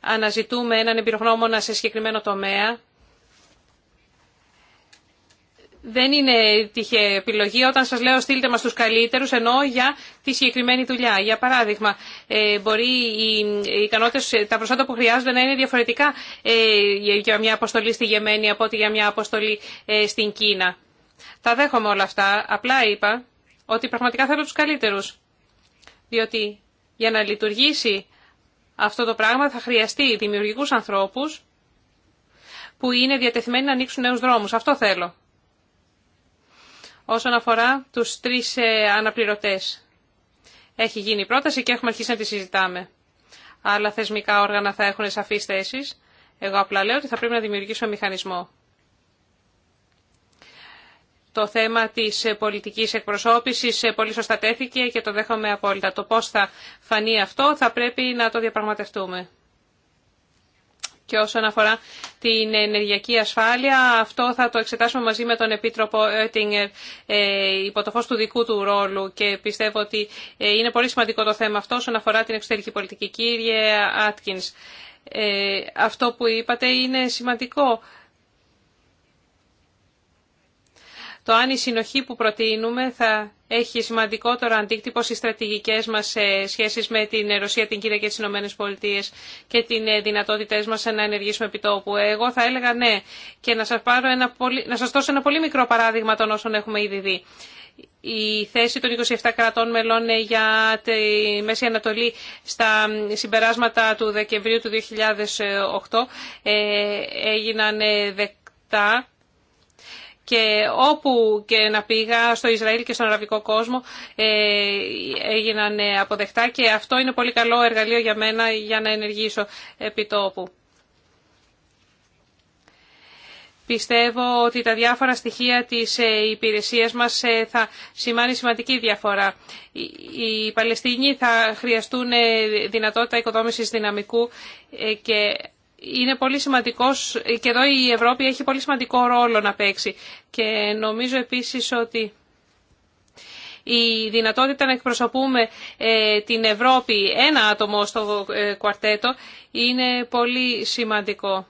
αναζητούμε έναν εμπειρογνώμονα σε συγκεκριμένο τομέα, δεν είναι τυχαία επιλογή. Όταν σας λέω στείλτε μας τους καλύτερους, ενώ για τη συγκεκριμένη δουλειά. Για παράδειγμα, ε, μπορεί οι ικανότητες, τα προσόντα που χρειάζονται να είναι διαφορετικά ε, για μια αποστολή στη Γεμένη από ότι για μια αποστολή ε, στην Κίνα. Τα δέχομαι όλα αυτά. Απλά είπα ότι πραγματικά θέλω τους καλύτερους. Διότι για να λειτουργήσει αυτό το πράγμα θα χρειαστεί δημιουργικού ανθρώπου που είναι διατεθειμένοι να ανοίξουν νέου δρόμους. Αυτό θέλω. Όσον αφορά τους τρεις ε, αναπληρωτές. Έχει γίνει η πρόταση και έχουμε αρχίσει να τη συζητάμε. Άλλα θεσμικά όργανα θα έχουν σαφείς θέσεις. Εγώ απλά λέω ότι θα πρέπει να δημιουργήσω μηχανισμό το θέμα της ε, πολιτικής εκπροσώπησης ε, πολύ σωστά τέθηκε και το δέχομαι απόλυτα. Το πώς θα φανεί αυτό θα πρέπει να το διαπραγματευτούμε. Και όσον αφορά την ενεργειακή ασφάλεια, αυτό θα το εξετάσουμε μαζί με τον Επίτροπο Oettinger ε, υπό το του δικού του ρόλου και πιστεύω ότι είναι πολύ σημαντικό το θέμα αυτό όσον αφορά την εξωτερική πολιτική. Κύριε Άτκινς, αυτό που είπατε είναι σημαντικό το αν η συνοχή που προτείνουμε θα έχει σημαντικότερο αντίκτυπο στις στρατηγικές μας ε, σχέσεις με την ε, Ρωσία, την Κύρια και τις Ηνωμένες Πολιτείες και την ε, δυνατότητές μας να ενεργήσουμε επιτόπου. Εγώ θα έλεγα ναι και να σας, πάρω ένα πολύ, να δώσω ένα πολύ μικρό παράδειγμα των όσων έχουμε ήδη δει. Η θέση των 27 κρατών μελών για τη Μέση Ανατολή στα συμπεράσματα του Δεκεμβρίου του 2008 έγιναν δεκτά και όπου και να πήγα στο Ισραήλ και στον αραβικό κόσμο ε, έγιναν ε, αποδεκτά και αυτό είναι πολύ καλό εργαλείο για μένα για να ενεργήσω επί τόπου. Πιστεύω ότι τα διάφορα στοιχεία της ε, υπηρεσίας μας θα σημάνει σημαντική διαφορά. Οι Παλαιστίνοι θα χρειαστούν δυνατότητα οικοδόμησης δυναμικού και είναι πολύ σημαντικός και εδώ η Ευρώπη έχει πολύ σημαντικό ρόλο να παίξει. Και νομίζω επίσης ότι η δυνατότητα να εκπροσωπούμε ε, την Ευρώπη ένα άτομο στο ε, κουαρτέτο είναι πολύ σημαντικό.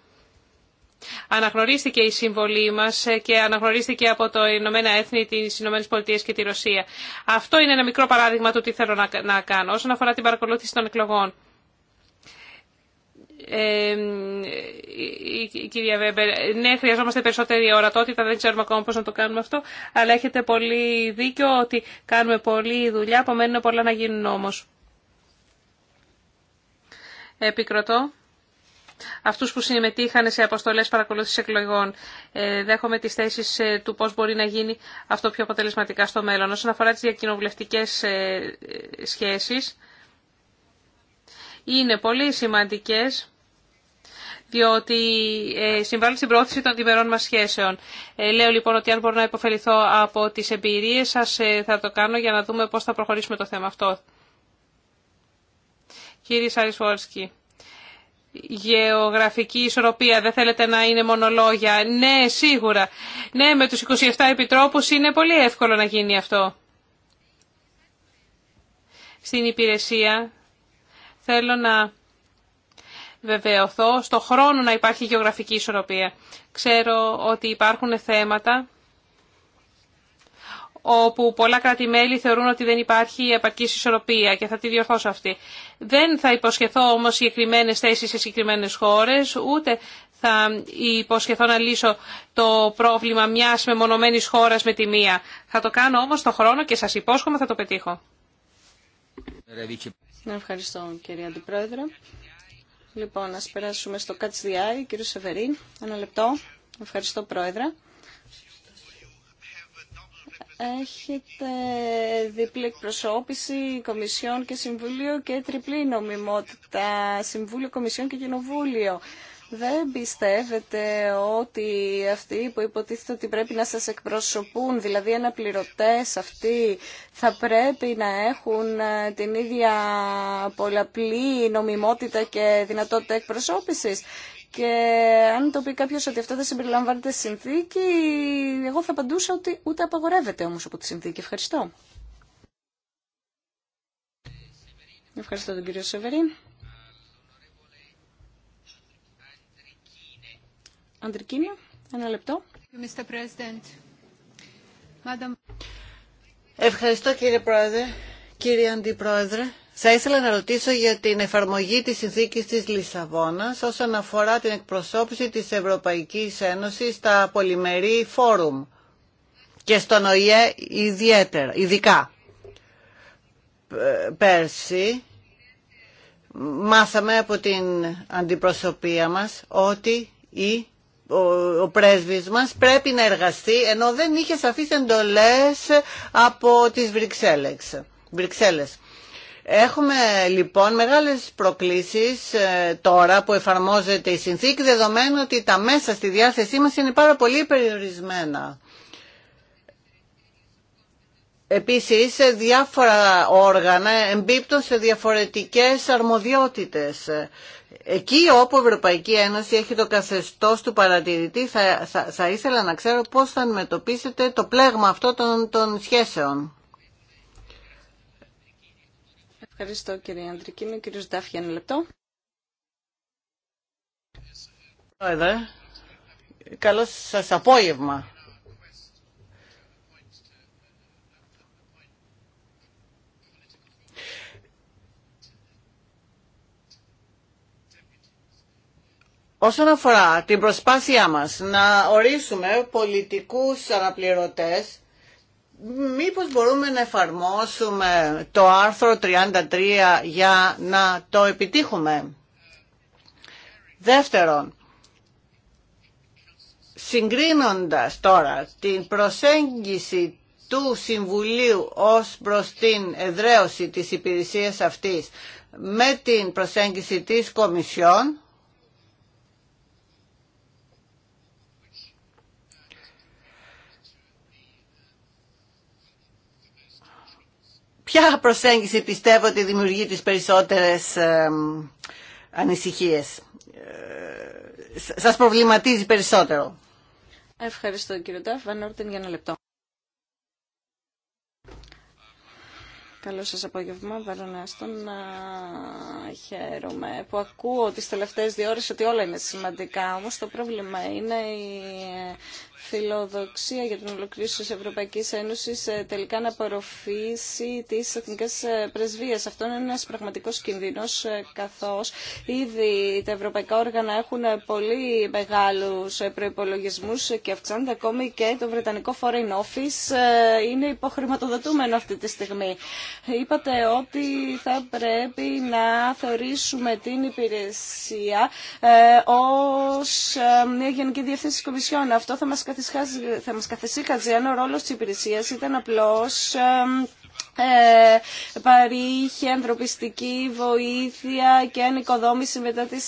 Αναγνωρίστηκε η συμβολή μας ε, και αναγνωρίστηκε από το Ηνωμένα Έθνη, τις Ηνωμένε Πολιτείε και τη Ρωσία. Αυτό είναι ένα μικρό παράδειγμα του τι θέλω να κάνω όσον αφορά την παρακολούθηση των εκλογών. Ε, κυρία Βέμπερ, ναι, χρειαζόμαστε περισσότερη ορατότητα, δεν ξέρουμε ακόμα πώς να το κάνουμε αυτό, αλλά έχετε πολύ δίκιο ότι κάνουμε πολλή δουλειά, απομένουν πολλά να γίνουν όμως. Επικροτώ. Αυτούς που συμμετείχαν σε αποστολές παρακολούθησης εκλογών ε, δέχομαι τις θέσεις ε, του πώς μπορεί να γίνει αυτό πιο αποτελεσματικά στο μέλλον. Όσον αφορά τις διακοινοβουλευτικές ε, ε, σχέσεις, είναι πολύ σημαντικές διότι ε, συμβάλλει στην πρόθεση των διμερών μας σχέσεων. Ε, λέω λοιπόν ότι αν μπορώ να υποφεληθώ από τις εμπειρίες σας ε, θα το κάνω για να δούμε πώς θα προχωρήσουμε το θέμα αυτό. Κύριε Σαρισβόλσκι, γεωγραφική ισορροπία, δεν θέλετε να είναι μονολόγια. Ναι, σίγουρα. Ναι, με τους 27 επιτρόπους είναι πολύ εύκολο να γίνει αυτό. Στην υπηρεσία θέλω να βεβαιωθώ στο χρόνο να υπάρχει γεωγραφική ισορροπία. Ξέρω ότι υπάρχουν θέματα όπου πολλά κράτη-μέλη θεωρούν ότι δεν υπάρχει επαρκή ισορροπία και θα τη διορθώσω αυτή. Δεν θα υποσχεθώ όμως συγκεκριμένε θέσεις σε συγκεκριμένες χώρες, ούτε θα υποσχεθώ να λύσω το πρόβλημα μιας μεμονωμένης χώρας με τη μία. Θα το κάνω όμως το χρόνο και σας υπόσχομαι θα το πετύχω. Ευχαριστώ κύριε Αντιπρόεδρε. Λοιπόν, ας περάσουμε στο Catch the Eye, κύριο Σεβερίν. Ένα λεπτό. Ευχαριστώ, Πρόεδρε. Έχετε διπλή εκπροσώπηση Κομισιόν και Συμβούλιο και τριπλή νομιμότητα Συμβούλιο, Κομισιόν και Κοινοβούλιο δεν πιστεύετε ότι αυτοί που υποτίθεται ότι πρέπει να σας εκπροσωπούν, δηλαδή πληρωτές αυτοί, θα πρέπει να έχουν ε, την ίδια πολλαπλή νομιμότητα και δυνατότητα εκπροσώπησης. Και αν το πει κάποιος ότι αυτό δεν συμπεριλαμβάνεται στη συνθήκη, εγώ θα απαντούσα ότι ούτε απαγορεύεται όμως από τη συνθήκη. Ευχαριστώ. Ευχαριστώ τον κύριο Σεβερίν. ένα λεπτό. Ευχαριστώ κύριε Πρόεδρε, κύριε Αντιπρόεδρε. Θα ήθελα να ρωτήσω για την εφαρμογή της συνθήκης της Λισαβόνας όσον αφορά την εκπροσώπηση της Ευρωπαϊκής Ένωσης στα πολυμερή φόρουμ και στον ΟΗΕ ιδιαίτερα, ειδικά. Ε, πέρσι μάθαμε από την αντιπροσωπεία μας ότι η ο πρέσβης μας πρέπει να εργαστεί ενώ δεν είχε σαφείς εντολές από τις Βρυξέλλες. Έχουμε λοιπόν μεγάλες προκλήσεις ε, τώρα που εφαρμόζεται η συνθήκη δεδομένου ότι τα μέσα στη διάθεσή μας είναι πάρα πολύ περιορισμένα. Επίσης, διάφορα όργανα εμπίπτουν σε διαφορετικές αρμοδιότητες Εκεί όπου η Ευρωπαϊκή Ένωση έχει το καθεστώς του παρατηρητή θα, θα, θα ήθελα να ξέρω πώς θα αντιμετωπίσετε το πλέγμα αυτό των, των σχέσεων. Ευχαριστώ κύριε Αντρική. Είμαι ο κύριος ένα λεπτό. Πρόεδρε, καλό σας απόγευμα. Όσον αφορά την προσπάθειά μας να ορίσουμε πολιτικούς αναπληρωτές, μήπως μπορούμε να εφαρμόσουμε το άρθρο 33 για να το επιτύχουμε. Δεύτερον, συγκρίνοντας τώρα την προσέγγιση του Συμβουλίου ως προς την εδραίωση της υπηρεσίας αυτής με την προσέγγιση της Κομισιόν, Ποια προσέγγιση πιστεύω ότι δημιουργεί τις περισσότερες ε, ανησυχίες. σας προβληματίζει περισσότερο. Ευχαριστώ κύριε Τάφ. Βαν για ένα λεπτό. Καλό σας απόγευμα, Βαρονάστον. Να χαίρομαι που ακούω τις τελευταίες δύο ώρες ότι όλα είναι σημαντικά, όμως το πρόβλημα είναι η φιλοδοξία για την ολοκλήρωση της Ευρωπαϊκής Ένωσης ε, τελικά να απορροφήσει τις εθνικές ε, πρεσβείες. Αυτό είναι ένας πραγματικός κινδύνος ε, καθώς ήδη τα ευρωπαϊκά όργανα έχουν πολύ μεγάλους προϋπολογισμούς και αυξάνονται ακόμη και το Βρετανικό Foreign Office είναι υποχρηματοδοτούμενο αυτή τη στιγμή. Είπατε ότι θα πρέπει να θεωρήσουμε την υπηρεσία ως μια γενική διευθύνση της Κομισιόν. Αυτό θα μας μας μας αν ο ρόλος της υπηρεσίας ήταν απλώς ε, παρήχε ανθρωπιστική βοήθεια και οικοδόμηση μετά τη